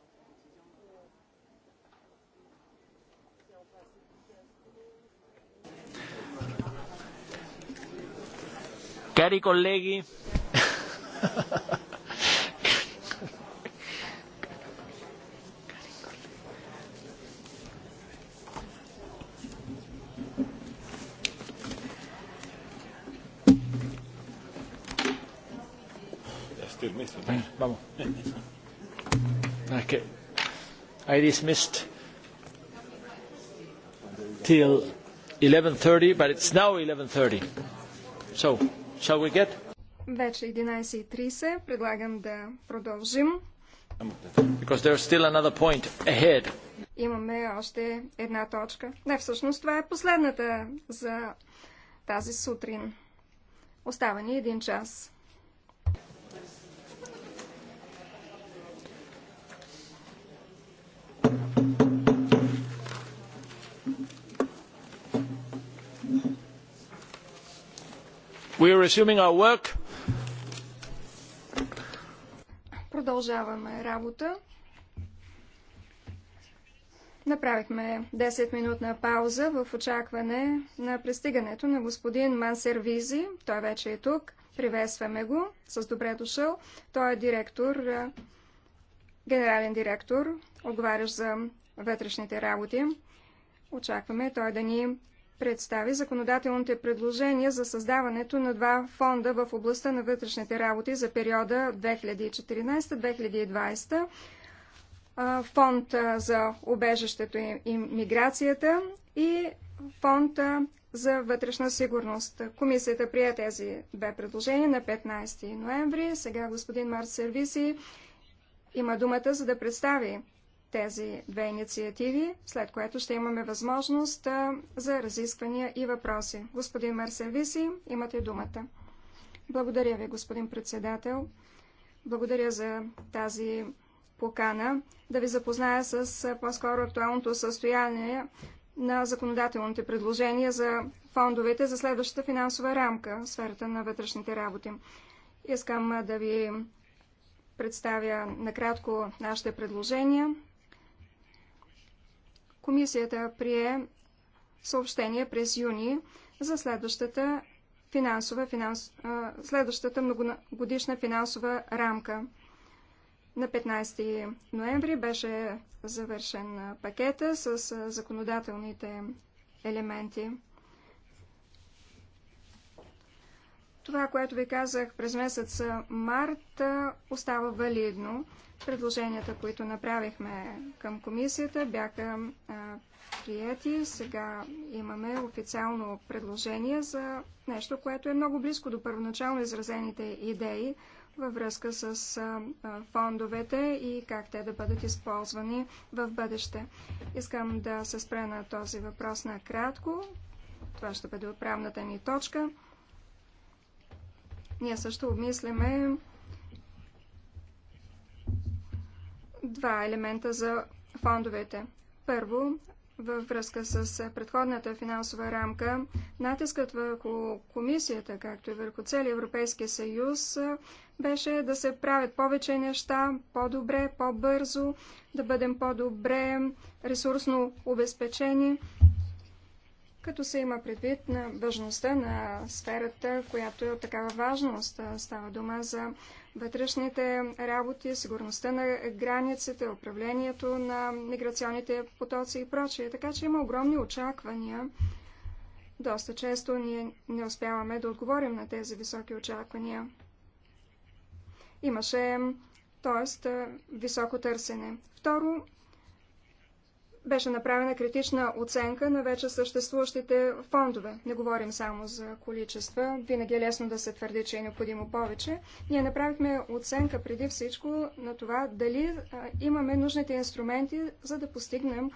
Cari colleghi, Vamos. Okay. I dismissed till 11.30, but it's now 11.30. So, shall we get? Вече 11.30. Предлагам да продължим. Имаме още една точка. Не, всъщност това е последната за тази сутрин. Остава ни един час. We are resuming our work. Продължаваме работа. Направихме 10-минутна пауза в очакване на пристигането на господин Мансервизи. Той вече е тук. Приветстваме го. С добре дошъл. Той е директор, генерален директор, отговарящ за вътрешните работи. Очакваме той да ни представи законодателните предложения за създаването на два фонда в областта на вътрешните работи за периода 2014-2020, фонд за обежището и миграцията и фонд за вътрешна сигурност. Комисията прие тези две предложения на 15 ноември. Сега господин Марс Сервиси има думата, за да представи тези две инициативи, след което ще имаме възможност за разисквания и въпроси. Господин Виси, имате думата. Благодаря ви, господин председател. Благодаря за тази покана да ви запозная с по-скоро актуалното състояние на законодателните предложения за фондовете за следващата финансова рамка в сферата на вътрешните работи. Искам да ви представя накратко нашите предложения. Комисията прие съобщение през юни за следващата, финансова, финанс, следващата многогодишна финансова рамка. На 15 ноември беше завършен пакета с законодателните елементи. Това, което ви казах през месец март, остава валидно. Предложенията, които направихме към комисията, бяха а, прияти. Сега имаме официално предложение за нещо, което е много близко до първоначално изразените идеи във връзка с а, фондовете и как те да бъдат използвани в бъдеще. Искам да се спре на този въпрос накратко. Това ще бъде отправната ни точка. Ние също обмисляме два елемента за фондовете. Първо, във връзка с предходната финансова рамка, натискът върху комисията, както и върху целия Европейския съюз, беше да се правят повече неща, по-добре, по-бързо, да бъдем по-добре ресурсно обезпечени, като се има предвид на важността на сферата, която е от такава важност. Става дума за вътрешните работи, сигурността на границите, управлението на миграционните потоци и прочее. Така че има огромни очаквания. Доста често ние не успяваме да отговорим на тези високи очаквания. Имаше, т.е. високо търсене. Второ, беше направена критична оценка на вече съществуващите фондове. Не говорим само за количества, винаги е лесно да се твърди, че е необходимо повече. Ние направихме оценка преди всичко на това дали имаме нужните инструменти, за да постигнем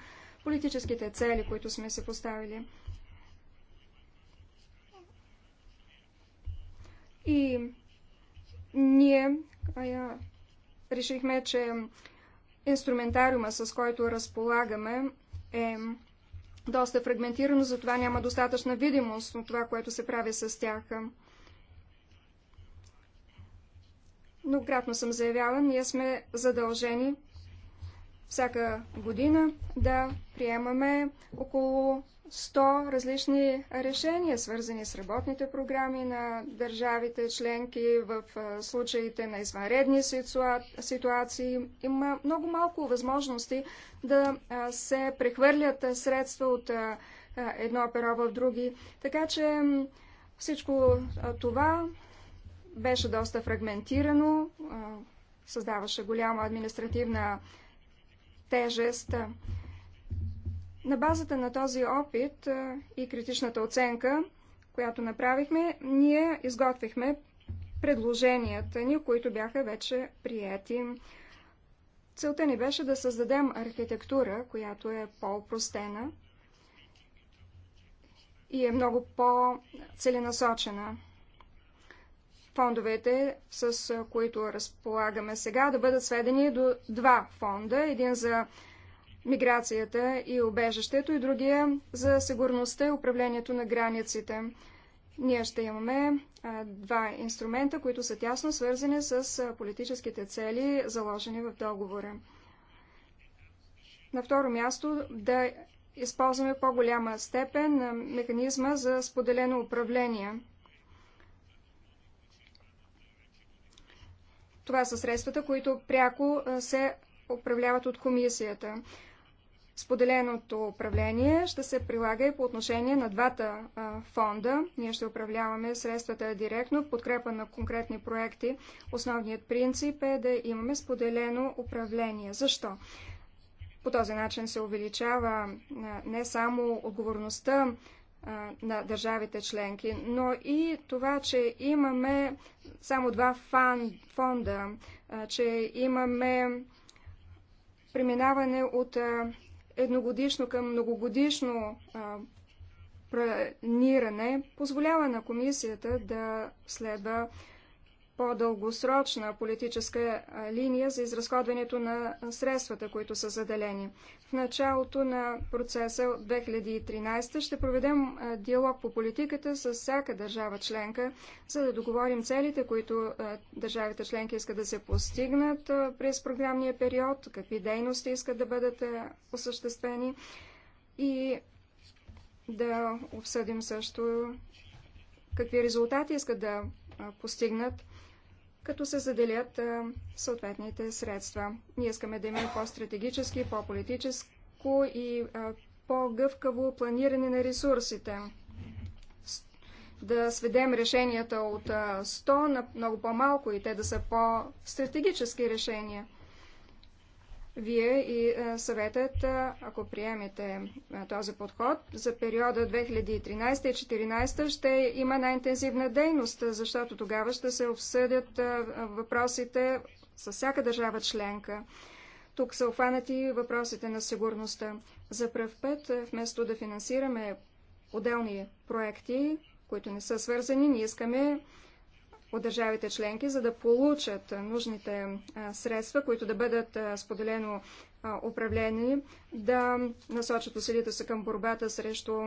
политическите цели, които сме се поставили. И ние решихме, че Инструментариума, с който разполагаме, е доста фрагментирано, затова няма достатъчна видимост на това, което се прави с тях. Многократно съм заявяла, ние сме задължени всяка година да приемаме около 100 различни решения, свързани с работните програми на държавите членки в случаите на извънредни ситуации. Има много малко възможности да се прехвърлят средства от едно перо в други. Така че всичко това беше доста фрагментирано, създаваше голяма административна тежест. На базата на този опит и критичната оценка, която направихме, ние изготвихме предложенията ни, които бяха вече прияти. Целта ни беше да създадем архитектура, която е по-простена и е много по-целенасочена. Фондовете, с които разполагаме сега, да бъдат сведени до два фонда. Един за миграцията и обежището и другия за сигурността и управлението на границите. Ние ще имаме два инструмента, които са тясно свързани с политическите цели, заложени в договора. На второ място да използваме по-голяма степен на механизма за споделено управление. Това са средствата, които пряко се управляват от комисията. Споделеното управление ще се прилага и по отношение на двата фонда. Ние ще управляваме средствата директно в подкрепа на конкретни проекти. Основният принцип е да имаме споделено управление. Защо? По този начин се увеличава не само отговорността на държавите членки, но и това, че имаме само два фонда, че имаме преминаване от едногодишно към многогодишно а, планиране позволява на комисията да следва по-дългосрочна политическа линия за изразходването на средствата, които са заделени. В началото на процеса от 2013 ще проведем диалог по политиката с всяка държава членка, за да договорим целите, които държавите членки искат да се постигнат през програмния период, какви дейности искат да бъдат осъществени и да обсъдим също какви резултати искат да постигнат като се заделят съответните средства. Ние искаме да имаме по-стратегически, по-политическо и по-гъвкаво планиране на ресурсите. Да сведем решенията от 100 на много по-малко и те да са по-стратегически решения. Вие и е, съветът, е, ако приемете е, този подход, за периода 2013-2014 ще има най-интензивна дейност, защото тогава ще се обсъдят въпросите с всяка държава членка. Тук са обхванати въпросите на сигурността. За пръв път, вместо да финансираме отделни проекти, които не са свързани, ние искаме от държавите членки, за да получат нужните средства, които да бъдат споделено управлени, да насочат усилията си към борбата срещу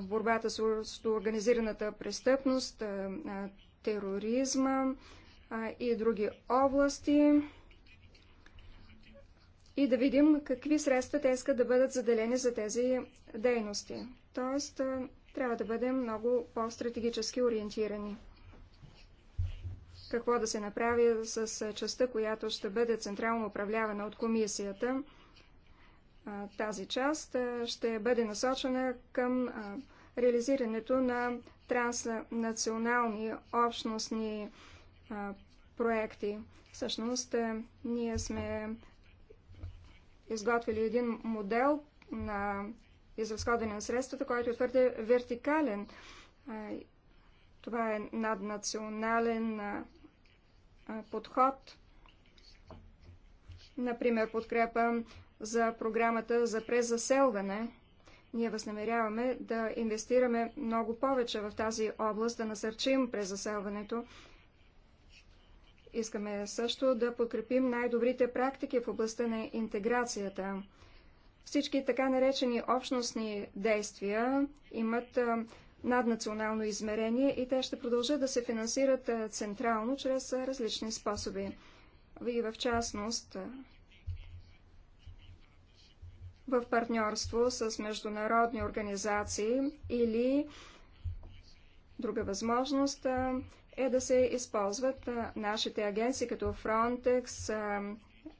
борбата с организираната престъпност, тероризма и други области и да видим какви средства те искат да бъдат заделени за тези дейности. Тоест, трябва да бъдем много по-стратегически ориентирани какво да се направи с е, частта, която ще бъде централно управлявана от комисията. Тази част е, ще бъде насочена към реализирането на транснационални общностни проекти. Всъщност, е, ние сме изготвили един модел на изразходване на средствата, който е твърде вертикален. Това е наднационален подход. Например, подкрепа за програмата за презаселване. Ние възнамеряваме да инвестираме много повече в тази област, да насърчим презаселването. Искаме също да подкрепим най-добрите практики в областта на интеграцията. Всички така наречени общностни действия имат наднационално измерение и те ще продължат да се финансират централно чрез различни способи. И в частност в партньорство с международни организации или друга възможност е да се използват нашите агенции като Frontex,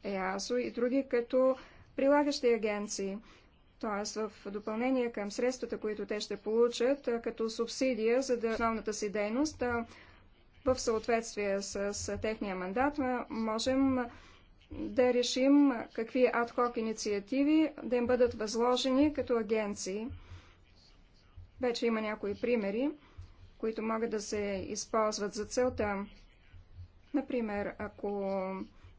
EASO и други като прилагащи агенции т.е. в допълнение към средствата, които те ще получат като субсидия за държавната основната си дейност, в съответствие с техния мандат, можем да решим какви адхок инициативи да им бъдат възложени като агенции. Вече има някои примери, които могат да се използват за целта. Например, ако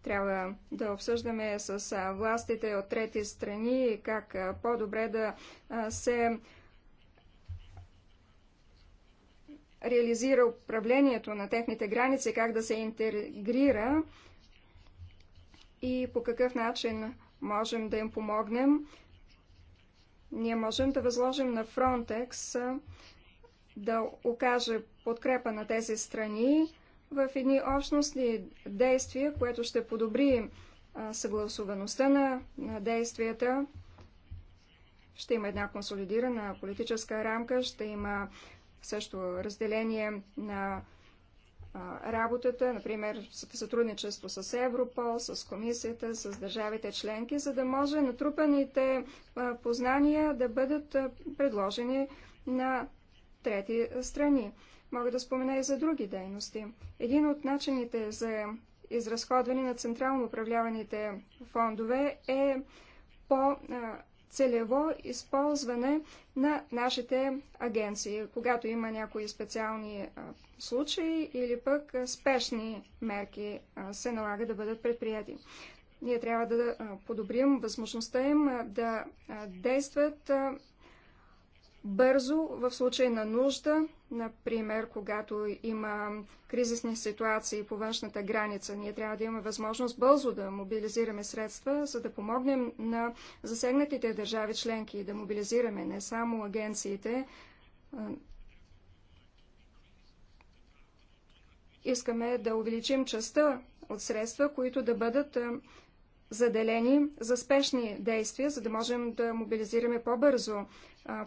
трябва да обсъждаме с властите от трети страни и как по-добре да се реализира управлението на техните граници, как да се интегрира и по какъв начин можем да им помогнем. Ние можем да възложим на Frontex да окаже подкрепа на тези страни, в едни общностни действия, което ще подобри съгласуваността на, на действията. Ще има една консолидирана политическа рамка, ще има също разделение на работата, например сътрудничество с Европол, с комисията, с държавите членки, за да може натрупаните познания да бъдат предложени на трети страни. Мога да спомена и за други дейности. Един от начините за изразходване на централно управляваните фондове е по целево използване на нашите агенции, когато има някои специални случаи или пък спешни мерки се налага да бъдат предприяти. Ние трябва да подобрим възможността им да действат бързо в случай на нужда, например, когато има кризисни ситуации по външната граница. Ние трябва да имаме възможност бързо да мобилизираме средства, за да помогнем на засегнатите държави членки и да мобилизираме не само агенциите. Искаме да увеличим частта от средства, които да бъдат заделени за спешни действия, за да можем да мобилизираме по-бързо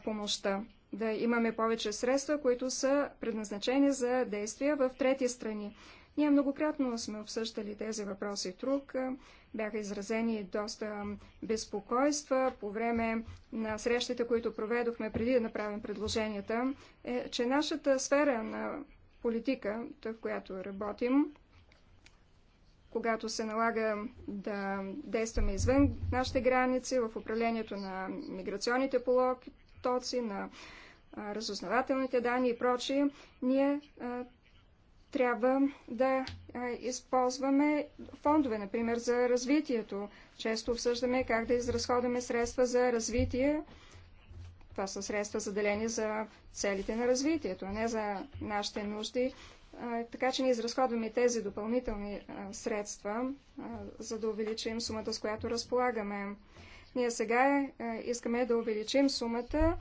помощта, да имаме повече средства, които са предназначени за действия в трети страни. Ние многократно сме обсъждали тези въпроси тук. Бяха изразени доста безпокойства по време на срещите, които проведохме преди да направим предложенията, е, че нашата сфера на политика, в която работим, когато се налага да действаме извън нашите граници, в управлението на миграционните потоци, на разузнавателните данни и прочие, ние трябва да използваме фондове, например, за развитието. Често обсъждаме как да изразходваме средства за развитие. Това са средства заделени за целите на развитието, а не за нашите нужди така че ние изразходваме тези допълнителни средства, за да увеличим сумата, с която разполагаме. Ние сега е, искаме да увеличим сумата,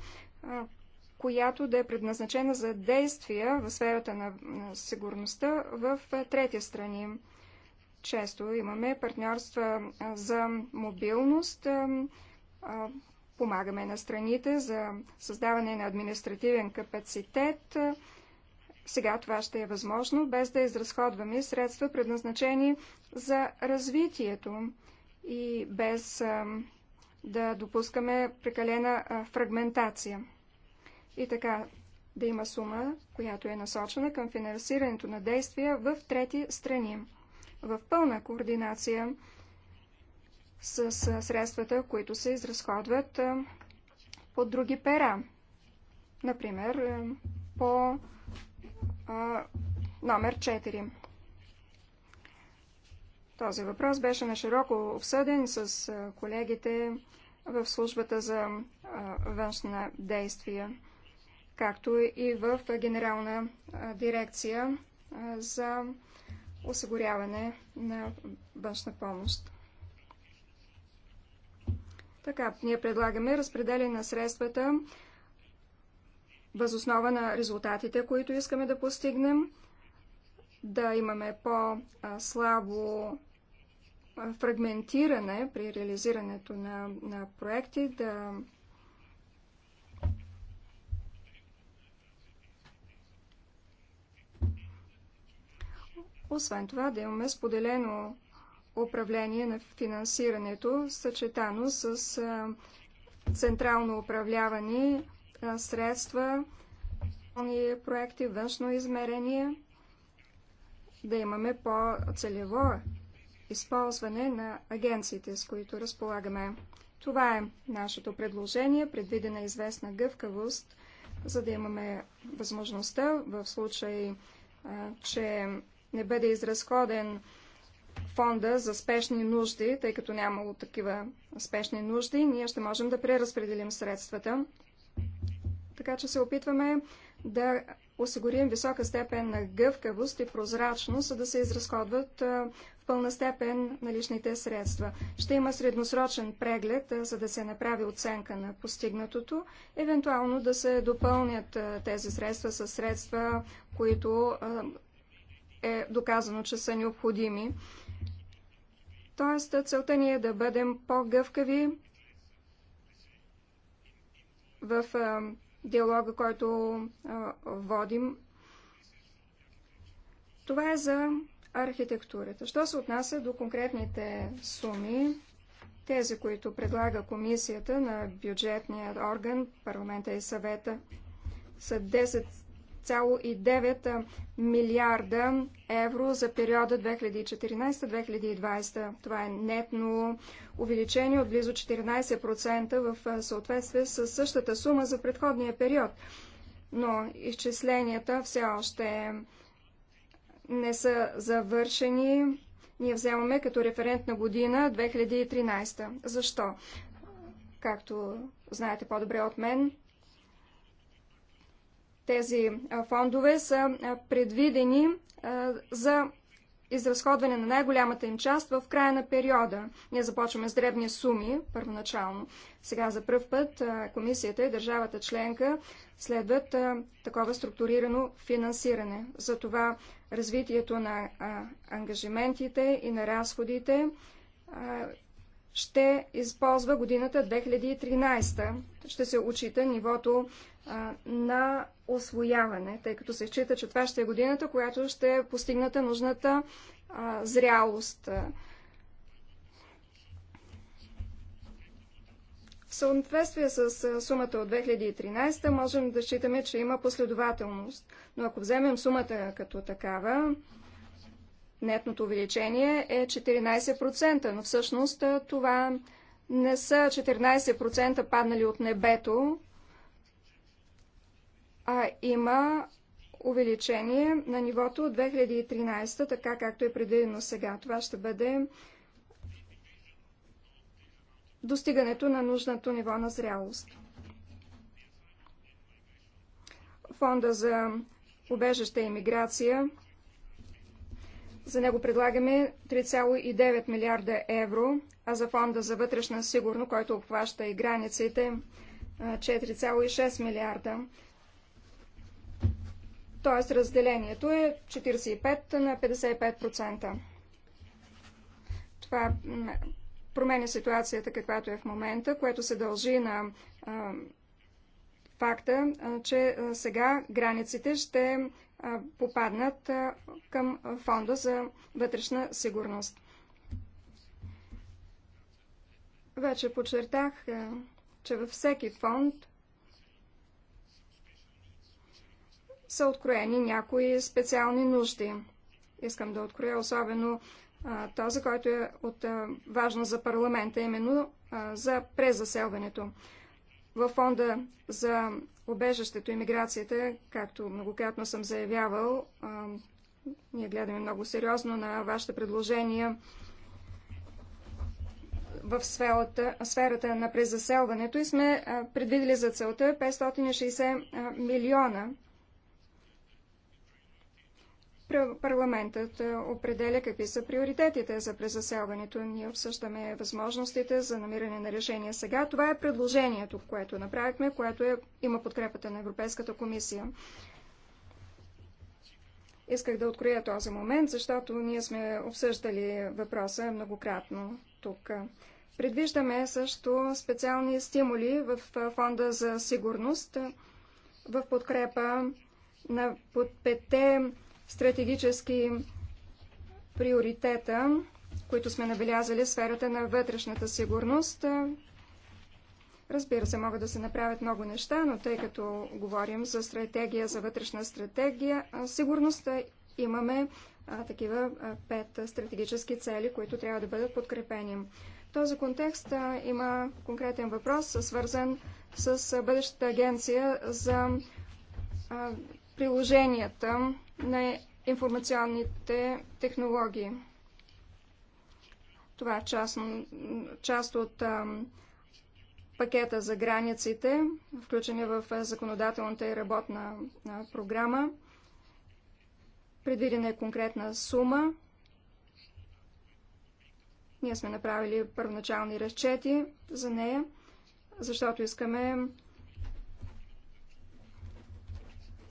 която да е предназначена за действия в сферата на сигурността в трети страни. Често имаме партньорства за мобилност, помагаме на страните за създаване на административен капацитет, сега това ще е възможно, без да изразходваме средства, предназначени за развитието и без да допускаме прекалена фрагментация. И така да има сума, която е насочена към финансирането на действия в трети страни, в пълна координация с средствата, които се изразходват под други пера. Например, по номер 4. Този въпрос беше на широко обсъден с колегите в службата за външна действия, както и в генерална дирекция за осигуряване на външна помощ. Така, ние предлагаме разпределение на средствата възоснова на резултатите, които искаме да постигнем, да имаме по-слабо фрагментиране при реализирането на, на проекти, да Освен това да имаме споделено управление на финансирането, съчетано с централно управляване средства, проекти, външно измерение, да имаме по-целево използване на агенциите, с които разполагаме. Това е нашето предложение, предвидена известна гъвкавост, за да имаме възможността в случай, че не бъде изразходен фонда за спешни нужди, тъй като нямало такива спешни нужди, ние ще можем да преразпределим средствата. Така че се опитваме да осигурим висока степен на гъвкавост и прозрачност, за да се изразходват в пълна степен наличните средства. Ще има средносрочен преглед, за да се направи оценка на постигнатото, евентуално да се допълнят тези средства с средства, които е доказано, че са необходими. Тоест, целта ни е да бъдем по-гъвкави в диалога, който водим. Това е за архитектурата. Що се отнася до конкретните суми, тези, които предлага комисията на бюджетния орган, парламента и съвета, са 10 1,9 милиарда евро за периода 2014-2020. Това е нетно увеличение от близо 14% в съответствие с същата сума за предходния период. Но изчисленията все още не са завършени. Ние вземаме като референтна година 2013. Защо? Както знаете по-добре от мен, тези фондове са предвидени за изразходване на най-голямата им част в края на периода. Ние започваме с дребни суми първоначално. Сега за първ път комисията и държавата членка следват такова структурирано финансиране. Затова развитието на ангажиментите и на разходите ще използва годината 2013. Ще се очита нивото а, на освояване, тъй като се счита, че това ще е годината, която ще е постигната нужната а, зрялост. В съответствие с сумата от 2013 можем да считаме, че има последователност. Но ако вземем сумата като такава, нетното увеличение е 14%, но всъщност това не са 14% паднали от небето, а има увеличение на нивото от 2013, така както е предвидено сега. Това ще бъде достигането на нужното ниво на зрялост. Фонда за убежаща имиграция. За него предлагаме 3,9 милиарда евро, а за фонда за вътрешна сигурност, който обхваща и границите, 4,6 милиарда. Тоест разделението е 45 на 55%. Това променя ситуацията, каквато е в момента, което се дължи на а, факта, а, че сега границите ще попаднат към фонда за вътрешна сигурност. Вече подчертах, че във всеки фонд са откроени някои специални нужди. Искам да откроя особено този, който е от важно за парламента, именно за презаселването. Във фонда за Обежището и миграцията, както многократно съм заявявал, ние гледаме много сериозно на вашите предложения в сферата, сферата на презаселването и сме предвидели за целта 560 милиона Парламентът е, определя какви са приоритетите за презаселването. Ние обсъждаме възможностите за намиране на решение сега. Това е предложението, което направихме, което е, има подкрепата на Европейската комисия. Исках да откроя този момент, защото ние сме обсъждали въпроса многократно тук. Предвиждаме също специални стимули в Фонда за сигурност в подкрепа на под пете стратегически приоритета, които сме набелязали в сферата на вътрешната сигурност. Разбира се, могат да се направят много неща, но тъй като говорим за стратегия, за вътрешна стратегия, сигурността имаме а, такива а, пет стратегически цели, които трябва да бъдат подкрепени. В този контекст а, има конкретен въпрос, свързан с бъдещата агенция за приложенията на информационните технологии. Това е част, част от а, пакета за границите, включени в законодателната и работна а, програма. Предвидена е конкретна сума. Ние сме направили първоначални разчети за нея, защото искаме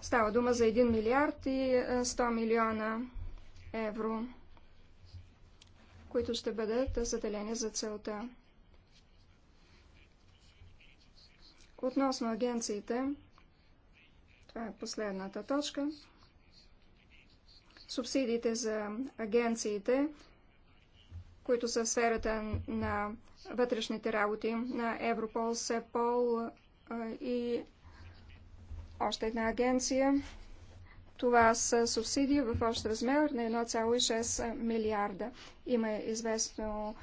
Става дума за 1 милиард и 100 е, милиона евро, които ще бъдат заделени за целта. Относно агенциите, това е последната точка. Субсидиите за агенциите, които са в сферата на вътрешните работи на Европол, СЕПОЛ е, и още една агенция. Това са субсидии в общ размер на 1,6 милиарда. Има известно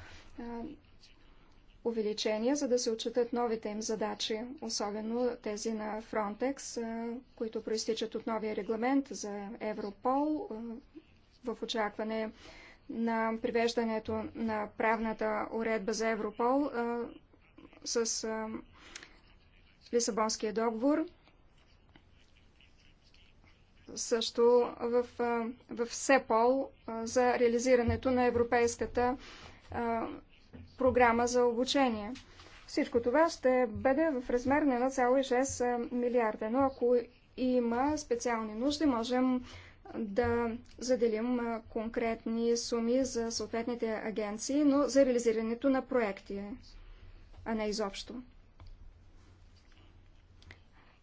увеличение, за да се отчитат новите им задачи, особено тези на Frontex, които проистичат от новия регламент за Европол в очакване на привеждането на правната уредба за Европол с Лисабонския договор – също в, в СЕПОЛ за реализирането на европейската програма за обучение. Всичко това ще бъде в размер на 1,6 милиарда, но ако има специални нужди, можем да заделим конкретни суми за съответните агенции, но за реализирането на проекти, а не изобщо.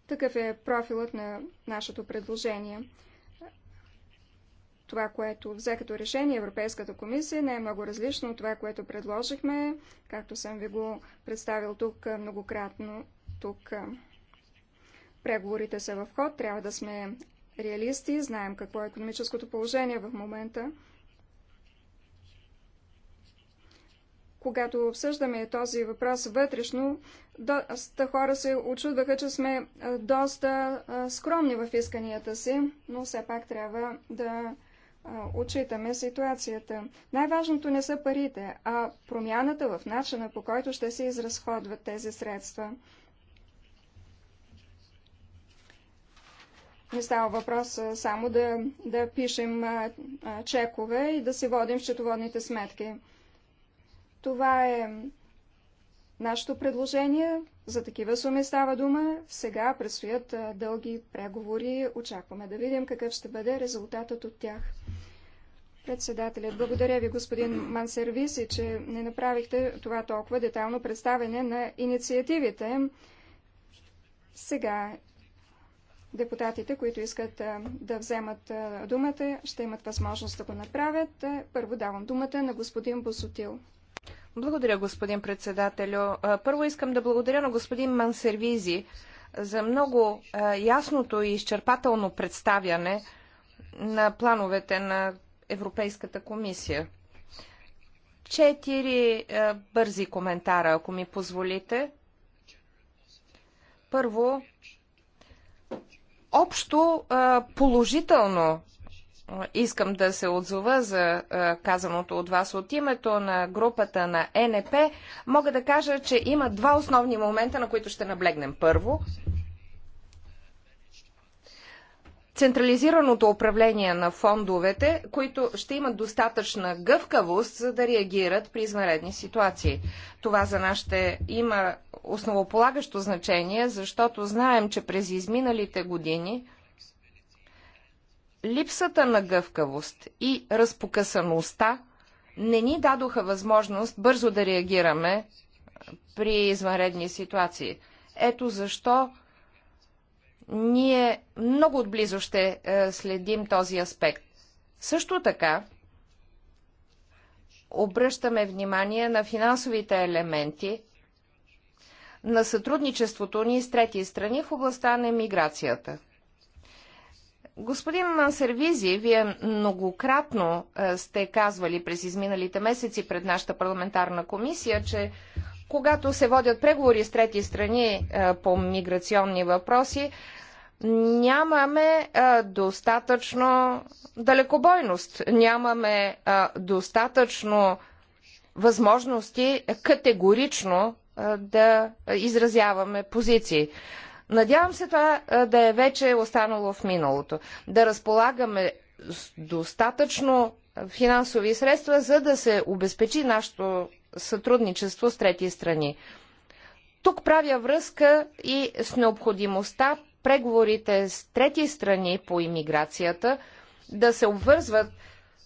Такъв е профилът на нашето предложение. Това, което взе като решение Европейската комисия, не е много различно от това, което предложихме, както съм ви го представил тук многократно. Тук преговорите са в ход, трябва да сме реалисти, знаем какво е економическото положение в момента. когато обсъждаме този въпрос вътрешно, доста хора се очудваха, че сме доста скромни в исканията си, но все пак трябва да отчитаме ситуацията. Най-важното не са парите, а промяната в начина по който ще се изразходват тези средства. Не става въпрос само да, да пишем чекове и да си водим счетоводните сметки. Това е нашето предложение. За такива суми става дума. Сега предстоят дълги преговори. Очакваме да видим какъв ще бъде резултатът от тях. Председателят, благодаря ви, господин Мансервиси, че не направихте това толкова детайлно представене на инициативите. Сега депутатите, които искат да вземат думата, ще имат възможност да го направят. Първо давам думата на господин Босотил. Благодаря, господин председателю. Първо искам да благодаря на господин Мансервизи за много ясното и изчерпателно представяне на плановете на Европейската комисия. Четири бързи коментара, ако ми позволите. Първо, общо положително искам да се отзова за казаното от вас от името на групата на НП. Мога да кажа, че има два основни момента, на които ще наблегнем. Първо, централизираното управление на фондовете, които ще имат достатъчна гъвкавост, за да реагират при извънредни ситуации. Това за нас ще има основополагащо значение, защото знаем, че през изминалите години липсата на гъвкавост и разпокъсаността не ни дадоха възможност бързо да реагираме при извънредни ситуации. Ето защо ние много отблизо ще е, следим този аспект. Също така, обръщаме внимание на финансовите елементи на сътрудничеството ни с трети страни в областта на миграцията. Господин Сервизи, вие многократно е, сте казвали през изминалите месеци пред нашата парламентарна комисия, че когато се водят преговори с трети страни е, по миграционни въпроси, нямаме е, достатъчно далекобойност, нямаме достатъчно възможности категорично да изразяваме позиции. Надявам се това да е вече останало в миналото. Да разполагаме с достатъчно финансови средства, за да се обезпечи нашето сътрудничество с трети страни. Тук правя връзка и с необходимостта преговорите с трети страни по имиграцията да се обвързват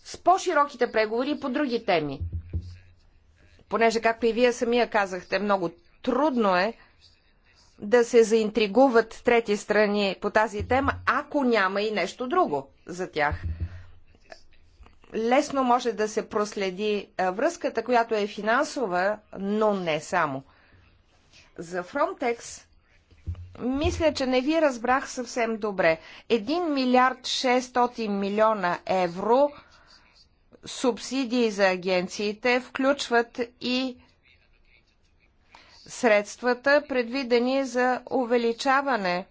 с по-широките преговори по други теми. Понеже, както и вие самия казахте, много трудно е да се заинтригуват трети страни по тази тема, ако няма и нещо друго за тях. Лесно може да се проследи връзката, която е финансова, но не само. За Frontex мисля, че не ви разбрах съвсем добре. 1 милиард 600 милиона евро субсидии за агенциите включват и средствата, предвидени за увеличаване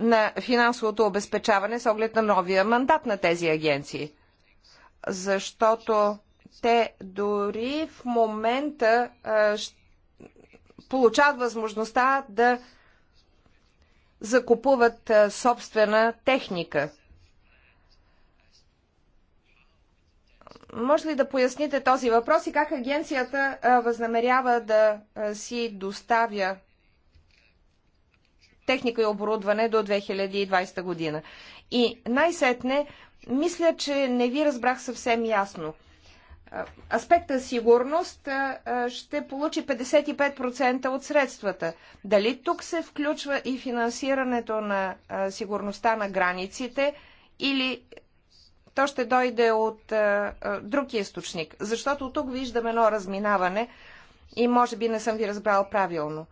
на финансовото обезпечаване с оглед на новия мандат на тези агенции. Защото те дори в момента получават възможността да закупуват собствена техника – може ли да поясните този въпрос и как агенцията възнамерява да си доставя техника и оборудване до 2020 година? И най-сетне, мисля, че не ви разбрах съвсем ясно. Аспекта сигурност ще получи 55% от средствата. Дали тук се включва и финансирането на сигурността на границите или то ще дойде от а, е, а, е, друг източник. Защото тук виждам едно разминаване и може би не съм ви разбрал правилно.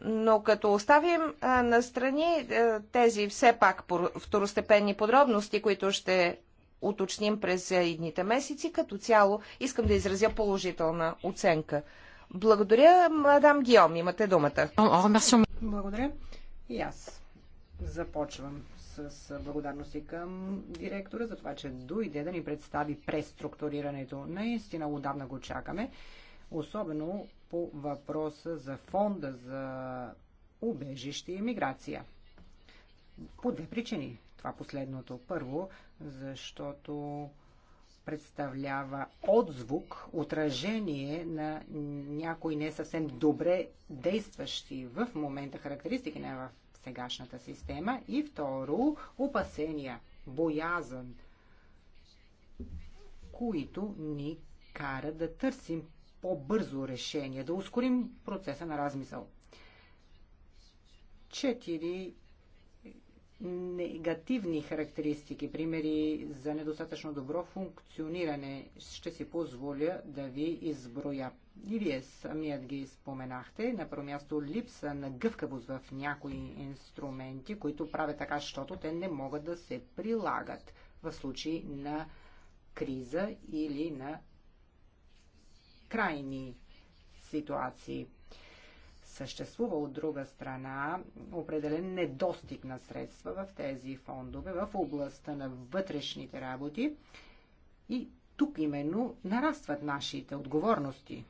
Но като оставим а, е, настрани а, тези все пак второстепенни подробности, които ще уточним през едните месеци, като цяло искам да изразя положителна оценка. Благодаря, мадам Гиом, имате думата. Благодаря. И аз започвам с благодарности към директора за това, че дойде да ни представи преструктурирането. Наистина отдавна го чакаме, особено по въпроса за фонда за убежище и миграция. По две причини. Това последното. Първо, защото представлява отзвук, отражение на някои не съвсем добре действащи в момента характеристики на сегашната система. И второ, опасения, боязън, които ни кара да търсим по-бързо решение, да ускорим процеса на размисъл. Четири негативни характеристики, примери за недостатъчно добро функциониране, ще си позволя да ви изброя. И вие самият ги споменахте. На първо място липса на гъвкавост в някои инструменти, които правят така, защото те не могат да се прилагат в случай на криза или на крайни ситуации съществува от друга страна определен недостиг на средства в тези фондове в областта на вътрешните работи и тук именно нарастват нашите отговорности.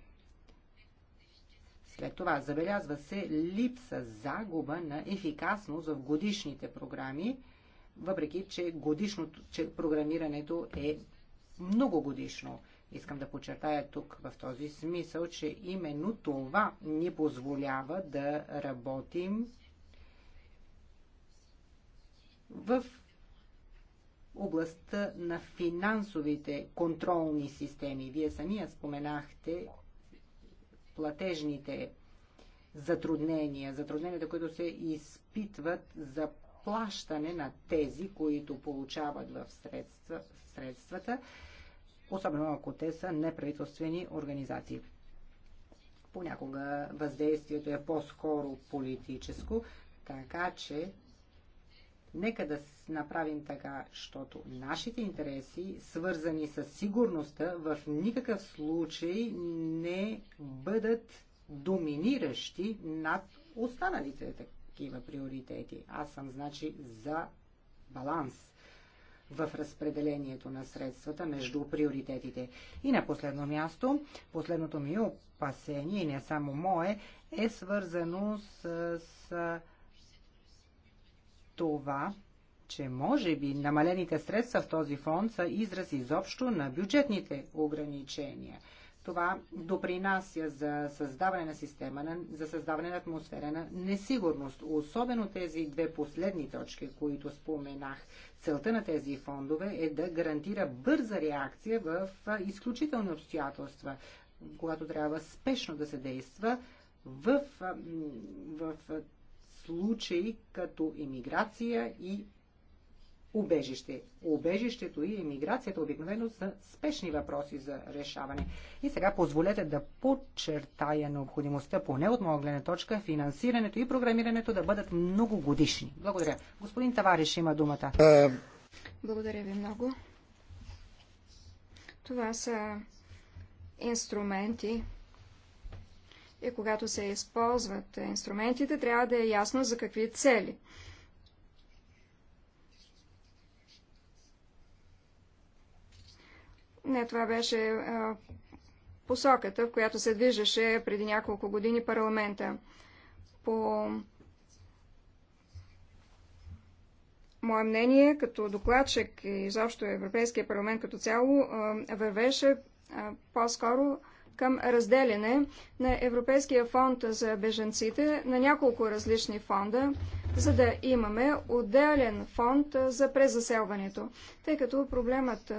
След това забелязва се липса загуба на ефикасност в годишните програми, въпреки че, годишното, че програмирането е многогодишно. годишно Искам да подчертая тук в този смисъл, че именно това ни позволява да работим в областта на финансовите контролни системи. Вие самия споменахте платежните затруднения, затрудненията, които се изпитват за плащане на тези, които получават в средства, средствата особено ако те са неправителствени организации. Понякога въздействието е по-скоро политическо, така че нека да направим така, защото нашите интереси, свързани с сигурността, в никакъв случай не бъдат доминиращи над останалите такива приоритети. Аз съм, значи, за баланс в разпределението на средствата между приоритетите. И на последно място, последното ми опасение, и не само мое, е свързано с, с това, че може би намалените средства в този фонд са израз изобщо на бюджетните ограничения – това допринася за създаване на система, за създаване на атмосфера на несигурност. Особено тези две последни точки, които споменах. Целта на тези фондове е да гарантира бърза реакция в изключителни обстоятелства, когато трябва спешно да се действа в, в случаи като иммиграция и убежище. Убежището и емиграцията обикновено са спешни въпроси за решаване. И сега позволете да подчертая необходимостта, поне от моя гледна точка, финансирането и програмирането да бъдат много годишни. Благодаря. Господин Тавариш има думата. Е, Благодаря ви много. Това са инструменти, и когато се използват инструментите, трябва да е ясно за какви цели – Не, това беше а, посоката, в която се движеше преди няколко години парламента. По мое мнение, като докладчик и изобщо Европейския парламент като цяло, вървеше по-скоро към разделяне на Европейския фонд за беженците на няколко различни фонда, за да имаме отделен фонд за презаселването, тъй като проблемът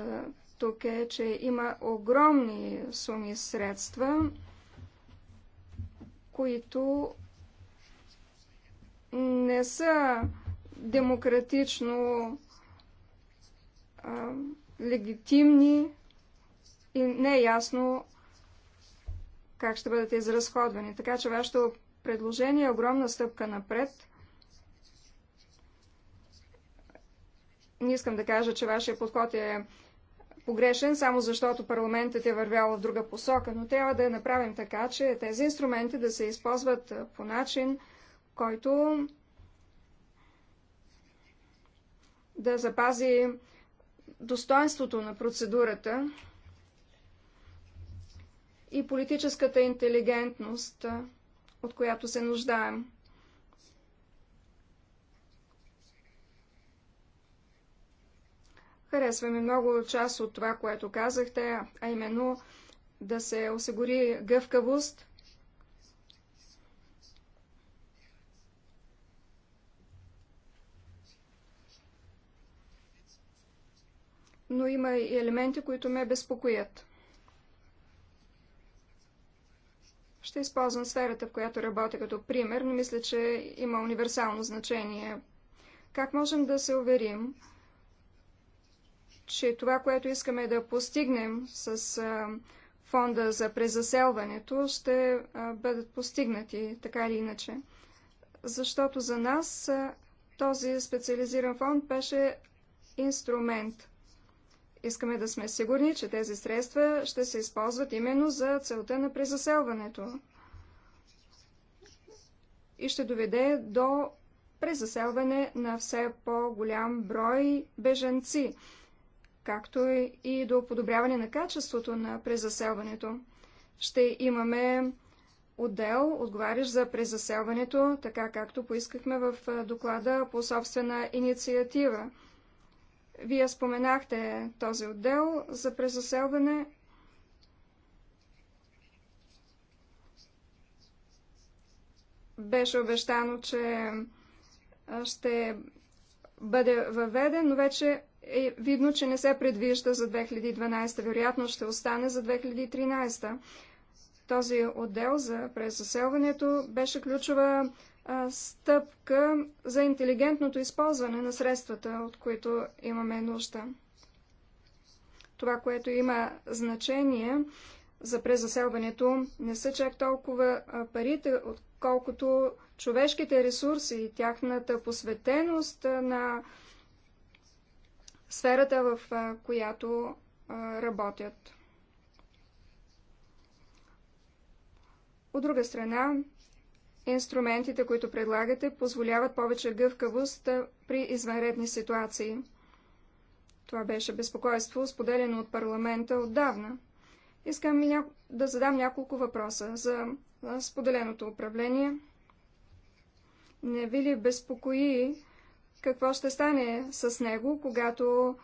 тук е, че има огромни суми средства, които не са демократично а, легитимни и не е ясно как ще бъдат изразходвани. Така че вашето предложение е огромна стъпка напред. Не искам да кажа, че вашия подход е погрешен, само защото парламентът е вървял в друга посока, но трябва да направим така, че тези инструменти да се използват по начин, който да запази достоинството на процедурата и политическата интелигентност, от която се нуждаем. Харесваме много част от това, което казахте, а именно да се осигури гъвкавост. Но има и елементи, които ме безпокоят. Ще използвам сферата, в която работя като пример, но мисля, че има универсално значение. Как можем да се уверим, че това, което искаме да постигнем с фонда за презаселването, ще бъдат постигнати, така или иначе. Защото за нас този специализиран фонд беше инструмент. Искаме да сме сигурни, че тези средства ще се използват именно за целта на презаселването и ще доведе до презаселване на все по-голям брой беженци както и до подобряване на качеството на презаселването. Ще имаме отдел, отговарящ за презаселването, така както поискахме в доклада по собствена инициатива. Вие споменахте този отдел за презаселване. Беше обещано, че ще бъде въведен, но вече е видно, че не се предвижда за 2012, вероятно ще остане за 2013. Този отдел за презаселването беше ключова стъпка за интелигентното използване на средствата, от които имаме нужда. Това, което има значение за презаселването, не са чак толкова парите, отколкото човешките ресурси и тяхната посветеност на сферата, в която работят. От друга страна, инструментите, които предлагате, позволяват повече гъвкавост при извънредни ситуации. Това беше безпокойство, споделено от парламента отдавна. Искам да задам няколко въпроса за споделеното управление. Не ви ли безпокои какво ще стане с него, когато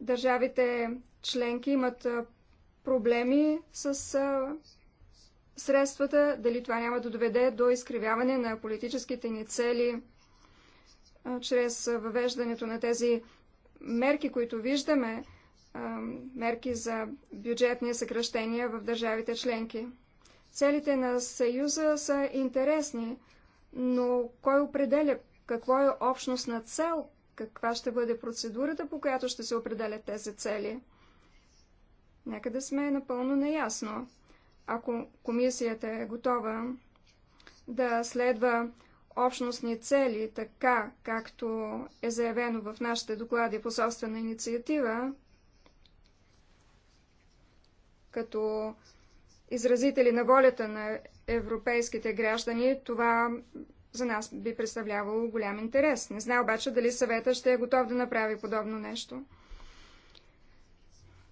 държавите членки имат проблеми с средствата, дали това няма да доведе до изкривяване на политическите ни цели чрез въвеждането на тези мерки, които виждаме, мерки за бюджетни съкръщения в държавите членки. Целите на Съюза са интересни, но кой определя какво е общностна цел, каква ще бъде процедурата, по която ще се определят тези цели. Нека да сме напълно наясно. Ако комисията е готова да следва общностни цели, така както е заявено в нашите доклади по собствена инициатива, като изразители на волята на европейските граждани, това за нас би представлявало голям интерес. Не знае обаче дали съвета ще е готов да направи подобно нещо.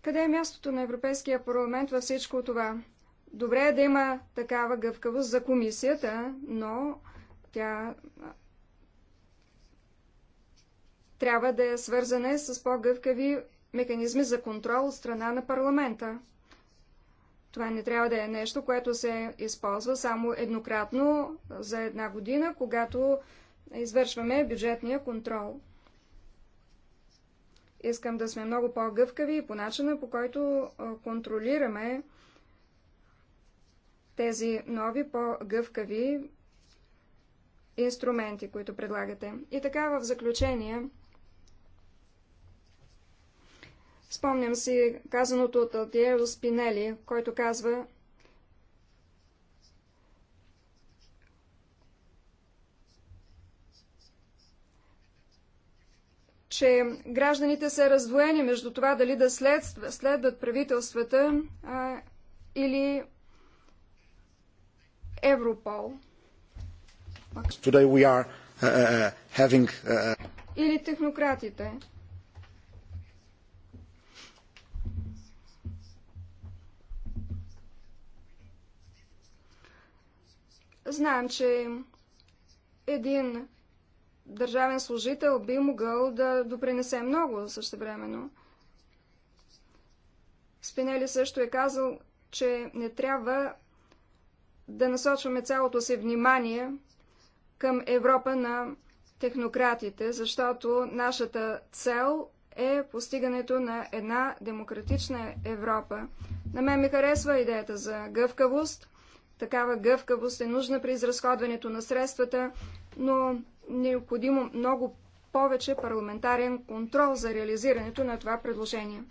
Къде е мястото на Европейския парламент във всичко това? Добре е да има такава гъвкавост за комисията, но тя трябва да е свързана с по-гъвкави механизми за контрол от страна на парламента. Това не трябва да е нещо, което се използва само еднократно за една година, когато извършваме бюджетния контрол. Искам да сме много по-гъвкави и по начина, по който контролираме тези нови, по-гъвкави инструменти, които предлагате. И така, в заключение, Спомням си казаното от Алтиеро Спинели, който казва, че гражданите са раздвоени между това дали да следва, следват правителствата а, или Европол. Today we are, uh, uh having, uh... Или технократите. Знаем, че един държавен служител би могъл да допринесе много времено. Спинели също е казал, че не трябва да насочваме цялото си внимание към Европа на технократите, защото нашата цел е постигането на една демократична Европа. На мен ми харесва идеята за гъвкавост, Такава гъвкавост е нужна при изразходването на средствата, но необходимо много повече парламентарен контрол за реализирането на това предложение.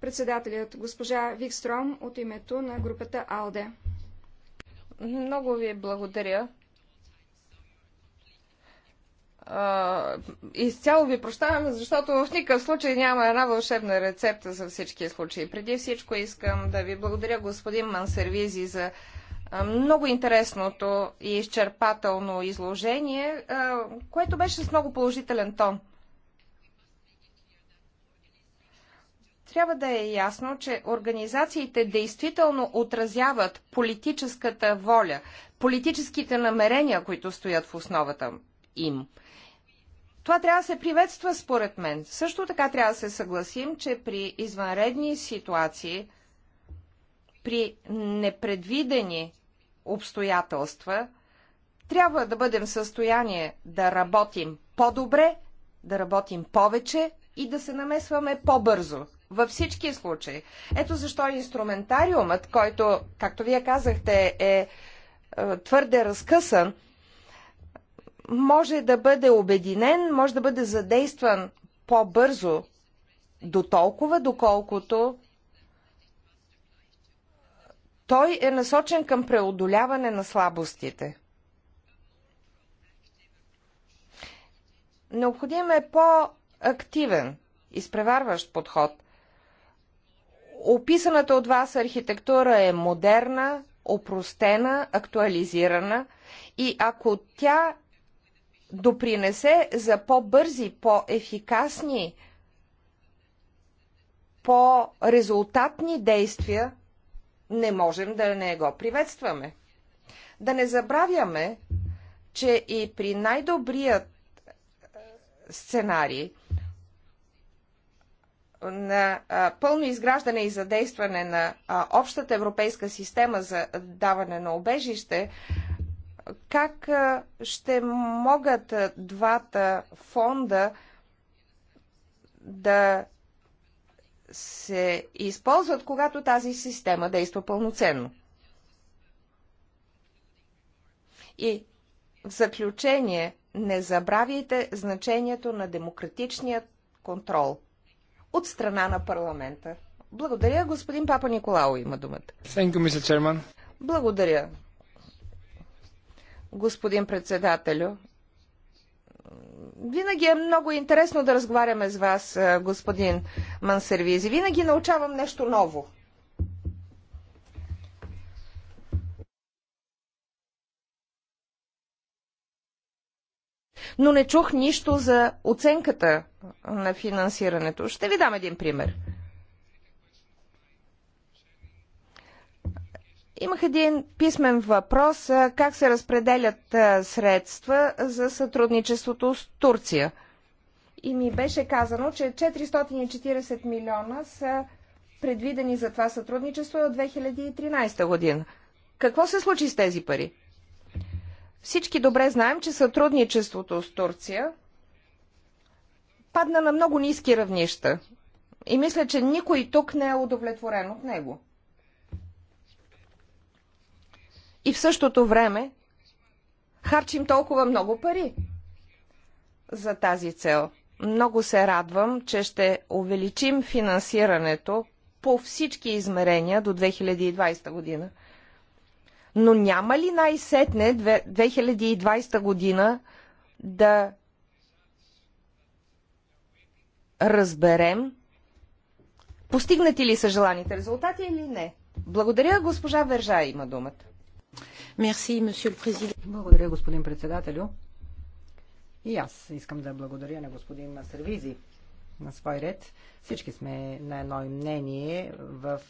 Председателят госпожа Викстром от името на групата АЛДЕ. Много ви благодаря. изцяло ви прощавам, защото в никакъв случай няма една вълшебна рецепта за всички случаи. Преди всичко искам да ви благодаря господин Мансервизи за много интересното и изчерпателно изложение, което беше с много положителен тон. Трябва да е ясно, че организациите действително отразяват политическата воля, политическите намерения, които стоят в основата им. Това трябва да се приветства, според мен. Също така трябва да се съгласим, че при извънредни ситуации, при непредвидени обстоятелства трябва да бъдем в състояние да работим по-добре, да работим повече и да се намесваме по-бързо. Във всички случаи. Ето защо инструментариумът, който, както вие казахте, е, е твърде разкъсан, може да бъде обединен, може да бъде задействан по-бързо, до толкова, доколкото той е насочен към преодоляване на слабостите. Необходим е по-активен, изпреварващ подход. Описаната от вас архитектура е модерна, опростена, актуализирана и ако тя допринесе за по-бързи, по-ефикасни, по-резултатни действия, не можем да не го приветстваме. Да не забравяме, че и при най-добрият е, сценарий на е, пълно изграждане и задействане на е, общата европейска система за даване на обежище, как ще могат двата фонда да се използват, когато тази система действа пълноценно. И в заключение, не забравяйте значението на демократичния контрол от страна на парламента. Благодаря, господин Папа Николао има думата. Thank you, Mr. Chairman. Благодаря, господин председателю. Винаги е много интересно да разговаряме с вас, господин Мансервизи. Винаги научавам нещо ново. Но не чух нищо за оценката на финансирането. Ще ви дам един пример. Имах един писмен въпрос как се разпределят средства за сътрудничеството с Турция. И ми беше казано, че 440 милиона са предвидени за това сътрудничество от 2013 година. Какво се случи с тези пари? Всички добре знаем, че сътрудничеството с Турция падна на много ниски равнища. И мисля, че никой тук не е удовлетворен от него. и в същото време харчим толкова много пари за тази цел. Много се радвам, че ще увеличим финансирането по всички измерения до 2020 година. Но няма ли най-сетне 2020 година да разберем постигнати ли са желаните резултати или не? Благодаря, госпожа Вержа има думата. Благодаря, господин председателю. И аз искам да благодаря на господин Сервизи на свой ред. Всички сме на едно мнение в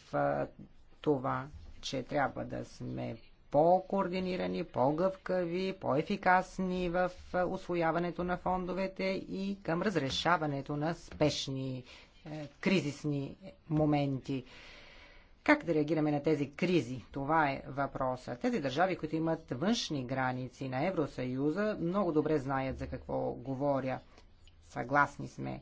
това, че трябва да сме по-координирани, по-гъвкави, по-ефикасни в освояването на фондовете и към разрешаването на спешни е, кризисни моменти. Как да реагираме на тези кризи? Това е въпроса. Тези държави, които имат външни граници на Евросъюза, много добре знаят за какво говоря. Съгласни сме.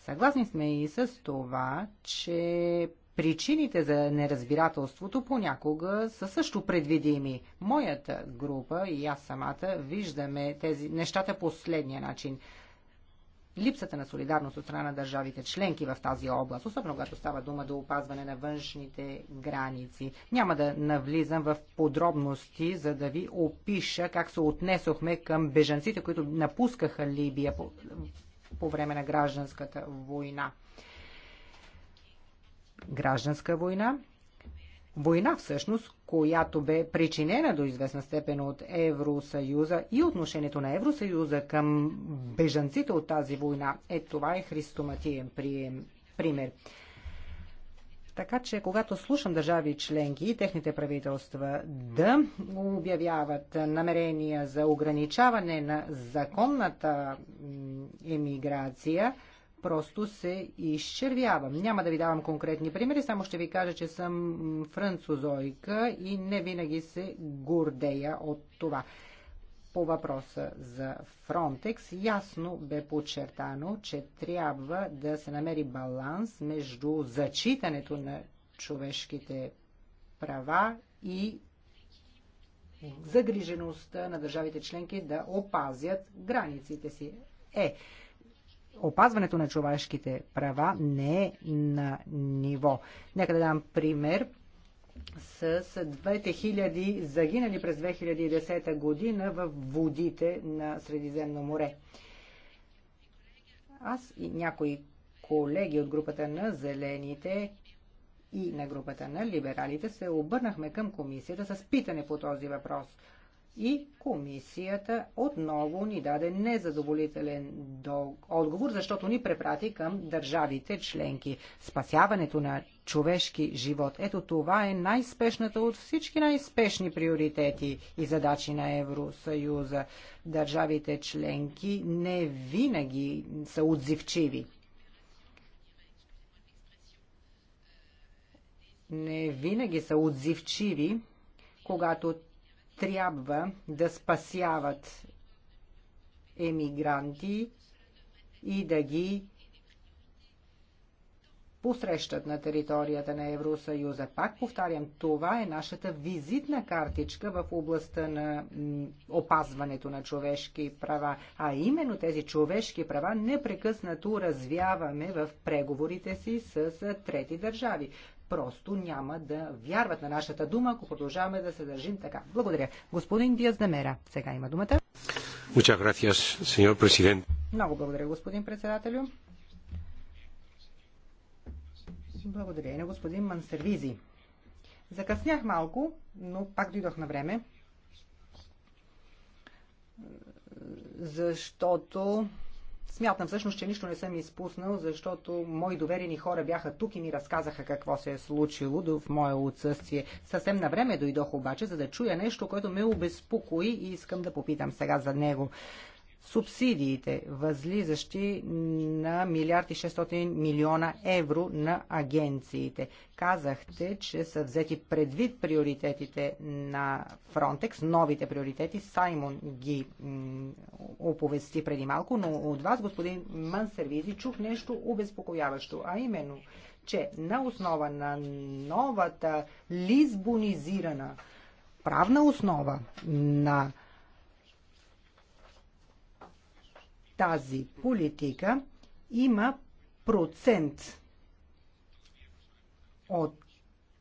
Съгласни сме и с това, че причините за неразбирателството понякога са също предвидими. Моята група и аз самата виждаме тези нещата последния начин липсата на солидарност от страна на държавите членки в тази област, особено когато става дума до опазване на външните граници. Няма да навлизам в подробности, за да ви опиша как се отнесохме към бежанците, които напускаха Либия по, по време на гражданската война. Гражданска война, война всъщност, която бе причинена до известна степен от Евросъюза и отношението на Евросъюза към бежанците от тази война. Е, това е христоматиен прием, пример. Така че, когато слушам държави членки и техните правителства да обявяват намерения за ограничаване на законната емиграция, просто се изчервявам. Няма да ви давам конкретни примери, само ще ви кажа, че съм французойка и не винаги се гордея от това. По въпроса за Фронтекс ясно бе подчертано, че трябва да се намери баланс между зачитането на човешките права и загрижеността на държавите членки да опазят границите си. Е, опазването на човешките права не е на ниво. Нека да дам пример с 2000 загинали през 2010 година в водите на Средиземно море. Аз и някои колеги от групата на Зелените и на групата на либералите се обърнахме към комисията с питане по този въпрос – и комисията отново ни даде незадоволителен отговор, защото ни препрати към държавите членки. Спасяването на човешки живот. Ето това е най-спешната от всички най-спешни приоритети и задачи на Евросъюза. Държавите членки не винаги са отзивчиви. Не винаги са отзивчиви, когато трябва да спасяват емигранти и да ги посрещат на територията на Евросъюза. Пак повтарям, това е нашата визитна картичка в областта на опазването на човешки права. А именно тези човешки права непрекъснато развяваме в преговорите си с трети държави просто няма да вярват на нашата дума, ако продължаваме да се държим така. Благодаря. Господин Диас Демера, сега има думата. Gracias, Много благодаря, господин председателю. Благодаря на господин Мансервизи. Закъснях малко, но пак дойдох на време, защото Смятам всъщност, че нищо не съм изпуснал, защото мои доверени хора бяха тук и ми разказаха какво се е случило в мое отсъствие. Съвсем на време дойдох обаче, за да чуя нещо, което ме обезпокои и искам да попитам сега за него субсидиите, възлизащи на милиарди 600 милиона евро на агенциите. Казахте, че са взети предвид приоритетите на Фронтекс, новите приоритети. Саймон ги оповести преди малко, но от вас, господин Мансервизи, чух нещо обезпокояващо, а именно, че на основа на новата лизбонизирана правна основа на тази политика има процент от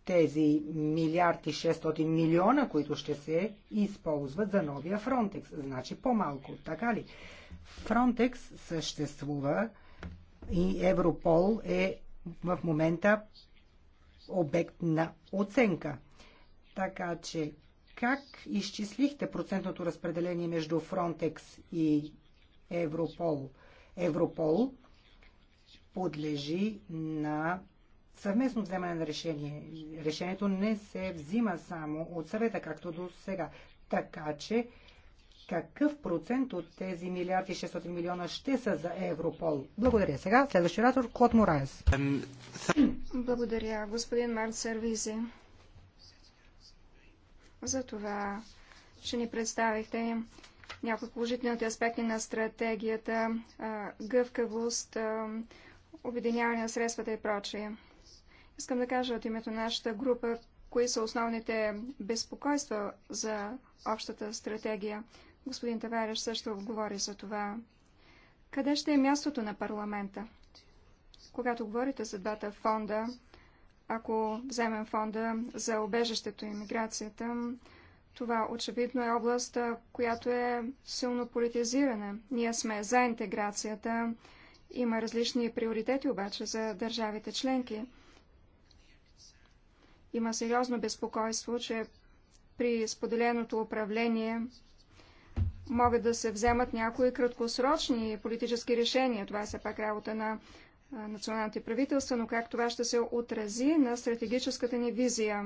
тези милиарди 600 милиона, които ще се използват за новия Фронтекс. Значи по-малко, така ли? Фронтекс съществува и Европол е в момента обект на оценка. Така че как изчислихте процентното разпределение между Фронтекс и Европол. Европол подлежи на съвместно вземане на решение. Решението не се взима само от съвета, както до сега. Така че какъв процент от тези милиарди 600 милиона ще са за Европол? Благодаря. Сега следващия оратор Клод Мораес. Благодаря, господин Март Сервизи, за това, че ни представихте някои положителните аспекти на стратегията, гъвкавост, обединяване на средствата и прочие. Искам да кажа от името на нашата група, кои са основните безпокойства за общата стратегия. Господин Тавареш също говори за това. Къде ще е мястото на парламента? Когато говорите за двата фонда, ако вземем фонда за обежището и миграцията, това очевидно е област, която е силно политизирана. Ние сме за интеграцията. Има различни приоритети обаче за държавите членки. Има сериозно безпокойство, че при споделеното управление могат да се вземат някои краткосрочни политически решения. Това е все пак работа на националните правителства, но как това ще се отрази на стратегическата ни визия.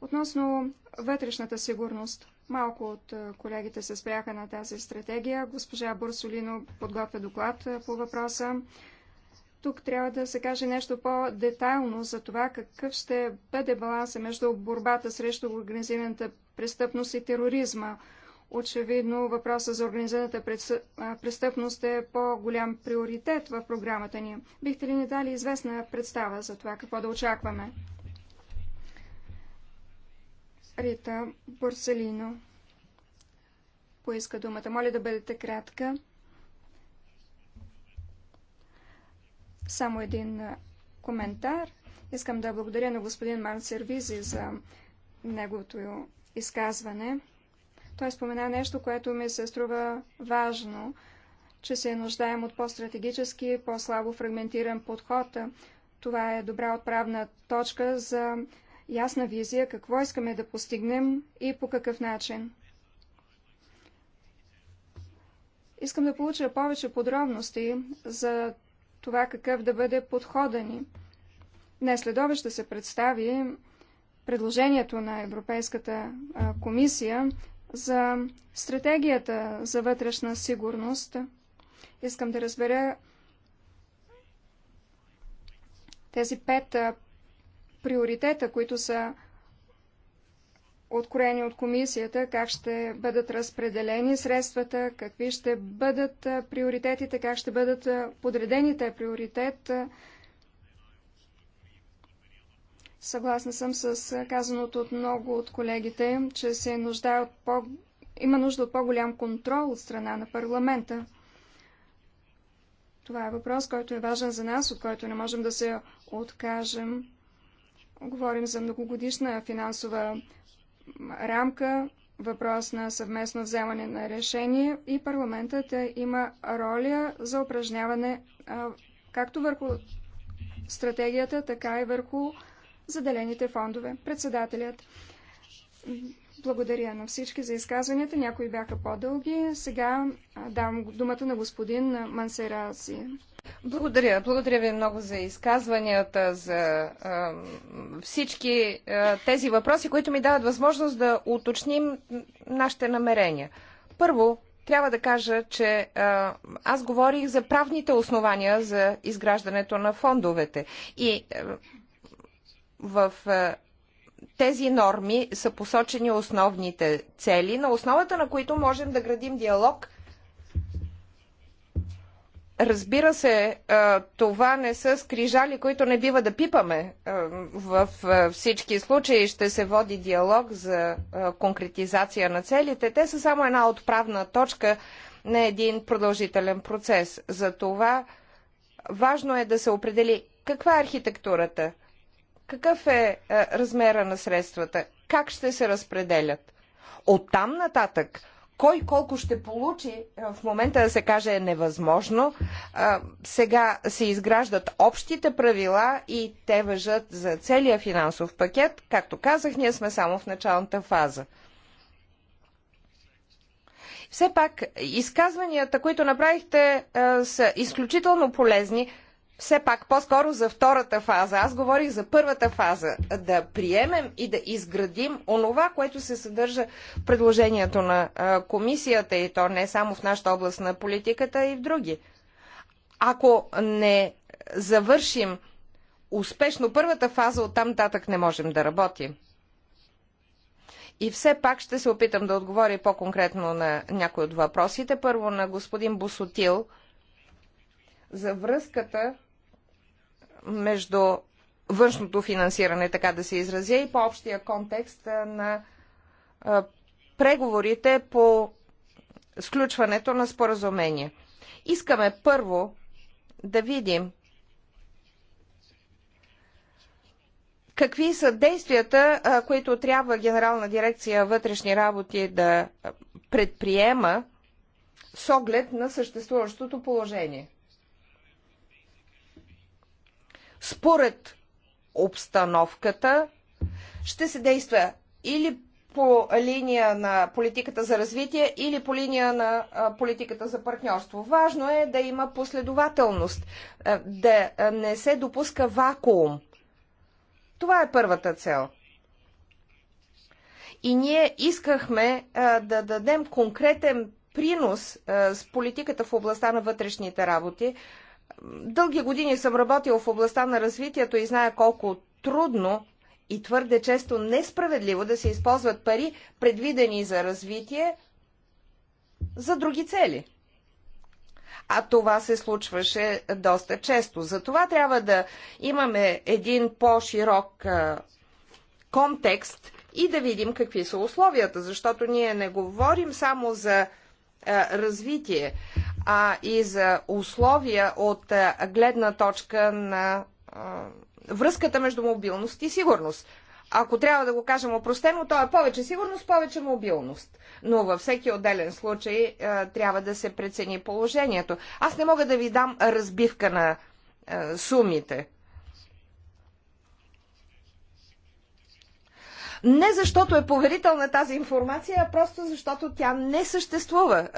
Относно вътрешната сигурност, малко от колегите се спряха на тази стратегия. Госпожа Бурсолино подготвя доклад по въпроса. Тук трябва да се каже нещо по-детайлно за това какъв ще бъде баланса между борбата срещу организираната престъпност и тероризма. Очевидно въпросът за организираната престъпност е по-голям приоритет в програмата ни. Бихте ли ни дали известна представа за това, какво да очакваме? Рита Борселино поиска думата. Моля да бъдете кратка. Само един коментар. Искам да благодаря на господин Марн Сервизи за неговото изказване. Той спомена нещо, което ми се струва важно, че се нуждаем от по-стратегически, по-слабо фрагментиран подход. Това е добра отправна точка за ясна визия какво искаме да постигнем и по какъв начин. Искам да получа повече подробности за това какъв да бъде подхода ни. Днес след ще се представи предложението на Европейската комисия за стратегията за вътрешна сигурност. Искам да разбера тези пет приоритета, които са откроени от комисията, как ще бъдат разпределени средствата, какви ще бъдат приоритетите, как ще бъдат подредените приоритет. Съгласна съм с казаното от много от колегите, че се нуждае от по... има нужда от по-голям контрол от страна на парламента. Това е въпрос, който е важен за нас, от който не можем да се откажем. Говорим за многогодишна финансова рамка, въпрос на съвместно вземане на решение и парламентът е, има роля за упражняване както върху стратегията, така и върху заделените фондове. Председателят. Благодаря на всички за изказванията. Някои бяха по-дълги. Сега давам думата на господин си. Благодаря. Благодаря ви много за изказванията, за а, всички а, тези въпроси, които ми дават възможност да уточним нашите намерения. Първо, трябва да кажа, че а, аз говорих за правните основания за изграждането на фондовете. И а, в а, тези норми са посочени основните цели, на основата на които можем да градим диалог. Разбира се, това не са скрижали, които не бива да пипаме. В всички случаи ще се води диалог за конкретизация на целите. Те са само една отправна точка на един продължителен процес. За това важно е да се определи каква е архитектурата – какъв е, е размера на средствата, как ще се разпределят. От там нататък, кой колко ще получи, е, в момента да се каже е невъзможно. Е, сега се изграждат общите правила и те въжат за целия финансов пакет. Както казах, ние сме само в началната фаза. Все пак, изказванията, които направихте, са изключително полезни все пак по-скоро за втората фаза. Аз говорих за първата фаза. Да приемем и да изградим онова, което се съдържа в предложението на комисията и то не само в нашата област на политиката и в други. Ако не завършим успешно първата фаза, оттам татък не можем да работим. И все пак ще се опитам да отговоря по-конкретно на някои от въпросите. Първо на господин Босотил за връзката между външното финансиране, така да се изразя, и по общия контекст на преговорите по сключването на споразумение. Искаме първо да видим какви са действията, които трябва Генерална дирекция вътрешни работи да предприема с оглед на съществуващото положение според обстановката ще се действа или по линия на политиката за развитие или по линия на политиката за партньорство. Важно е да има последователност, да не се допуска вакуум. Това е първата цел. И ние искахме да дадем конкретен принос с политиката в областта на вътрешните работи Дълги години съм работил в областта на развитието и зная колко трудно и твърде често несправедливо да се използват пари, предвидени за развитие, за други цели. А това се случваше доста често. Затова трябва да имаме един по-широк контекст и да видим какви са условията, защото ние не говорим само за развитие а и за условия от гледна точка на връзката между мобилност и сигурност. Ако трябва да го кажем опростено, то е повече сигурност, повече мобилност. Но във всеки отделен случай трябва да се прецени положението. Аз не мога да ви дам разбивка на сумите. Не защото е поверителна тази информация, а просто защото тя не съществува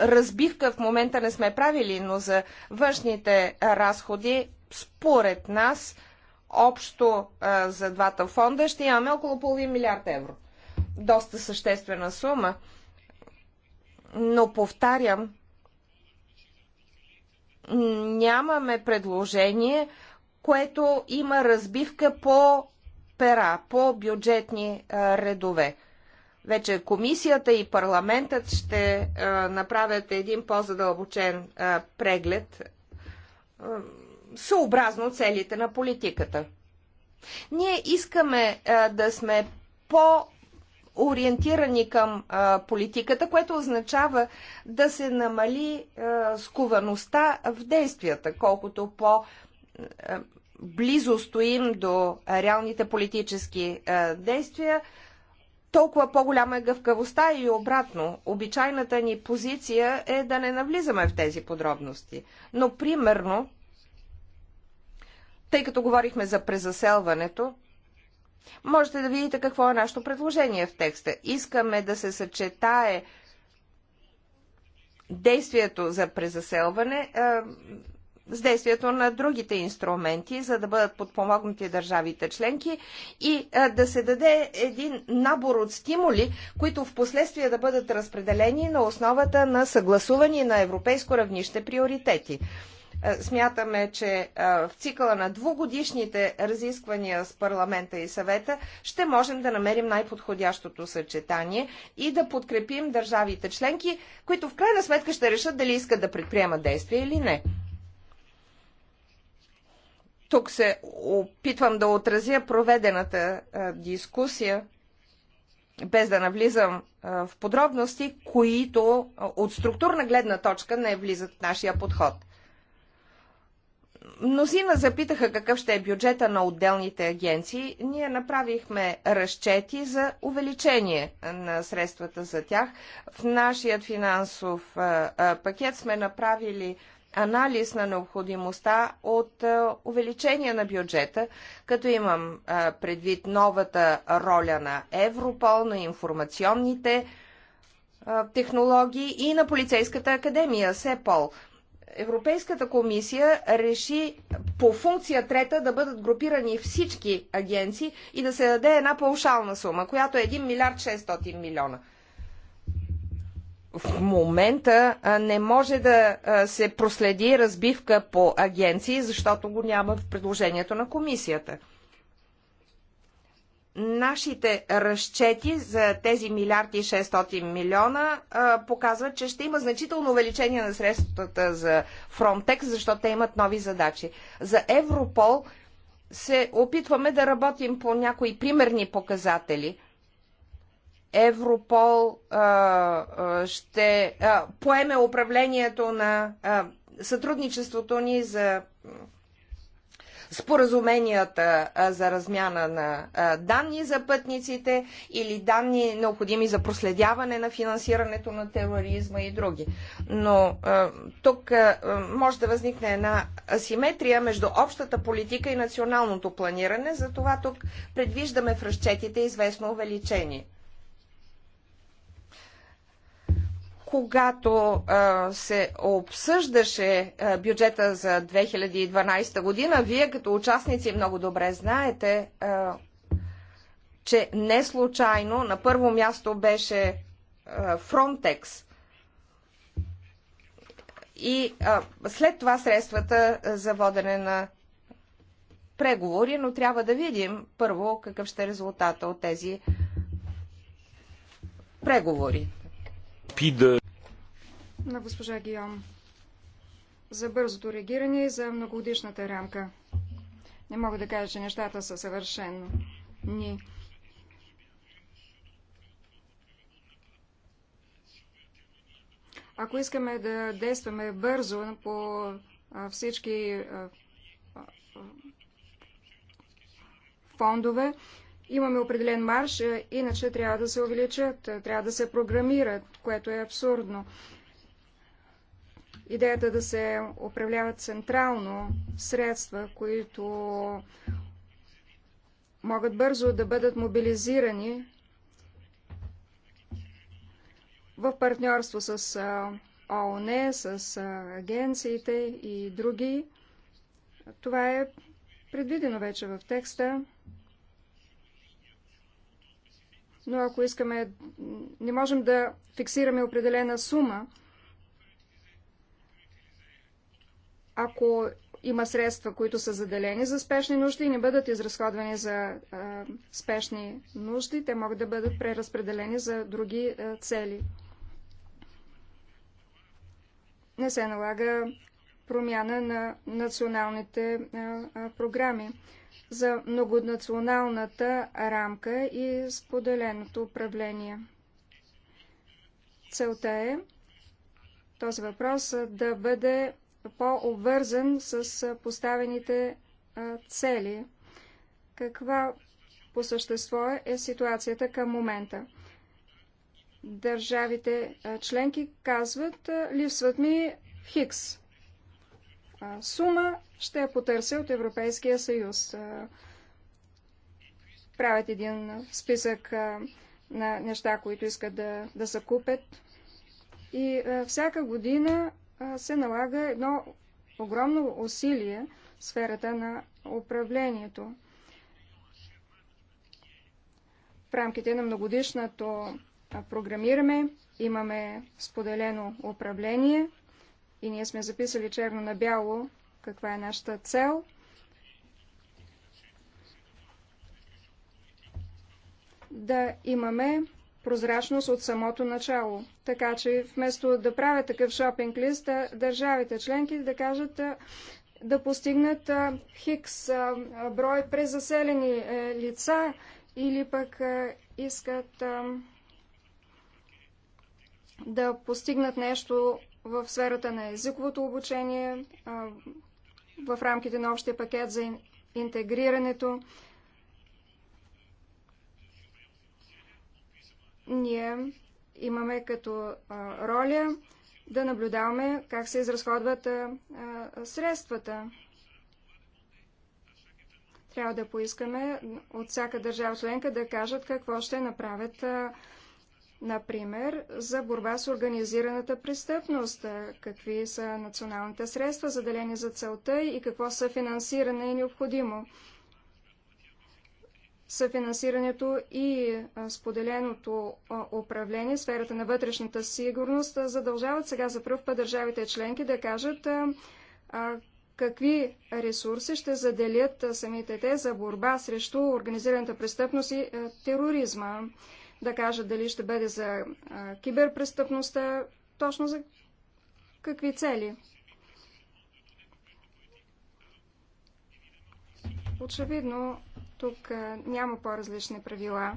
разбивка в момента не сме правили, но за външните разходи, според нас, общо за двата фонда ще имаме около половин милиард евро. Доста съществена сума. Но повтарям, нямаме предложение, което има разбивка по пера, по бюджетни редове. Вече комисията и парламентът ще направят един по-задълбочен преглед съобразно целите на политиката. Ние искаме да сме по- ориентирани към а, политиката, което означава да се намали а, скуваността в действията, колкото по а, близо стоим до реалните политически а, действия, толкова по-голяма е гъвкавостта и обратно. Обичайната ни позиция е да не навлизаме в тези подробности. Но примерно, тъй като говорихме за презаселването, можете да видите какво е нашето предложение в текста. Искаме да се съчетае действието за презаселване с действието на другите инструменти, за да бъдат подпомогнати държавите членки и да се даде един набор от стимули, които в последствие да бъдат разпределени на основата на съгласувани на европейско равнище приоритети. смятаме, че в цикъла на двугодишните разисквания с парламента и съвета ще можем да намерим най-подходящото съчетание и да подкрепим държавите членки, които в крайна сметка ще решат дали искат да предприемат действия или не. Тук се опитвам да отразя проведената а, дискусия, без да навлизам а, в подробности, които а, от структурна гледна точка не влизат в нашия подход. Мнозина запитаха какъв ще е бюджета на отделните агенции. Ние направихме разчети за увеличение на средствата за тях. В нашият финансов пакет сме направили анализ на необходимостта от увеличение на бюджета, като имам предвид новата роля на Европол, на информационните технологии и на полицейската академия СЕПОЛ. Европейската комисия реши по функция трета да бъдат групирани всички агенции и да се даде една паушална сума, която е 1 милиард 600 милиона в момента не може да се проследи разбивка по агенции, защото го няма в предложението на комисията. Нашите разчети за тези милиарди и 600 милиона показват, че ще има значително увеличение на средствата за Frontex, защото те имат нови задачи. За Европол се опитваме да работим по някои примерни показатели – Европол ще поеме управлението на сътрудничеството ни за споразуменията за размяна на данни за пътниците или данни необходими за проследяване на финансирането на тероризма и други. Но тук може да възникне една асиметрия между общата политика и националното планиране, затова тук предвиждаме в разчетите известно увеличение. когато а, се обсъждаше а, бюджета за 2012 година, вие като участници много добре знаете, а, че не случайно на първо място беше а, Frontex. И а, след това средствата за водене на преговори, но трябва да видим първо какъв ще е резултата от тези преговори rapide. На госпожа Гиом. За бързото реагиране и за многогодишната рамка. Не мога да кажа, че нещата са съвършено ни. Ако искаме да действаме бързо по всички фондове, имаме определен марш, е, иначе трябва да се увеличат, е, трябва да се програмират, което е абсурдно. Идеята да се управляват централно средства, които могат бързо да бъдат мобилизирани в партньорство с е, ООН, с агенциите и други. Това е предвидено вече в текста. но ако искаме, не можем да фиксираме определена сума, ако има средства, които са заделени за спешни нужди и не бъдат изразходвани за а, спешни нужди, те могат да бъдат преразпределени за други а, цели. Не се налага промяна на националните а, а, програми за многонационалната рамка и споделеното управление. Целта е този въпрос да бъде по-обвързан с поставените цели. Каква по същество е ситуацията към момента? Държавите членки казват, липсват ми Хикс сума ще я потърся от Европейския съюз. Правят един списък на неща, които искат да, да закупят. И всяка година се налага едно огромно усилие в сферата на управлението. В рамките на многодишното програмираме, имаме споделено управление – и ние сме записали черно на бяло каква е нашата цел. Да имаме прозрачност от самото начало. Така че вместо да правят такъв шопинг лист, държавите членки да кажат да постигнат хикс брой презаселени е, лица или пък искат да постигнат нещо в сферата на езиковото обучение, в рамките на общия пакет за интегрирането. Ние имаме като роля да наблюдаваме как се изразходват средствата. Трябва да поискаме от всяка държава членка да кажат какво ще направят Например, за борба с организираната престъпност. Какви са националните средства, заделени за целта и какво съфинансиране е необходимо. Съфинансирането и споделеното управление в сферата на вътрешната сигурност задължават сега за първ път държавите членки да кажат какви ресурси ще заделят самите те за борба срещу организираната престъпност и тероризма да кажат дали ще бъде за киберпрестъпността, точно за какви цели. Очевидно, тук няма по-различни правила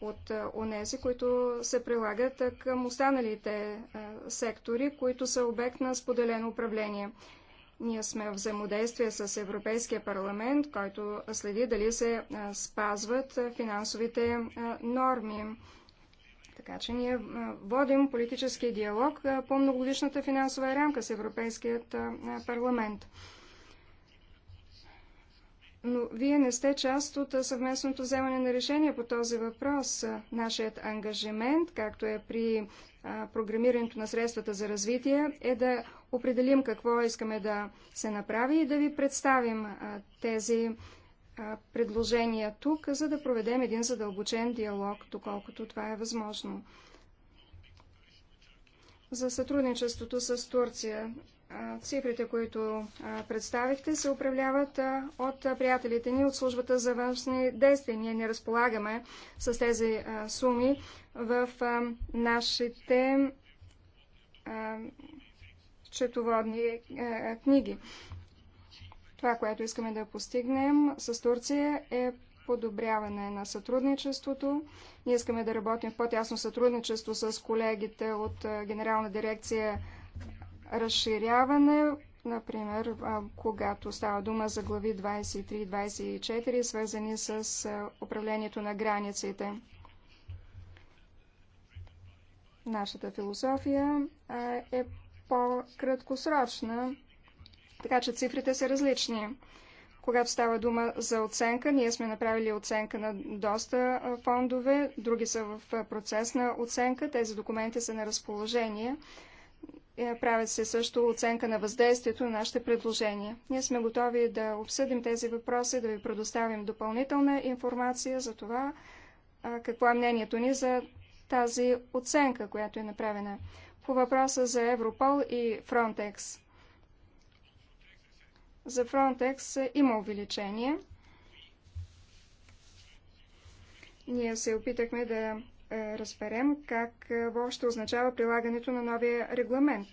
от онези, които се прилагат към останалите сектори, които са обект на споделено управление. Ние сме в взаимодействие с Европейския парламент, който следи дали се спазват финансовите норми. Така че ние водим политически диалог по многогодишната финансова рамка с Европейският парламент но вие не сте част от съвместното вземане на решение по този въпрос. Нашият ангажимент, както е при програмирането на средствата за развитие, е да определим какво искаме да се направи и да ви представим тези предложения тук, за да проведем един задълбочен диалог, доколкото това е възможно. За сътрудничеството с Турция Цифрите, които представихте, се управляват от приятелите ни от службата за външни действия. Ние не разполагаме с тези суми в нашите четоводни книги. Това, което искаме да постигнем с Турция е подобряване на сътрудничеството. Ние искаме да работим в по-тясно сътрудничество с колегите от Генерална дирекция разширяване, например, когато става дума за глави 23 и 24, свързани с управлението на границите. Нашата философия е по-краткосрочна, така че цифрите са различни. Когато става дума за оценка, ние сме направили оценка на доста фондове, други са в процес на оценка, тези документи са на разположение. Е, правят се също оценка на въздействието на нашите предложения. Ние сме готови да обсъдим тези въпроси, да ви предоставим допълнителна информация за това, какво е мнението ни за тази оценка, която е направена. По въпроса за Европол и Фронтекс. За Фронтекс има увеличение. Ние се опитахме да е, разберем как е, ще означава прилагането на новия регламент.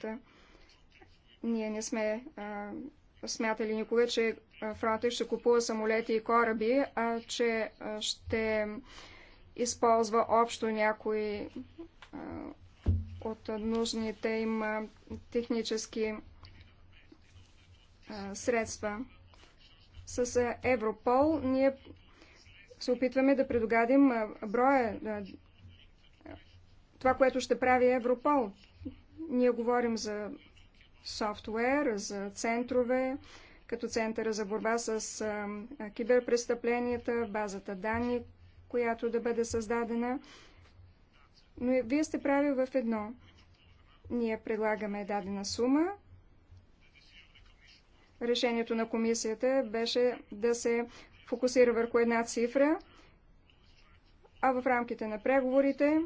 Ние не сме а, е, смятали никога, че Фронтекс ще купува самолети и кораби, а че ще използва общо някои а, от нужните им а, технически а, средства. С а, Европол ние се опитваме да предогадим броя това, което ще прави Европол. Ние говорим за софтуер, за центрове, като Центъра за борба с киберпрестъпленията, базата данни, която да бъде създадена. Но вие сте прави в едно. Ние предлагаме дадена сума. Решението на комисията беше да се фокусира върху една цифра, а в рамките на преговорите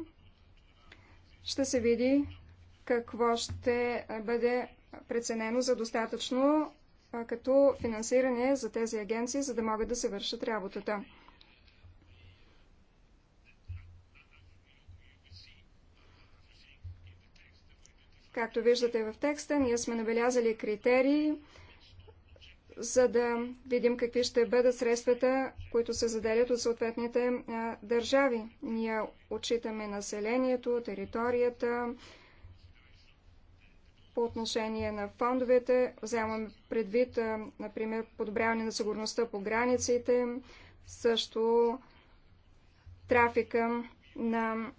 ще се види какво ще бъде преценено за достатъчно като финансиране за тези агенции, за да могат да се вършат работата. Както виждате в текста, ние сме набелязали критерии, за да видим какви ще бъдат средствата, които се заделят от съответните държави. Ние отчитаме населението, територията, по отношение на фондовете, вземаме предвид, например, подобряване на сигурността по границите, също трафика на,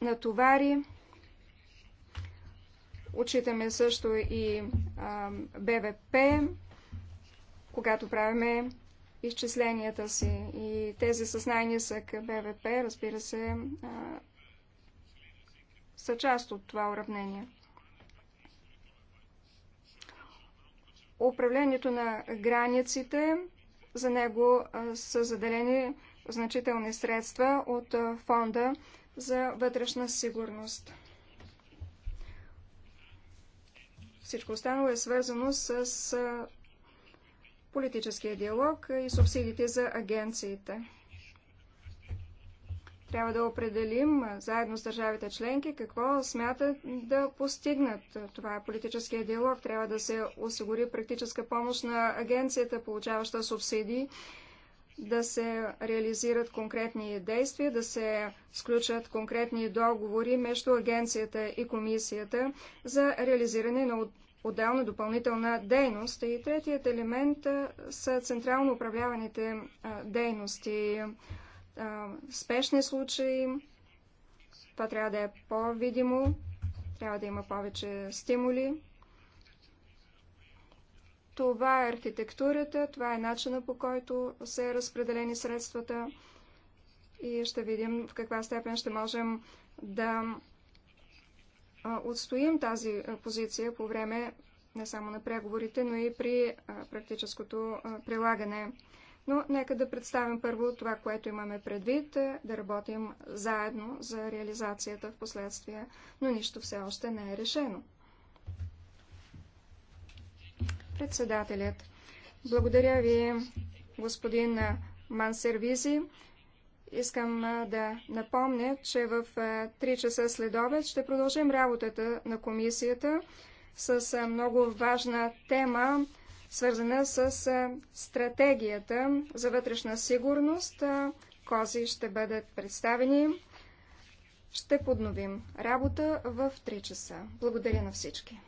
на товари. Отчитаме също и а, БВП, когато правиме изчисленията си. И тези с най-нисък БВП, разбира се, а, са част от това уравнение. Управлението на границите, за него а, са заделени значителни средства от а, фонда за вътрешна сигурност. Всичко останало е свързано с политическия диалог и субсидиите за агенциите. Трябва да определим заедно с държавите членки какво смятат да постигнат. Това е политическия диалог. Трябва да се осигури практическа помощ на агенцията, получаваща субсидии да се реализират конкретни действия, да се сключат конкретни договори между агенцията и комисията за реализиране на отделна допълнителна дейност. И третият елемент са централно управляваните дейности, спешни случаи. Това трябва да е по-видимо, трябва да има повече стимули. Това е архитектурата, това е начина по който са разпределени средствата и ще видим в каква степен ще можем да отстоим тази позиция по време не само на преговорите, но и при практическото прилагане. Но нека да представим първо това, което имаме предвид, да работим заедно за реализацията в последствие, но нищо все още не е решено. Председателят. Благодаря ви, господин Мансервизи. Искам да напомня, че в 3 часа след обед ще продължим работата на комисията с много важна тема, свързана с стратегията за вътрешна сигурност. Кози ще бъдат представени. Ще подновим работа в 3 часа. Благодаря на всички.